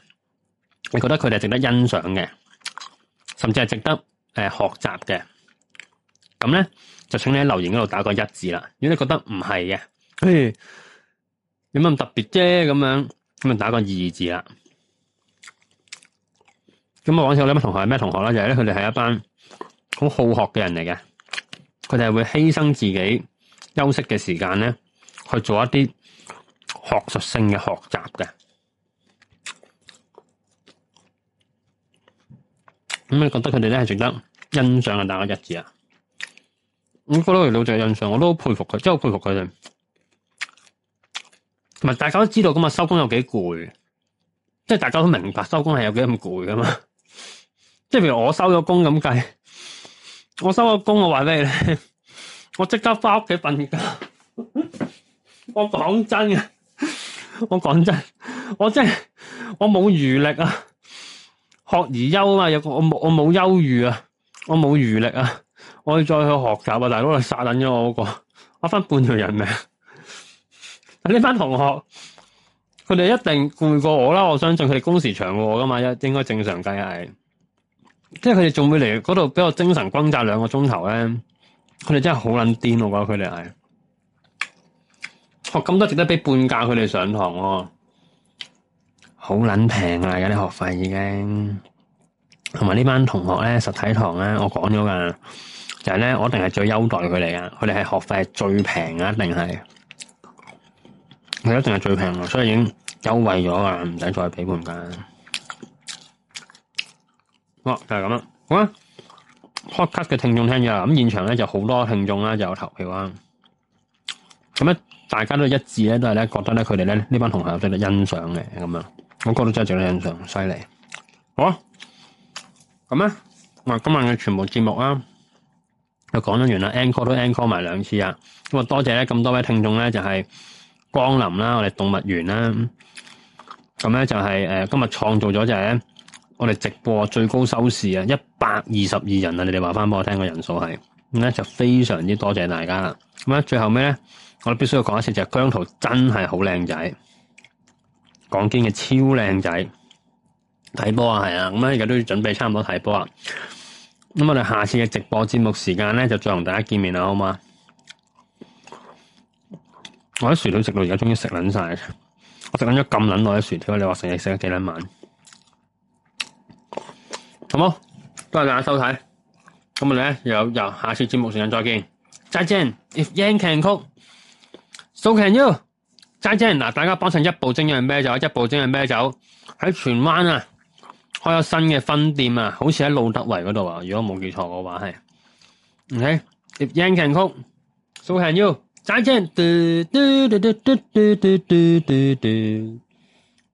你覺得佢哋值得欣賞嘅，甚至係值得誒學習嘅？咁咧就請你喺留言嗰度打個一字啦。如果你覺得唔係嘅，嘿有乜咁特別啫？咁樣咁啊打個二字啦。咁啊講笑，呢班同學係咩同學咧？就係咧，佢哋係一班好好學嘅人嚟嘅。佢哋係會犧牲自己休息嘅時間咧，去做一啲學術性嘅學習嘅。咁你覺得佢哋咧係值得欣賞嘅大家日子啊？咁哥老二老最欣賞，我都好佩服佢，真係佩服佢哋。同埋大家都知道噶嘛，收工有幾攰，即係大家都明白收工係有幾咁攰噶嘛。即係譬如我收咗工咁計。我收咗工，我話俾你，我即刻翻屋企瞓覺。我講真嘅，我講真，我真係我冇餘力啊！學而優啊，有我冇我冇優裕啊，我冇餘力啊！我要再去學習啊！大佬嚟殺撚咗我嗰個，我分半條人命。呢班同學，佢哋一定攰過我啦！我相信佢哋工時長過我噶嘛，一應該正常計係。即係佢哋仲會嚟嗰度俾我精神轟炸兩個鐘頭咧，佢哋真係好捻癲，我佢哋係，學咁、哦、多值得俾半價佢哋上堂喎，好捻平啊！有啲學費已經，同埋呢班同學咧，實體堂咧，我講咗噶，就係、是、咧我一定係最優待佢哋啊，佢哋係學費係最平啊，一定係，佢一定係最平啊，所以已經優惠咗啊，唔使再俾半價。哦，就係咁啦，好啊，cut 嘅聽眾聽咗，咁現場咧就好多聽眾啦，就有投票，咁咧大家都一致咧，都係咧覺得咧佢哋咧呢班同學有值得欣賞嘅，咁樣，我覺得真係值得欣賞，犀利，好啊，咁啊，我今日嘅全部節目啊，就講咗完啦，encore 都 encore 埋兩次啊，咁啊多謝咧咁多位聽眾咧就係光臨啦，我哋動物園啦，咁咧就係誒今日創造咗就係咧。我哋直播最高收視啊，一百二十二人啊，你哋話翻俾我聽個人數係，咁咧就非常之多謝大家啦。咁咧最後咩咧，我哋必須要講一次就係，姜濤真係好靚仔，講真嘅超靚仔，睇波啊係啊，咁呢，而家都要準備差唔多睇波啊。咁我哋下次嘅直播節目時間咧就再同大家見面啦，好嘛？我喺薯條食到而家終於食撚晒，我食撚咗咁撚耐嘅薯條，你話成日食咗幾撚晚。好冇，多謝大家收睇，咁我哋咧有由下次節目時間再見，再見。If Yang Can Cook, So Can You。再見，嗱大家幫襯一步精係咩酒，一步精係咩酒。喺荃灣啊，開咗新嘅分店啊，好似喺路德圍嗰度啊，如果冇記錯嘅話係。Okay，If Yang Can Cook, So Can You。再見。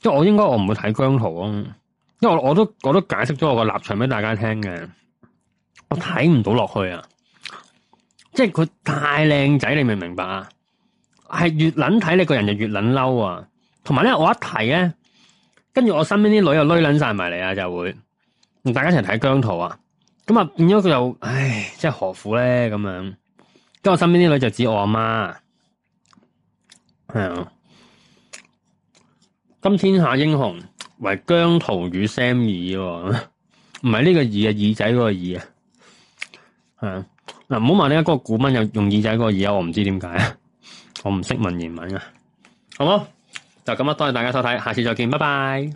即係我應該我唔會睇姜濤啊。因為我我都我都解釋咗我個立場俾大家聽嘅，我睇唔到落去啊！即係佢太靚仔，你明唔明白啊？係越捻睇你個人就越捻嬲啊！同埋咧，我一提咧，跟住我身邊啲女又擂捻晒埋嚟啊，就會大家一齊睇姜濤啊！咁啊變咗佢又唉，即係何苦咧咁樣？跟我身邊啲女就指我阿媽，係啊。今天下英雄為姜濤與 Sam 耳，唔係呢個耳啊，耳仔嗰個耳啊，係啊，嗱唔好話呢個古文又用耳仔嗰個耳啊，我唔知點解啊，我唔識文言文啊，好冇？就咁啊，多謝大家收睇，下次再見，拜拜。